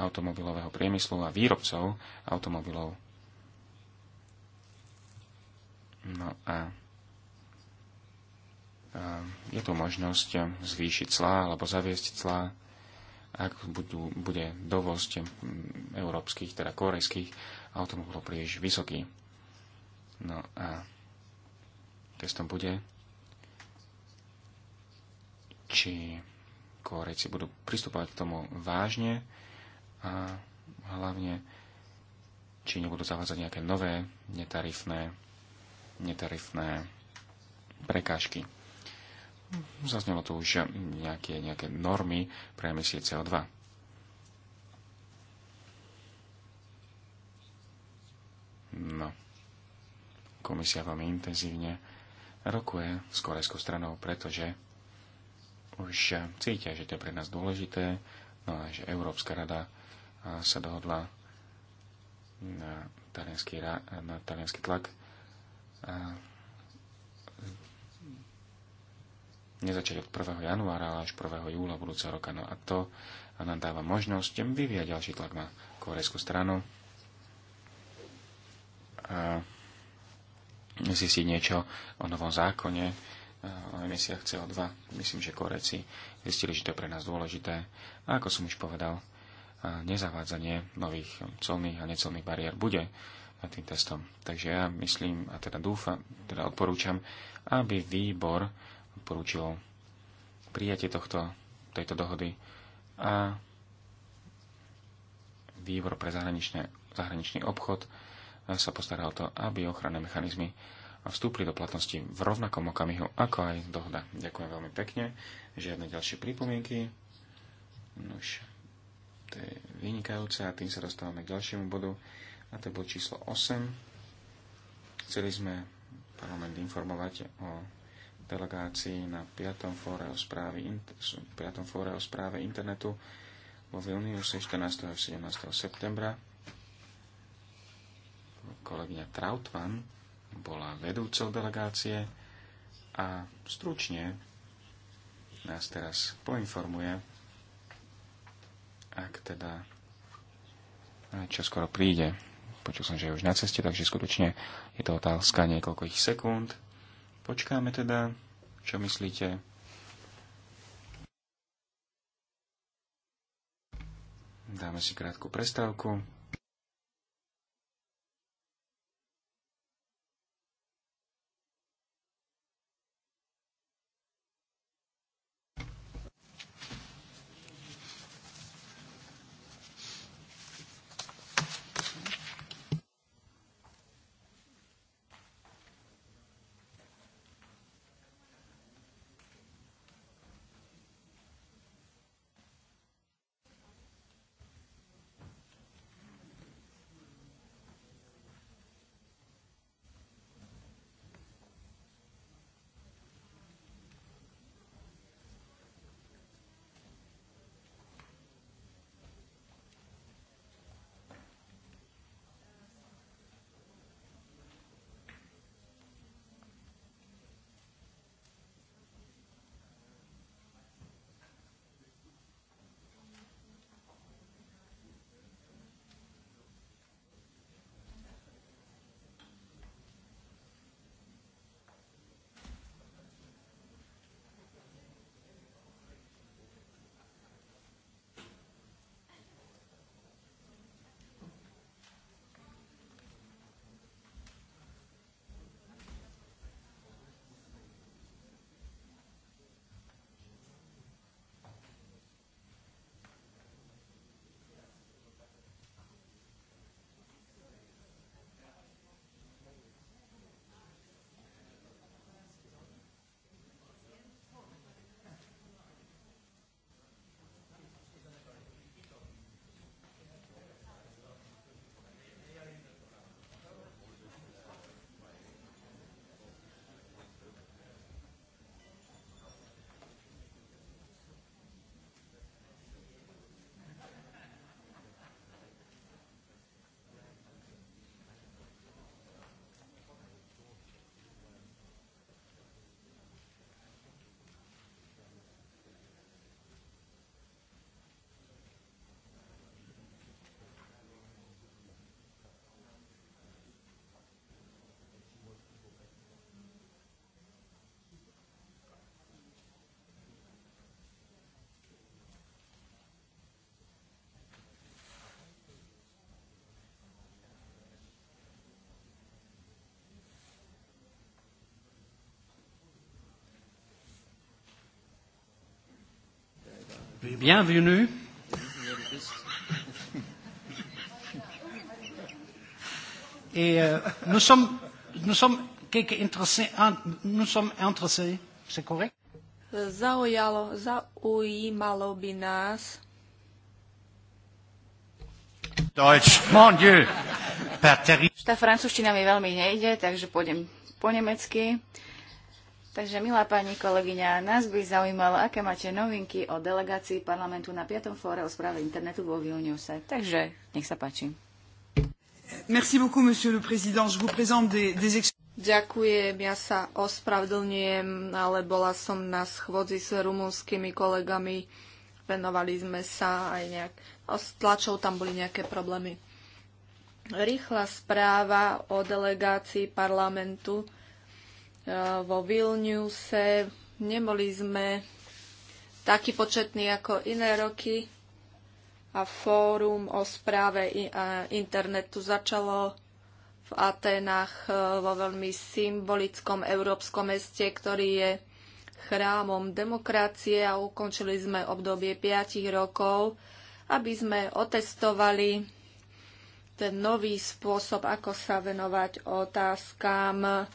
Speaker 1: automobilového priemyslu a výrobcov automobilov. No a je tu možnosť zvýšiť clá alebo zaviesť clá, ak budú, bude dovoz európskych, teda korejských automobilov príliš vysoký. No a testom bude, či Korejci budú pristupovať k tomu vážne a hlavne či nebudú zavádzať nejaké nové netarifné, netarifné prekážky. Zaznelo tu už nejaké, nejaké normy pre emisie CO2. No. Komisia veľmi intenzívne rokuje s korejskou stranou, pretože už cítia, že to je pre nás dôležité, no a že Európska rada sa dohodla na talianský, na talianský tlak. A nezačať od 1. januára, ale až 1. júla budúceho roka. No a to nám dáva možnosť vyvíjať ďalší tlak na korejskú stranu a zistiť niečo o novom zákone, o emisiách CO2. Myslím, že koreci zistili, že to je pre nás dôležité. A ako som už povedal, nezavádzanie nových colných a necolných bariér bude tým testom. Takže ja myslím a teda dúfam, teda odporúčam, aby výbor odporúčil prijatie tohto, tejto dohody a výbor pre zahraničné, zahraničný obchod sa postaral to, aby ochranné mechanizmy vstúpli do platnosti v rovnakom okamihu ako aj dohoda. Ďakujem veľmi pekne. Žiadne ďalšie pripomienky. Nož, to je vynikajúce a tým sa dostávame k ďalšiemu bodu a to bol číslo 8. Chceli sme parlament informovať o delegácii na 5. fóre o správe, 5. fóre o správe internetu vo Vilniuse 14. a 17. septembra. Kolegyňa Trautmann bola vedúcou delegácie a stručne nás teraz poinformuje, ak teda čo skoro príde. Počul som, že je už na ceste, takže skutočne je to otázka niekoľkých sekúnd. Počkáme teda, čo myslíte. Dáme si krátku prestávku. Bienvenue.
Speaker 2: Et euh, nous sommes, nous sommes quelques intéressés, nous sommes intéressés, c'est correct? Zaujalo, zaujímalo by nás.
Speaker 3: Deutsch, mon Dieu. Tá francúzština mi veľmi nejde, takže pôjdem po nemecky. Uh, Takže, milá pani kolegyňa, nás by zaujímalo, aké máte novinky o delegácii parlamentu na 5. fóre o správe internetu vo Vilniuse. Takže, nech sa páči. Merci beaucoup, monsieur le président. Je
Speaker 1: vous présente des, des ex...
Speaker 2: Ďakujem, ja sa ospravedlňujem, ale bola som na schôdzi s rumúnskymi kolegami. Venovali sme sa aj nejak... S tlačou tam boli nejaké problémy. Rýchla správa o delegácii parlamentu Eh, vo Vilniuse. Neboli sme taký početný ako iné roky a fórum o správe internetu začalo v Atenách eh, vo veľmi symbolickom európskom meste, ktorý je chrámom demokracie a ukončili sme obdobie 5 rokov, aby sme otestovali ten nový spôsob, ako sa venovať otázkam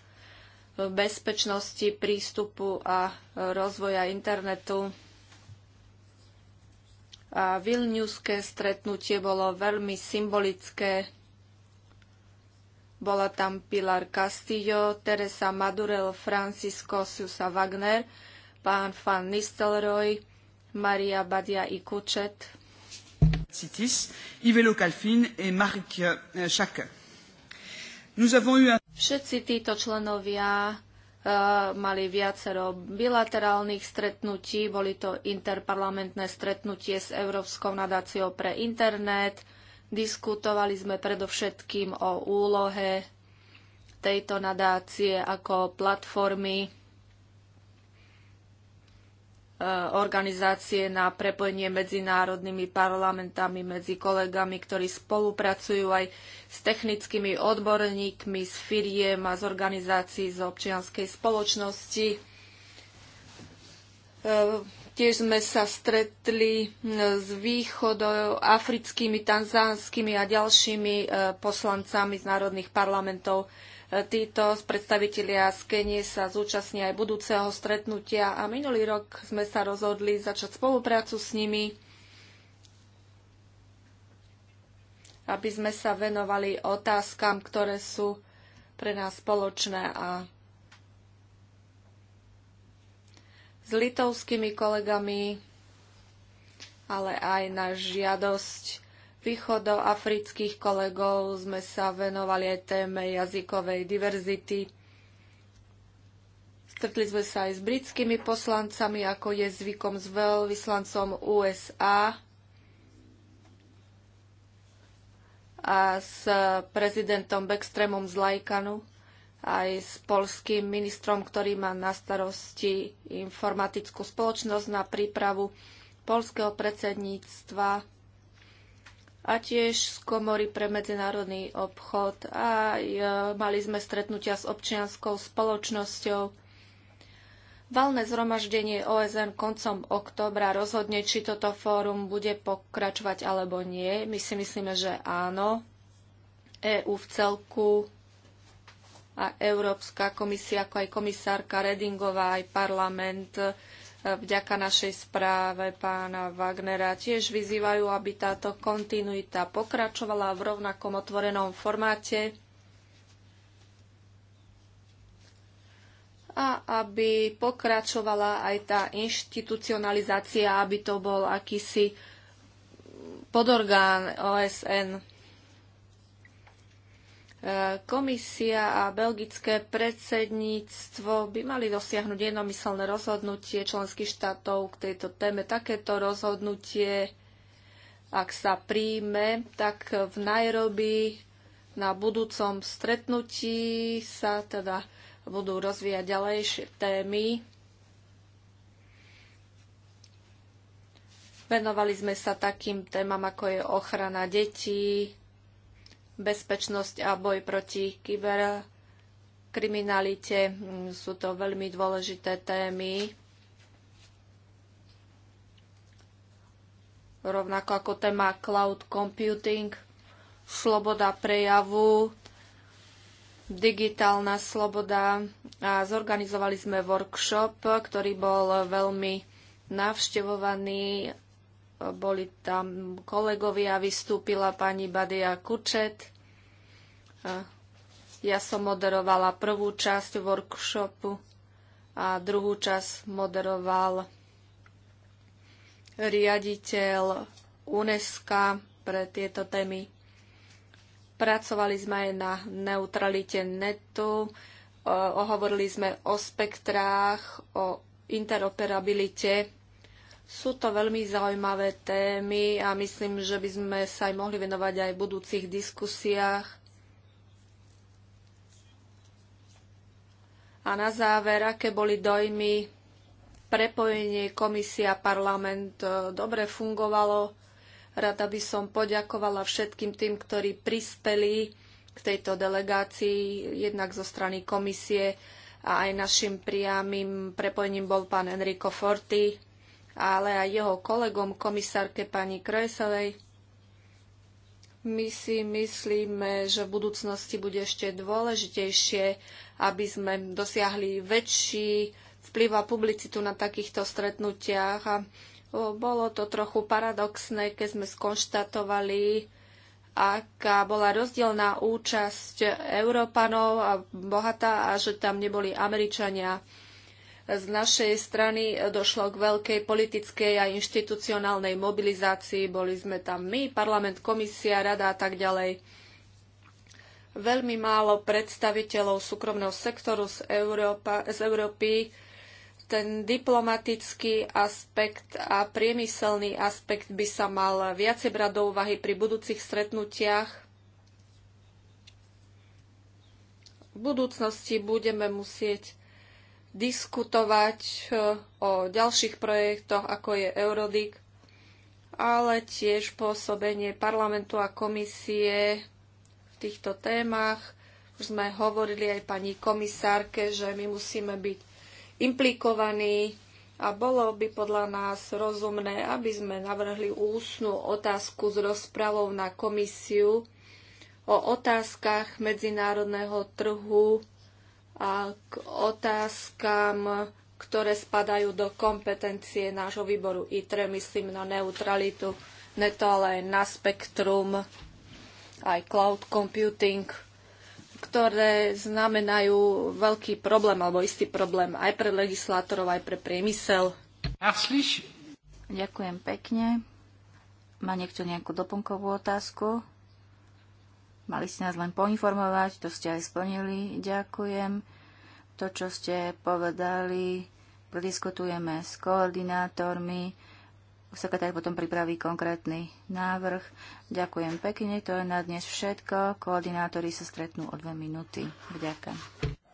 Speaker 2: bezpečnosti prístupu a rozvoja internetu. A vilniuské stretnutie bolo veľmi symbolické. Bola tam Pilar Castillo, Teresa Madurel, Francisco Susa Wagner, pán Van Nistelrooy, Maria Badia i Kučet.
Speaker 3: Citis, Ivelo Calfin et Marc Chacun.
Speaker 2: Nous avons eu un... Všetci títo členovia e, mali viacero bilaterálnych stretnutí, boli to interparlamentné stretnutie s Európskou nadáciou pre internet. Diskutovali sme predovšetkým o úlohe tejto nadácie ako platformy Eh, organizácie na prepojenie medzinárodnými parlamentami, medzi kolegami, ktorí spolupracujú aj s technickými odborníkmi, s firiem a z organizácií z občianskej spoločnosti. Eh, tiež sme sa stretli hm, s východoafrickými, tanzánskymi a ďalšími eh, poslancami z národných parlamentov. Títo predstavitelia z Kenie sa zúčastnia aj budúceho stretnutia a minulý rok sme sa rozhodli začať spoluprácu s nimi, aby sme sa venovali otázkam, ktoré sú pre nás spoločné a s litovskými kolegami, ale aj na žiadosť východoafrických kolegov sme sa venovali aj téme jazykovej diverzity. Stretli sme sa aj s britskými poslancami, ako je zvykom s veľvyslancom USA a s prezidentom Beckstremom z Lajkanu, aj s polským ministrom, ktorý má na starosti informatickú spoločnosť na prípravu polského predsedníctva a tiež z Komory pre medzinárodný obchod. A e, mali sme stretnutia s občianskou spoločnosťou. Valné zhromaždenie OSN koncom októbra rozhodne, či toto fórum bude pokračovať alebo nie. My si myslíme, že áno. EÚ v celku a Európska komisia, ako aj komisárka Redingová, aj parlament vďaka našej správe pána Wagnera tiež vyzývajú, aby táto kontinuita pokračovala v rovnakom otvorenom formáte a aby pokračovala aj tá inštitucionalizácia, aby to bol akýsi podorgán OSN. Komisia a belgické predsedníctvo by mali dosiahnuť jednomyselné rozhodnutie členských štátov k tejto téme. Takéto rozhodnutie, ak sa príjme, tak v Nairobi na budúcom stretnutí sa teda budú rozvíjať ďalejšie témy. Venovali sme sa takým témam, ako je ochrana detí, bezpečnosť a boj proti kyberkriminalite. Mm, sú to veľmi dôležité témy. Rovnako ako téma cloud computing, sloboda prejavu, digitálna sloboda a zorganizovali sme workshop, ktorý bol veľmi navštevovaný boli tam kolegovia, vystúpila pani Badia Kučet. Ja som moderovala prvú časť workshopu a druhú časť moderoval riaditeľ UNESCO pre tieto témy. Pracovali sme aj na neutralite netu, ohovorili sme o spektrách, o interoperabilite sú to veľmi zaujímavé témy a myslím, že by sme sa aj mohli venovať aj v budúcich diskusiách. A na záver, aké boli dojmy, prepojenie komisia parlament e, dobre fungovalo. Rada by som poďakovala všetkým tým, ktorí prispeli k tejto delegácii, jednak zo strany komisie a aj našim priamým prepojením bol pán Enrico Forti, ale aj jeho kolegom, komisárke pani Kreselej. My si myslíme, že v budúcnosti bude ešte dôležitejšie, aby sme dosiahli väčší vplyv a publicitu na takýchto stretnutiach. A bolo to trochu paradoxné, keď sme skonštatovali, aká bola rozdielná účasť Európanov a bohatá a že tam neboli Američania. Z našej strany došlo k veľkej politickej a inštitucionálnej mobilizácii. Boli sme tam my, parlament, komisia, rada a tak ďalej. Veľmi málo predstaviteľov súkromného sektoru z, Európa, z Európy ten diplomatický aspekt a priemyselný aspekt by sa mal viacej brať do úvahy pri budúcich stretnutiach. V budúcnosti budeme musieť diskutovať e, o ďalších projektoch, ako je Eurodik, ale tiež pôsobenie parlamentu a komisie v týchto témach. Už sme hovorili aj pani komisárke, že my musíme byť implikovaní a bolo by podľa nás rozumné, aby sme navrhli úsnu otázku s rozpravou na komisiu o otázkach medzinárodného trhu a k otázkam, ktoré spadajú do kompetencie nášho výboru ITRE, myslím na neutralitu, neto ale aj na spektrum, aj cloud computing, ktoré znamenajú veľký problém alebo istý problém aj pre legislátorov, aj pre priemysel.
Speaker 3: Ďakujem pekne. Má niekto nejakú doplnkovú otázku? Mali ste nás len poinformovať, to ste aj splnili. Ďakujem. To, čo ste povedali, prediskutujeme s koordinátormi. Sekretár potom pripraví konkrétny návrh. Ďakujem pekne, to je na dnes všetko. Koordinátori sa stretnú o dve minúty.
Speaker 1: Ďakujem.